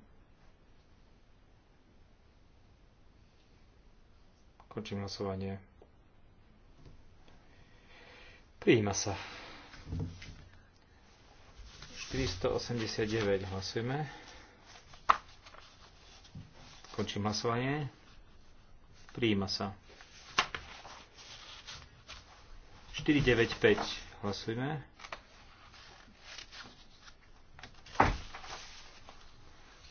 Končím hlasovanie. Prijíma sa. 489 hlasujeme. Končím hlasovanie. Prijíma sa. 495 hlasujeme.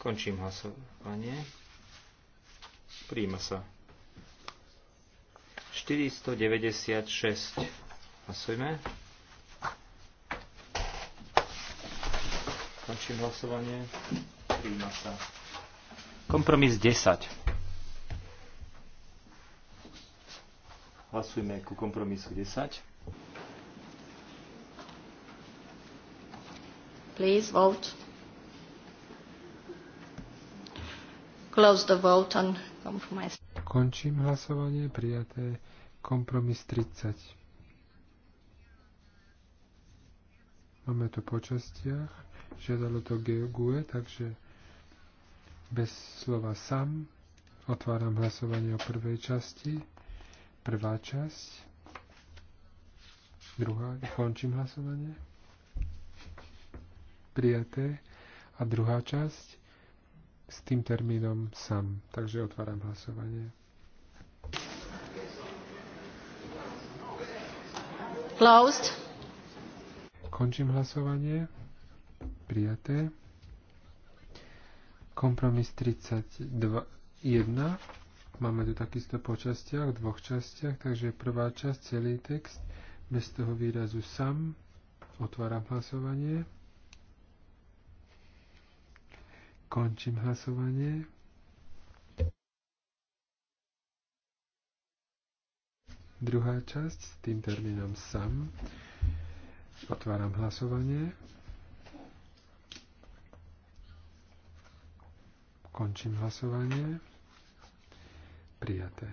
Končím hlasovanie. Príjma sa. 496. Hlasujme. Končím hlasovanie. Príjma sa. Kompromis 10. Hlasujme ku kompromisu 10. Please vote. Close the vote on compromise. Končím hlasovanie, prijaté kompromis 30. Máme to po častiach, žiadalo to GUE, takže bez slova sam otváram hlasovanie o prvej časti. Prvá časť. Druhá. Končím hlasovanie. Prijaté. A druhá časť s tým termínom SAM. Takže otváram hlasovanie. Closed. Končím hlasovanie. Prijaté. Kompromis 31. Máme tu takisto po častiach, dvoch častiach, takže prvá časť, celý text, bez toho výrazu sam. Otváram hlasovanie. Končím hlasovanie. Druhá časť s tým termínom SAM. Otváram hlasovanie. Končím hlasovanie. Prijaté.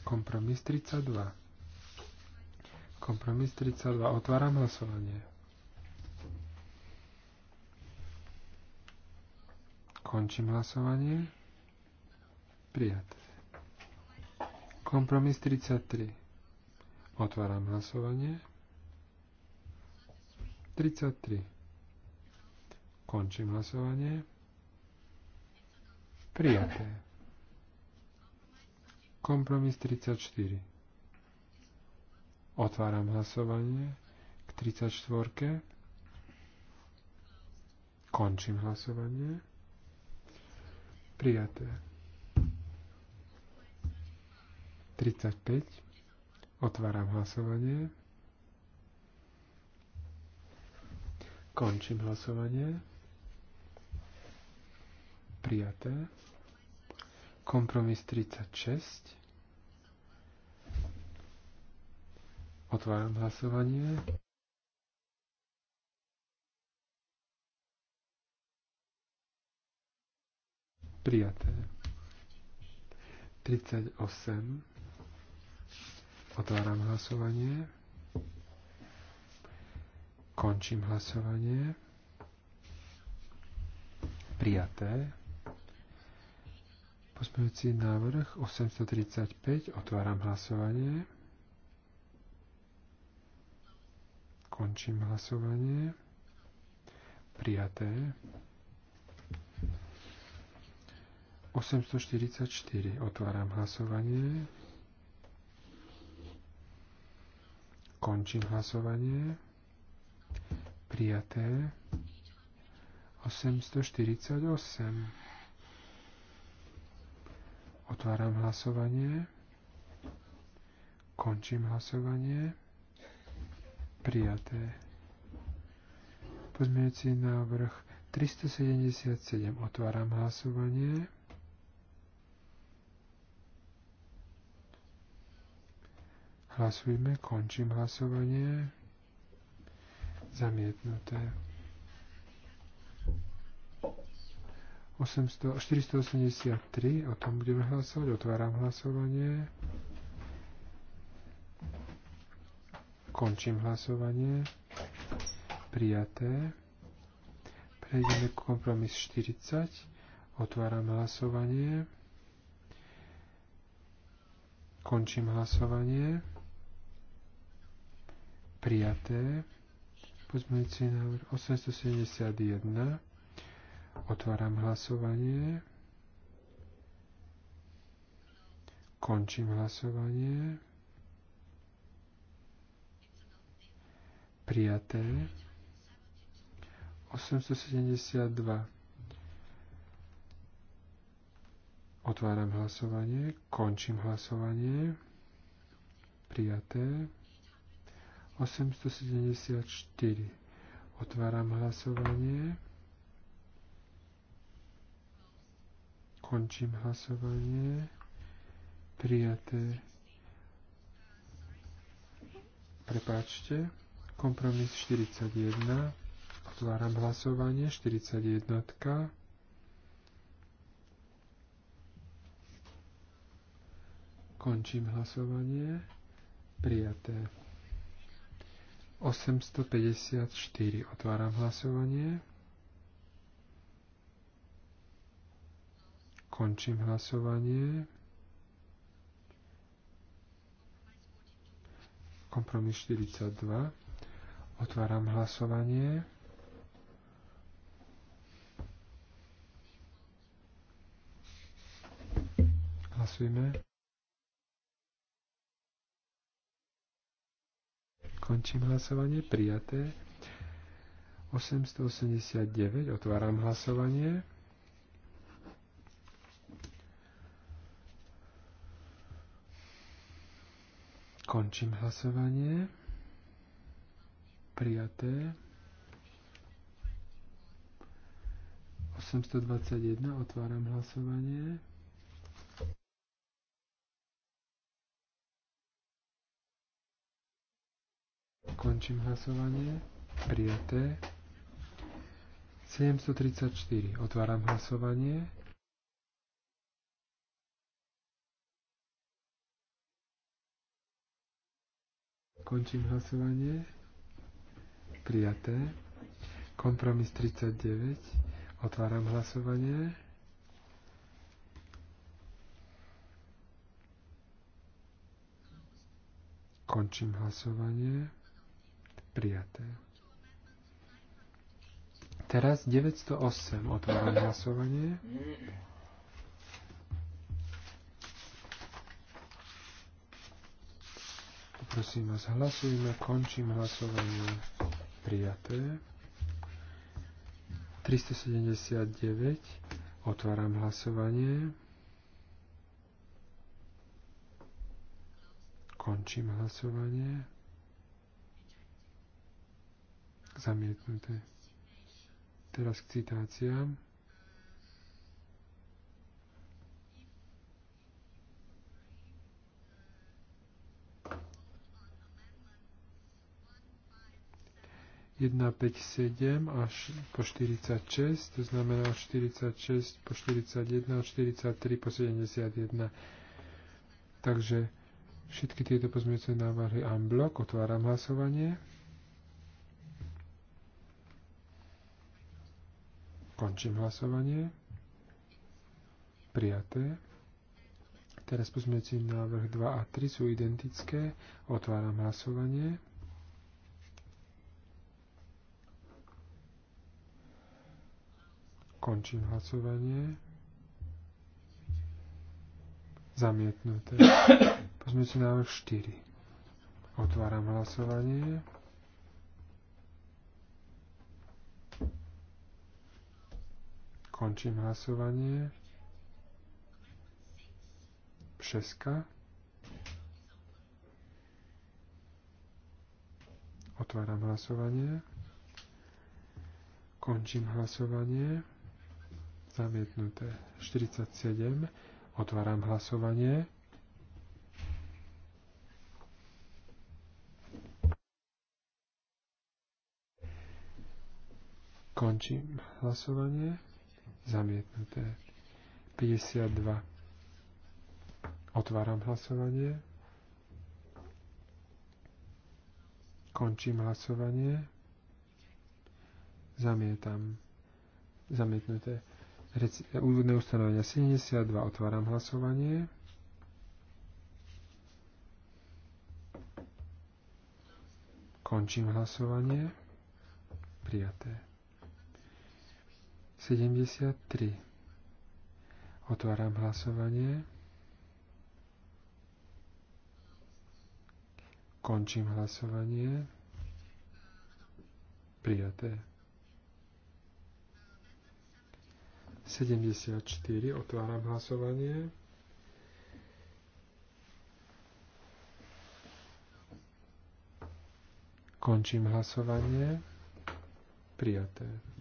Kompromis 32. Kompromis 32. Otváram hlasovanie. Končím hlasovanie. Prijaté. Kompromis 33. Otváram hlasovanie. 33. Končím hlasovanie. Prijaté. Kompromis 34. Otváram hlasovanie k 34. Končím hlasovanie. Prijaté. 35. Otváram hlasovanie. Končím hlasovanie. Prijaté. Kompromis 36. Otváram hlasovanie. Prijaté. 38. Otváram hlasovanie. Končím hlasovanie. Prijaté. Pozmeňujúci návrh 835. Otváram hlasovanie. Končím hlasovanie. Prijaté. 844. Otváram hlasovanie. Končím hlasovanie. Prijaté. 848. Otváram hlasovanie. Končím hlasovanie. Prijaté. Pozmeňujúci návrh 377. Otváram hlasovanie. Hlasujme, končím hlasovanie. Zamietnuté. 800, 483, o tom budeme hlasovať, otváram hlasovanie. Končím hlasovanie. Prijaté. Prejdeme k kompromis 40. Otváram hlasovanie. Končím hlasovanie prijaté. Pozmeňujúci návrh 871. Otváram hlasovanie. Končím hlasovanie. Prijaté. 872. Otváram hlasovanie. Končím hlasovanie. Prijaté. 874. Otváram hlasovanie. Končím hlasovanie. Prijaté. Prepáčte. Kompromis 41. Otváram hlasovanie. 41. Končím hlasovanie. Prijaté. 854. Otváram hlasovanie. Končím hlasovanie. Kompromis 42. Otváram hlasovanie. Hlasujeme. Končím hlasovanie. Prijaté. 889. Otváram hlasovanie. Končím hlasovanie. Prijaté. 821. Otváram hlasovanie. Končím hlasovanie. Prijaté. 734. Otváram hlasovanie. Končím hlasovanie. Prijaté. Kompromis 39. Otváram hlasovanie. Končím hlasovanie. Prijaté. Teraz 908. Otváram hlasovanie. Prosím vás, hlasujme, končím hlasovanie. Prijaté. 379. Otváram hlasovanie. Končím hlasovanie. Zamietnuté. Teraz k citáciám. Jedna, päť, sedem až po 46, to znamená 46 po 41, 43 po 71. Takže všetky tieto pozmeňujúce návrhy unblock, otváram hlasovanie. Končím hlasovanie. Prijaté. Teraz pozmeňujúci návrh 2 a 3 sú identické. Otváram hlasovanie. Končím hlasovanie. Zamietnuté. Pozmeňujúci návrh 4. Otváram hlasovanie. Končím hlasovanie. Šeska. Otváram hlasovanie. Končím hlasovanie. Zamietnuté 47. Otváram hlasovanie. Končím hlasovanie. Zamietnuté. 52. Otváram hlasovanie. Končím hlasovanie. Zamietam. Zamietnuté. Úvodné ustanovenia 72. Otváram hlasovanie. Končím hlasovanie. Prijaté. 73. Otváram hlasovanie. Končím hlasovanie. Prijaté. 74. Otváram hlasovanie. Končím hlasovanie. Prijaté.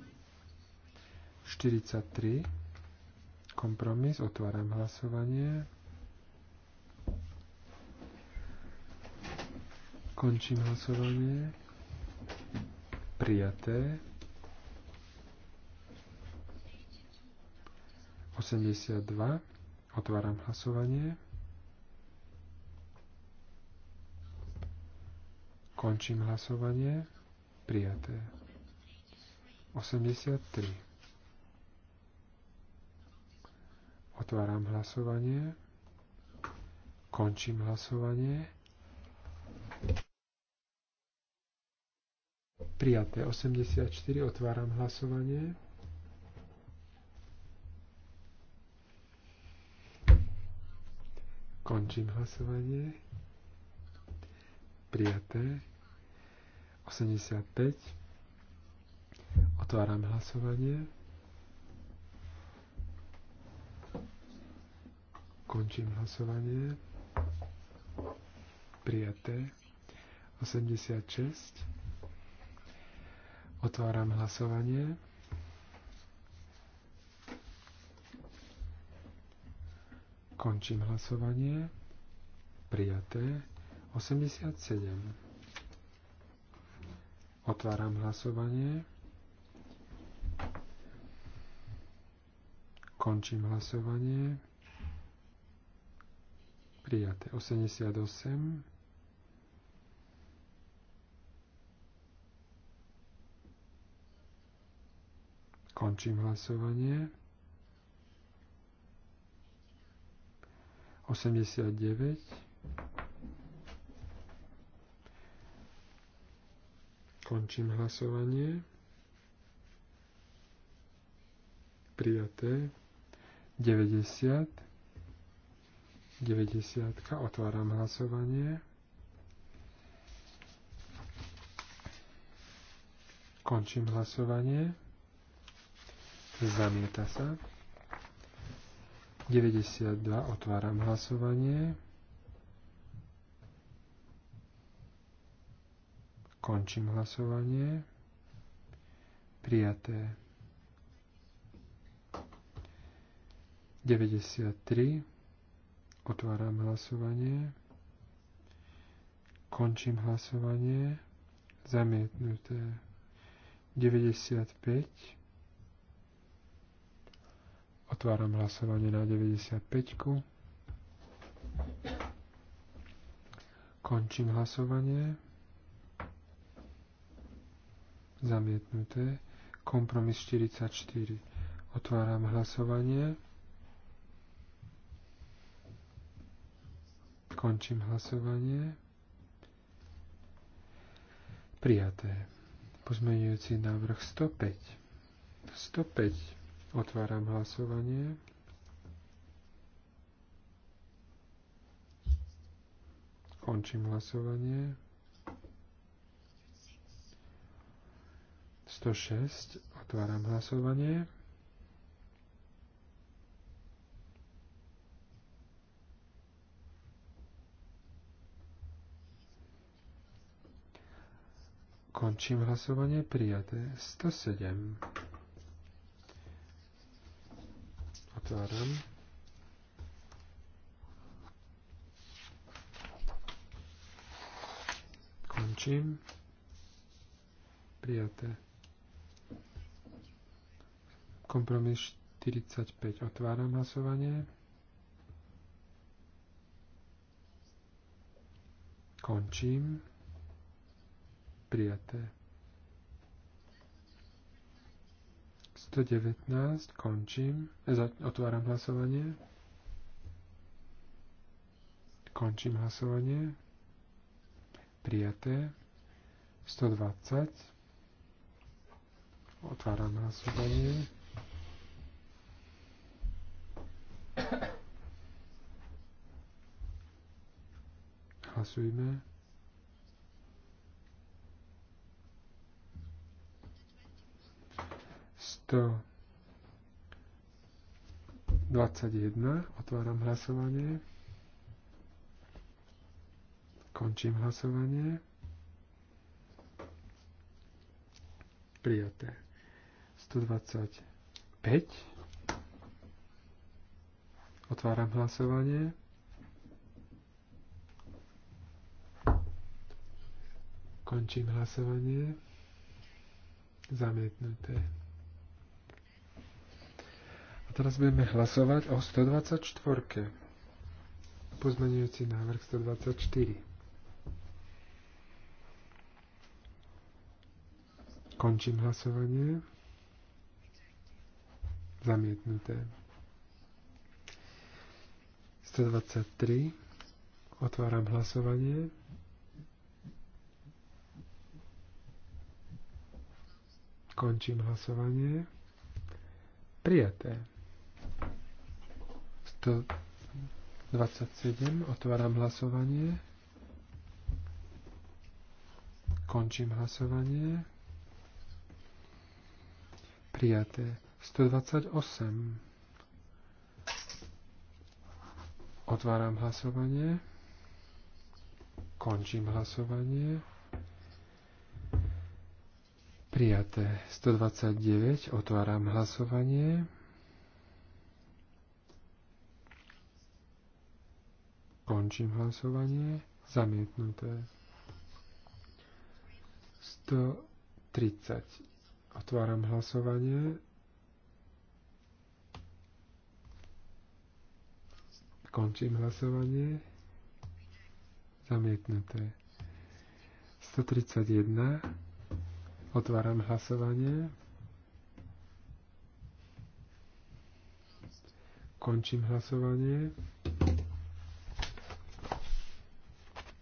43. Kompromis. Otváram hlasovanie. Končím hlasovanie. Prijaté. 82. Otváram hlasovanie. Končím hlasovanie. Prijaté. 83. Otváram hlasovanie. Končím hlasovanie. Prijaté 84. Otváram hlasovanie. Končím hlasovanie. Prijaté 85. Otváram hlasovanie. Končím hlasovanie. Prijaté. 86. Otváram hlasovanie. Končím hlasovanie. Prijaté. 87. Otváram hlasovanie. Končím hlasovanie prijaté. 88. Končím hlasovanie. 89. Končím hlasovanie. Prijaté. 90. 90. Otváram hlasovanie. Končím hlasovanie. Zamieta sa. 92. Otváram hlasovanie. Končím hlasovanie. Prijaté. 93. Otváram hlasovanie. Končím hlasovanie. Zamietnuté. 95. Otváram hlasovanie na 95. Končím hlasovanie. Zamietnuté. Kompromis 44. Otváram hlasovanie. Končím hlasovanie. Prijaté. Pozmenujúci návrh 105. 105. Otváram hlasovanie. Končím hlasovanie. 106. Otváram hlasovanie. Končím hlasovanie. Prijaté. 107. Otváram. Končím. Prijaté. Kompromis 45. Otváram hlasovanie. Končím prijaté. 119, končím, e, otváram hlasovanie, končím hlasovanie, prijaté, 120, otváram hlasovanie, hlasujme, 121. Otváram hlasovanie. Končím hlasovanie. Prijaté. 125. Otváram hlasovanie. Končím hlasovanie. Zamietnuté. A teraz budeme hlasovať o 124. Pozmenujúci návrh 124. Končím hlasovanie. Zamietnuté. 123. Otváram hlasovanie. Končím hlasovanie. Prijaté. 27, Otváram hlasovanie. Končím hlasovanie. Prijaté. 128. Otváram hlasovanie. Končím hlasovanie. Prijaté. 129. Otváram hlasovanie. Končím hlasovanie. Zamietnuté. 130. Otváram hlasovanie. Končím hlasovanie. Zamietnuté. 131. Otváram hlasovanie. Končím hlasovanie.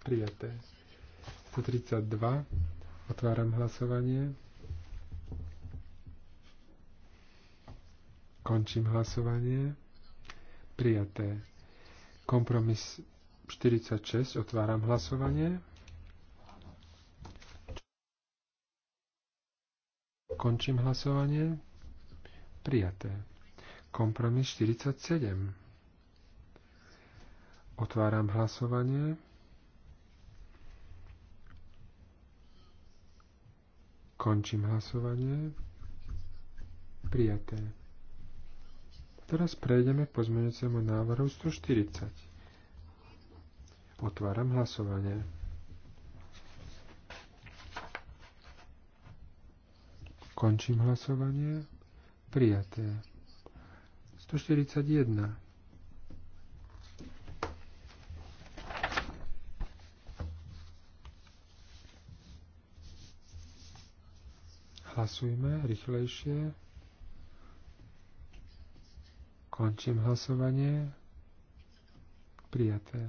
prijaté. 132. Otváram hlasovanie. Končím hlasovanie. Prijaté. Kompromis 46. Otváram hlasovanie. Končím hlasovanie. Prijaté. Kompromis 47. Otváram hlasovanie. Končím hlasovanie. Prijaté. Teraz prejdeme k pozmeňujúcemu návrhu 140. Otváram hlasovanie. Končím hlasovanie. Prijaté. 141. Hlasujme rýchlejšie. Končím hlasovanie. Prijaté.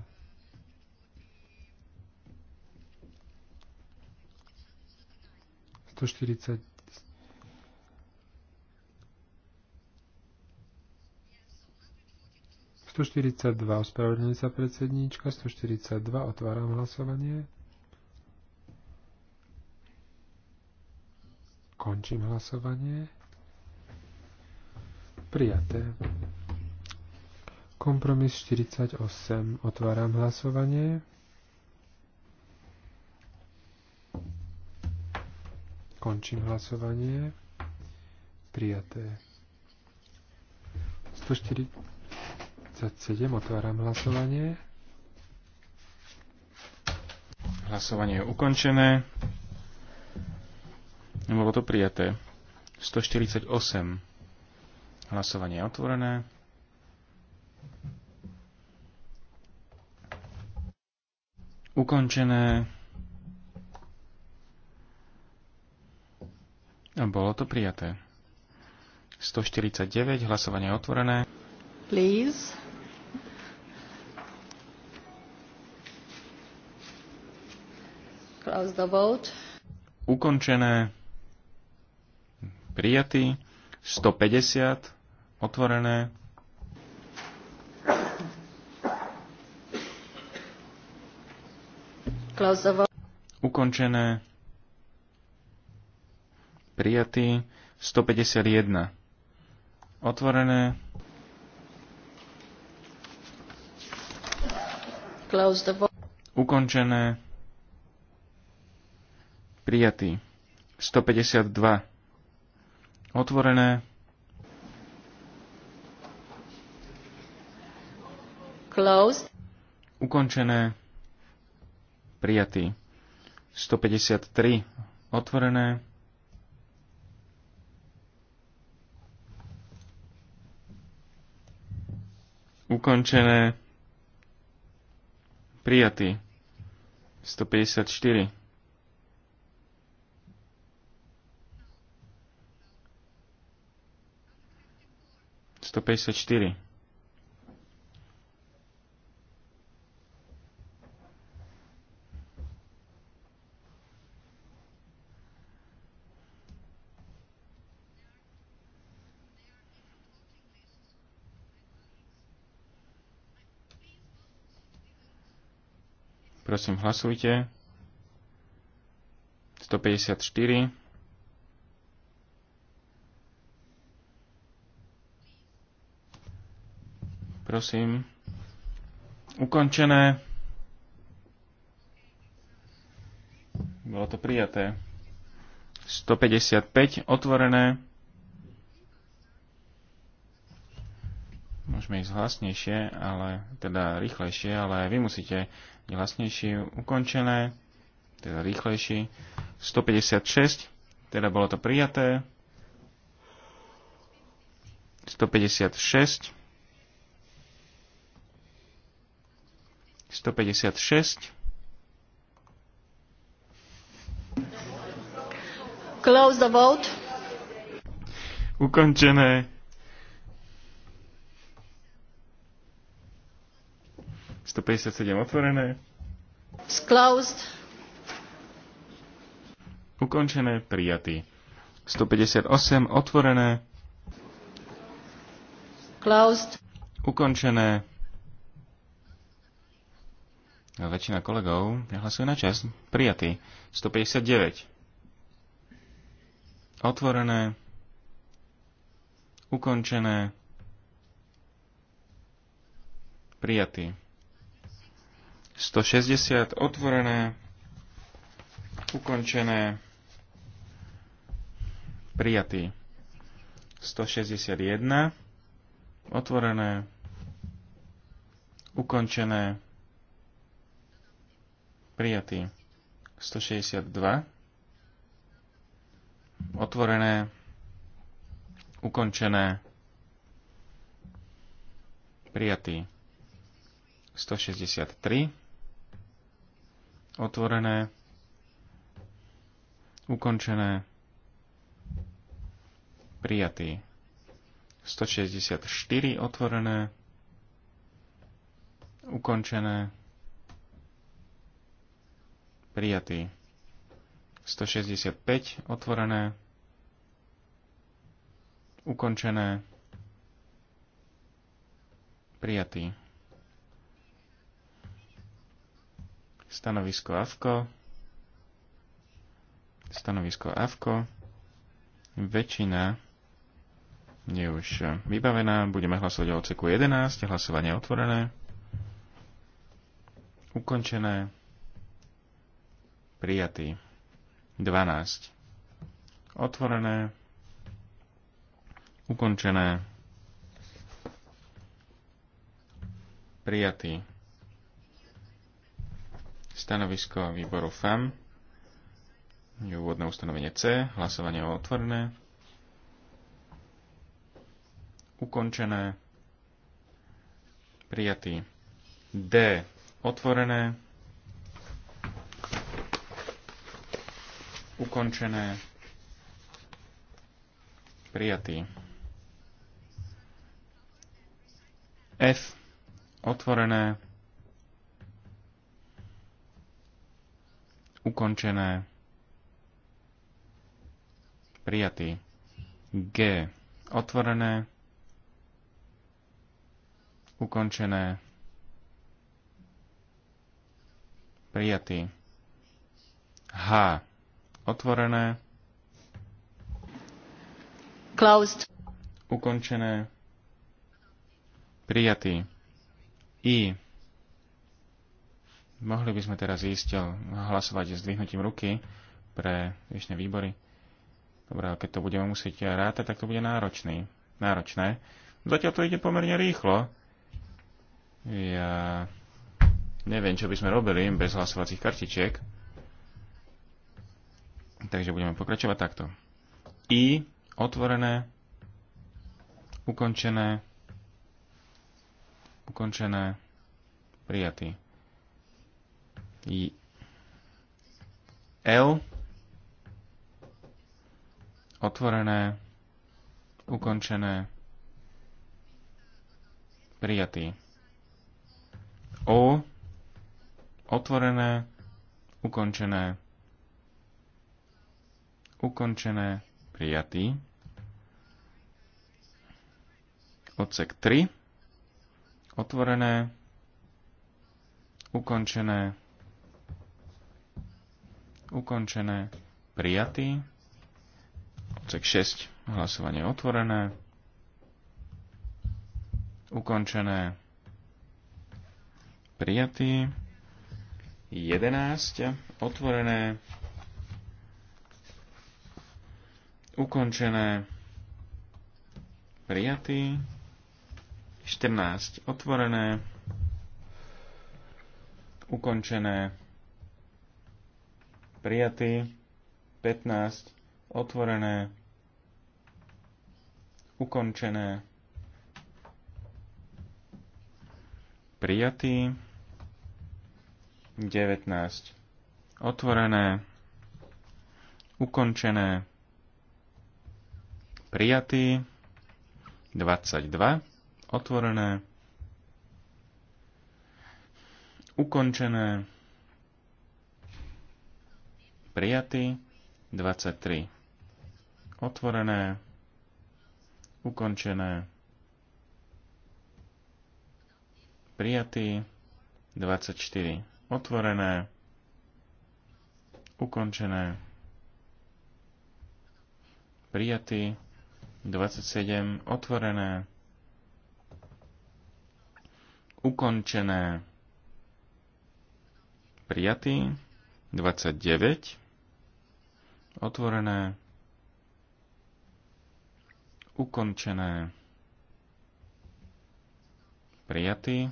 Sto štyridsať 142, ospravedlňuje sa predsedníčka, 142, otváram hlasovanie. Končím hlasovanie. Prijaté. Kompromis 48. Otváram hlasovanie. Končím hlasovanie. Prijaté. 147. Otváram hlasovanie. Hlasovanie je ukončené. Nebolo to prijaté. 148. Hlasovanie je otvorené. Ukončené. A bolo to prijaté. 149. Hlasovanie je otvorené. Please. Close the vote. Ukončené prijatý. 150 otvorené. Klozovo. Ukončené. Prijatý. 151. Otvorené. Ukončené. Prijatý. 152 otvorené. Closed. Ukončené. Prijatý. 153. Otvorené. Ukončené. Prijatý. 154. 154. Prosím, hlasujte. 154. prosím, ukončené. Bolo to prijaté. 155 otvorené. Môžeme ísť hlasnejšie, ale teda rýchlejšie, ale vy musíte hlasnejšie ukončené, teda rýchlejšie. 156, teda bolo to prijaté. 156 156. Close the vote. Ukončené. Sto päťdesiat sedem otvorené. It's closed. Ukončené, prijatý. osem otvorené. Closed. Ukončené, väčšina kolegov hlasuje na čas. Prijatý. 159. Otvorené. Ukončené. Prijatý. 160. Otvorené. Ukončené. Prijatý. 161. Otvorené. Ukončené prijatý. 162. Otvorené. Ukončené. Prijatý. 163. Otvorené. Ukončené. Prijatý. 164 otvorené, ukončené, prijatý. 165 otvorené, ukončené, prijatý. Stanovisko AFKO, stanovisko AFKO, väčšina je už vybavená, budeme hlasovať o odseku 11, hlasovanie otvorené, ukončené, prijatý. 12. Otvorené, ukončené, prijatý. Stanovisko výboru FAM je úvodné ustanovenie C, hlasovanie o otvorené, ukončené, prijatý. D. Otvorené, ukončené, prijatý. F, otvorené, ukončené, prijatý. G, otvorené, ukončené, prijatý. H. Otvorené. Closed. Ukončené. Prijatý. I. Mohli by sme teraz ísť hlasovať s dvihnutím ruky pre dnešné výbory. Dobre, ale keď to budeme musieť rátať, tak to bude náročný. náročné. Zatiaľ to ide pomerne rýchlo. Ja neviem, čo by sme robili bez hlasovacích kartičiek. Takže budeme pokračovať takto. I otvorené, ukončené, ukončené, prijatý. I L otvorené, ukončené, prijatý. O otvorené, ukončené, ukončené, prijatý. Odsek 3, otvorené, ukončené, ukončené, prijatý. Odsek 6, hlasovanie otvorené, ukončené, prijatý. 11, otvorené, ukončené, prijatý, 14 otvorené, ukončené, prijatý, 15 otvorené, ukončené, prijatý, 19 otvorené, ukončené, prijatý. 22 otvorené. Ukončené. Prijatý. 23 otvorené. Ukončené. Prijatý. 24 otvorené. Ukončené prijatý 27 otvorené, ukončené, prijatý, 29 otvorené, ukončené, prijatý,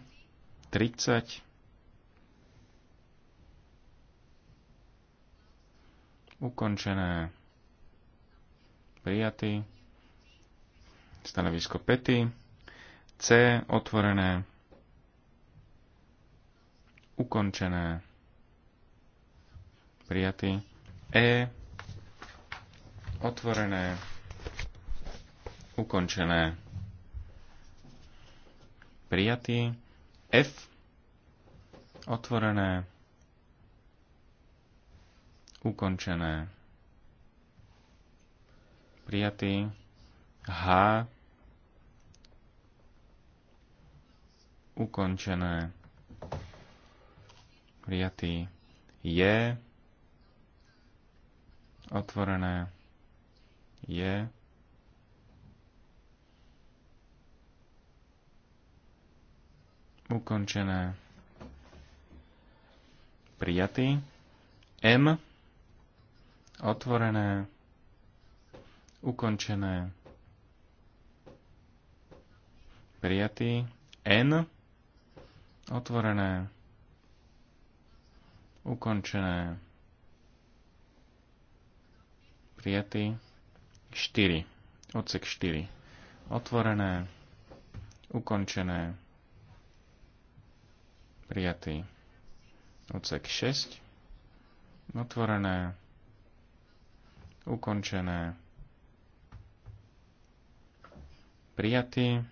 30 ukončené, prijatý, stanovisko Pety, C otvorené, ukončené, prijatý, E otvorené, ukončené, prijatý, F otvorené, ukončené, prijatý, H ukončené. Prijatý je otvorené je ukončené prijatý M otvorené ukončené prijatý N otvorené, ukončené, prijatý, 4, odsek 4, otvorené, ukončené, prijatý, odsek 6, otvorené, ukončené, prijatý,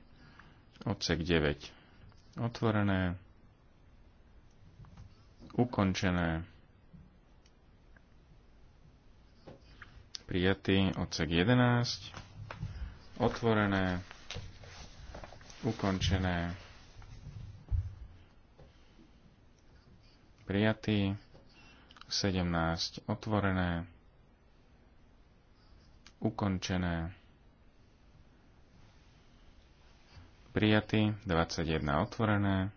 odsek 9, otvorené, ukončené. Prijatý odsek 11, otvorené, ukončené. Prijatý 17, otvorené, ukončené. Prijatý 21, otvorené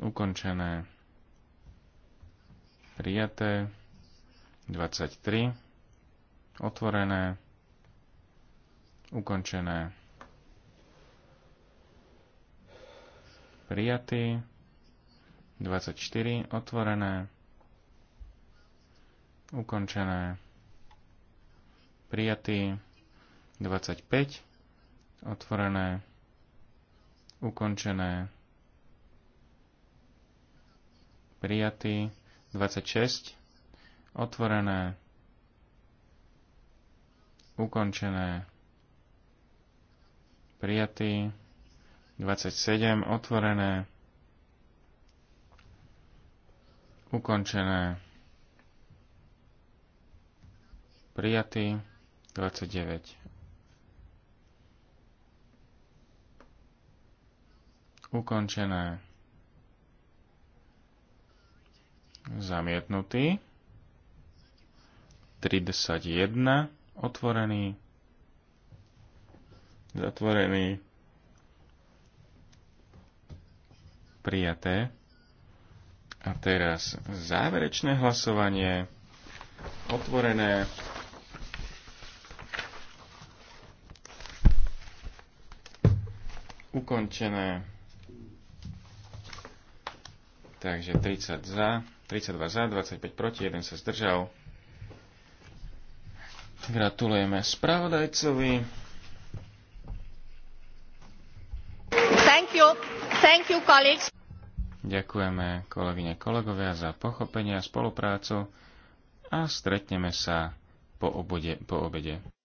ukončené, prijaté, 23, otvorené, ukončené, prijatý, 24, otvorené, ukončené, prijatý, 25, otvorené, ukončené, prijatý. 26. Otvorené. Ukončené. Prijatý. 27. Otvorené. Ukončené. Prijatý. 29. Ukončené. zamietnutý. 31 otvorený, zatvorený, prijaté. A teraz záverečné hlasovanie, otvorené. ukončené. Takže 30 za, 32 za, 25 proti, 1 sa zdržal. Gratulujeme spravodajcovi. Thank you. Thank you, colleagues. Ďakujeme kolegyne kolegovia za pochopenie a spoluprácu a stretneme sa po obode. Po obede.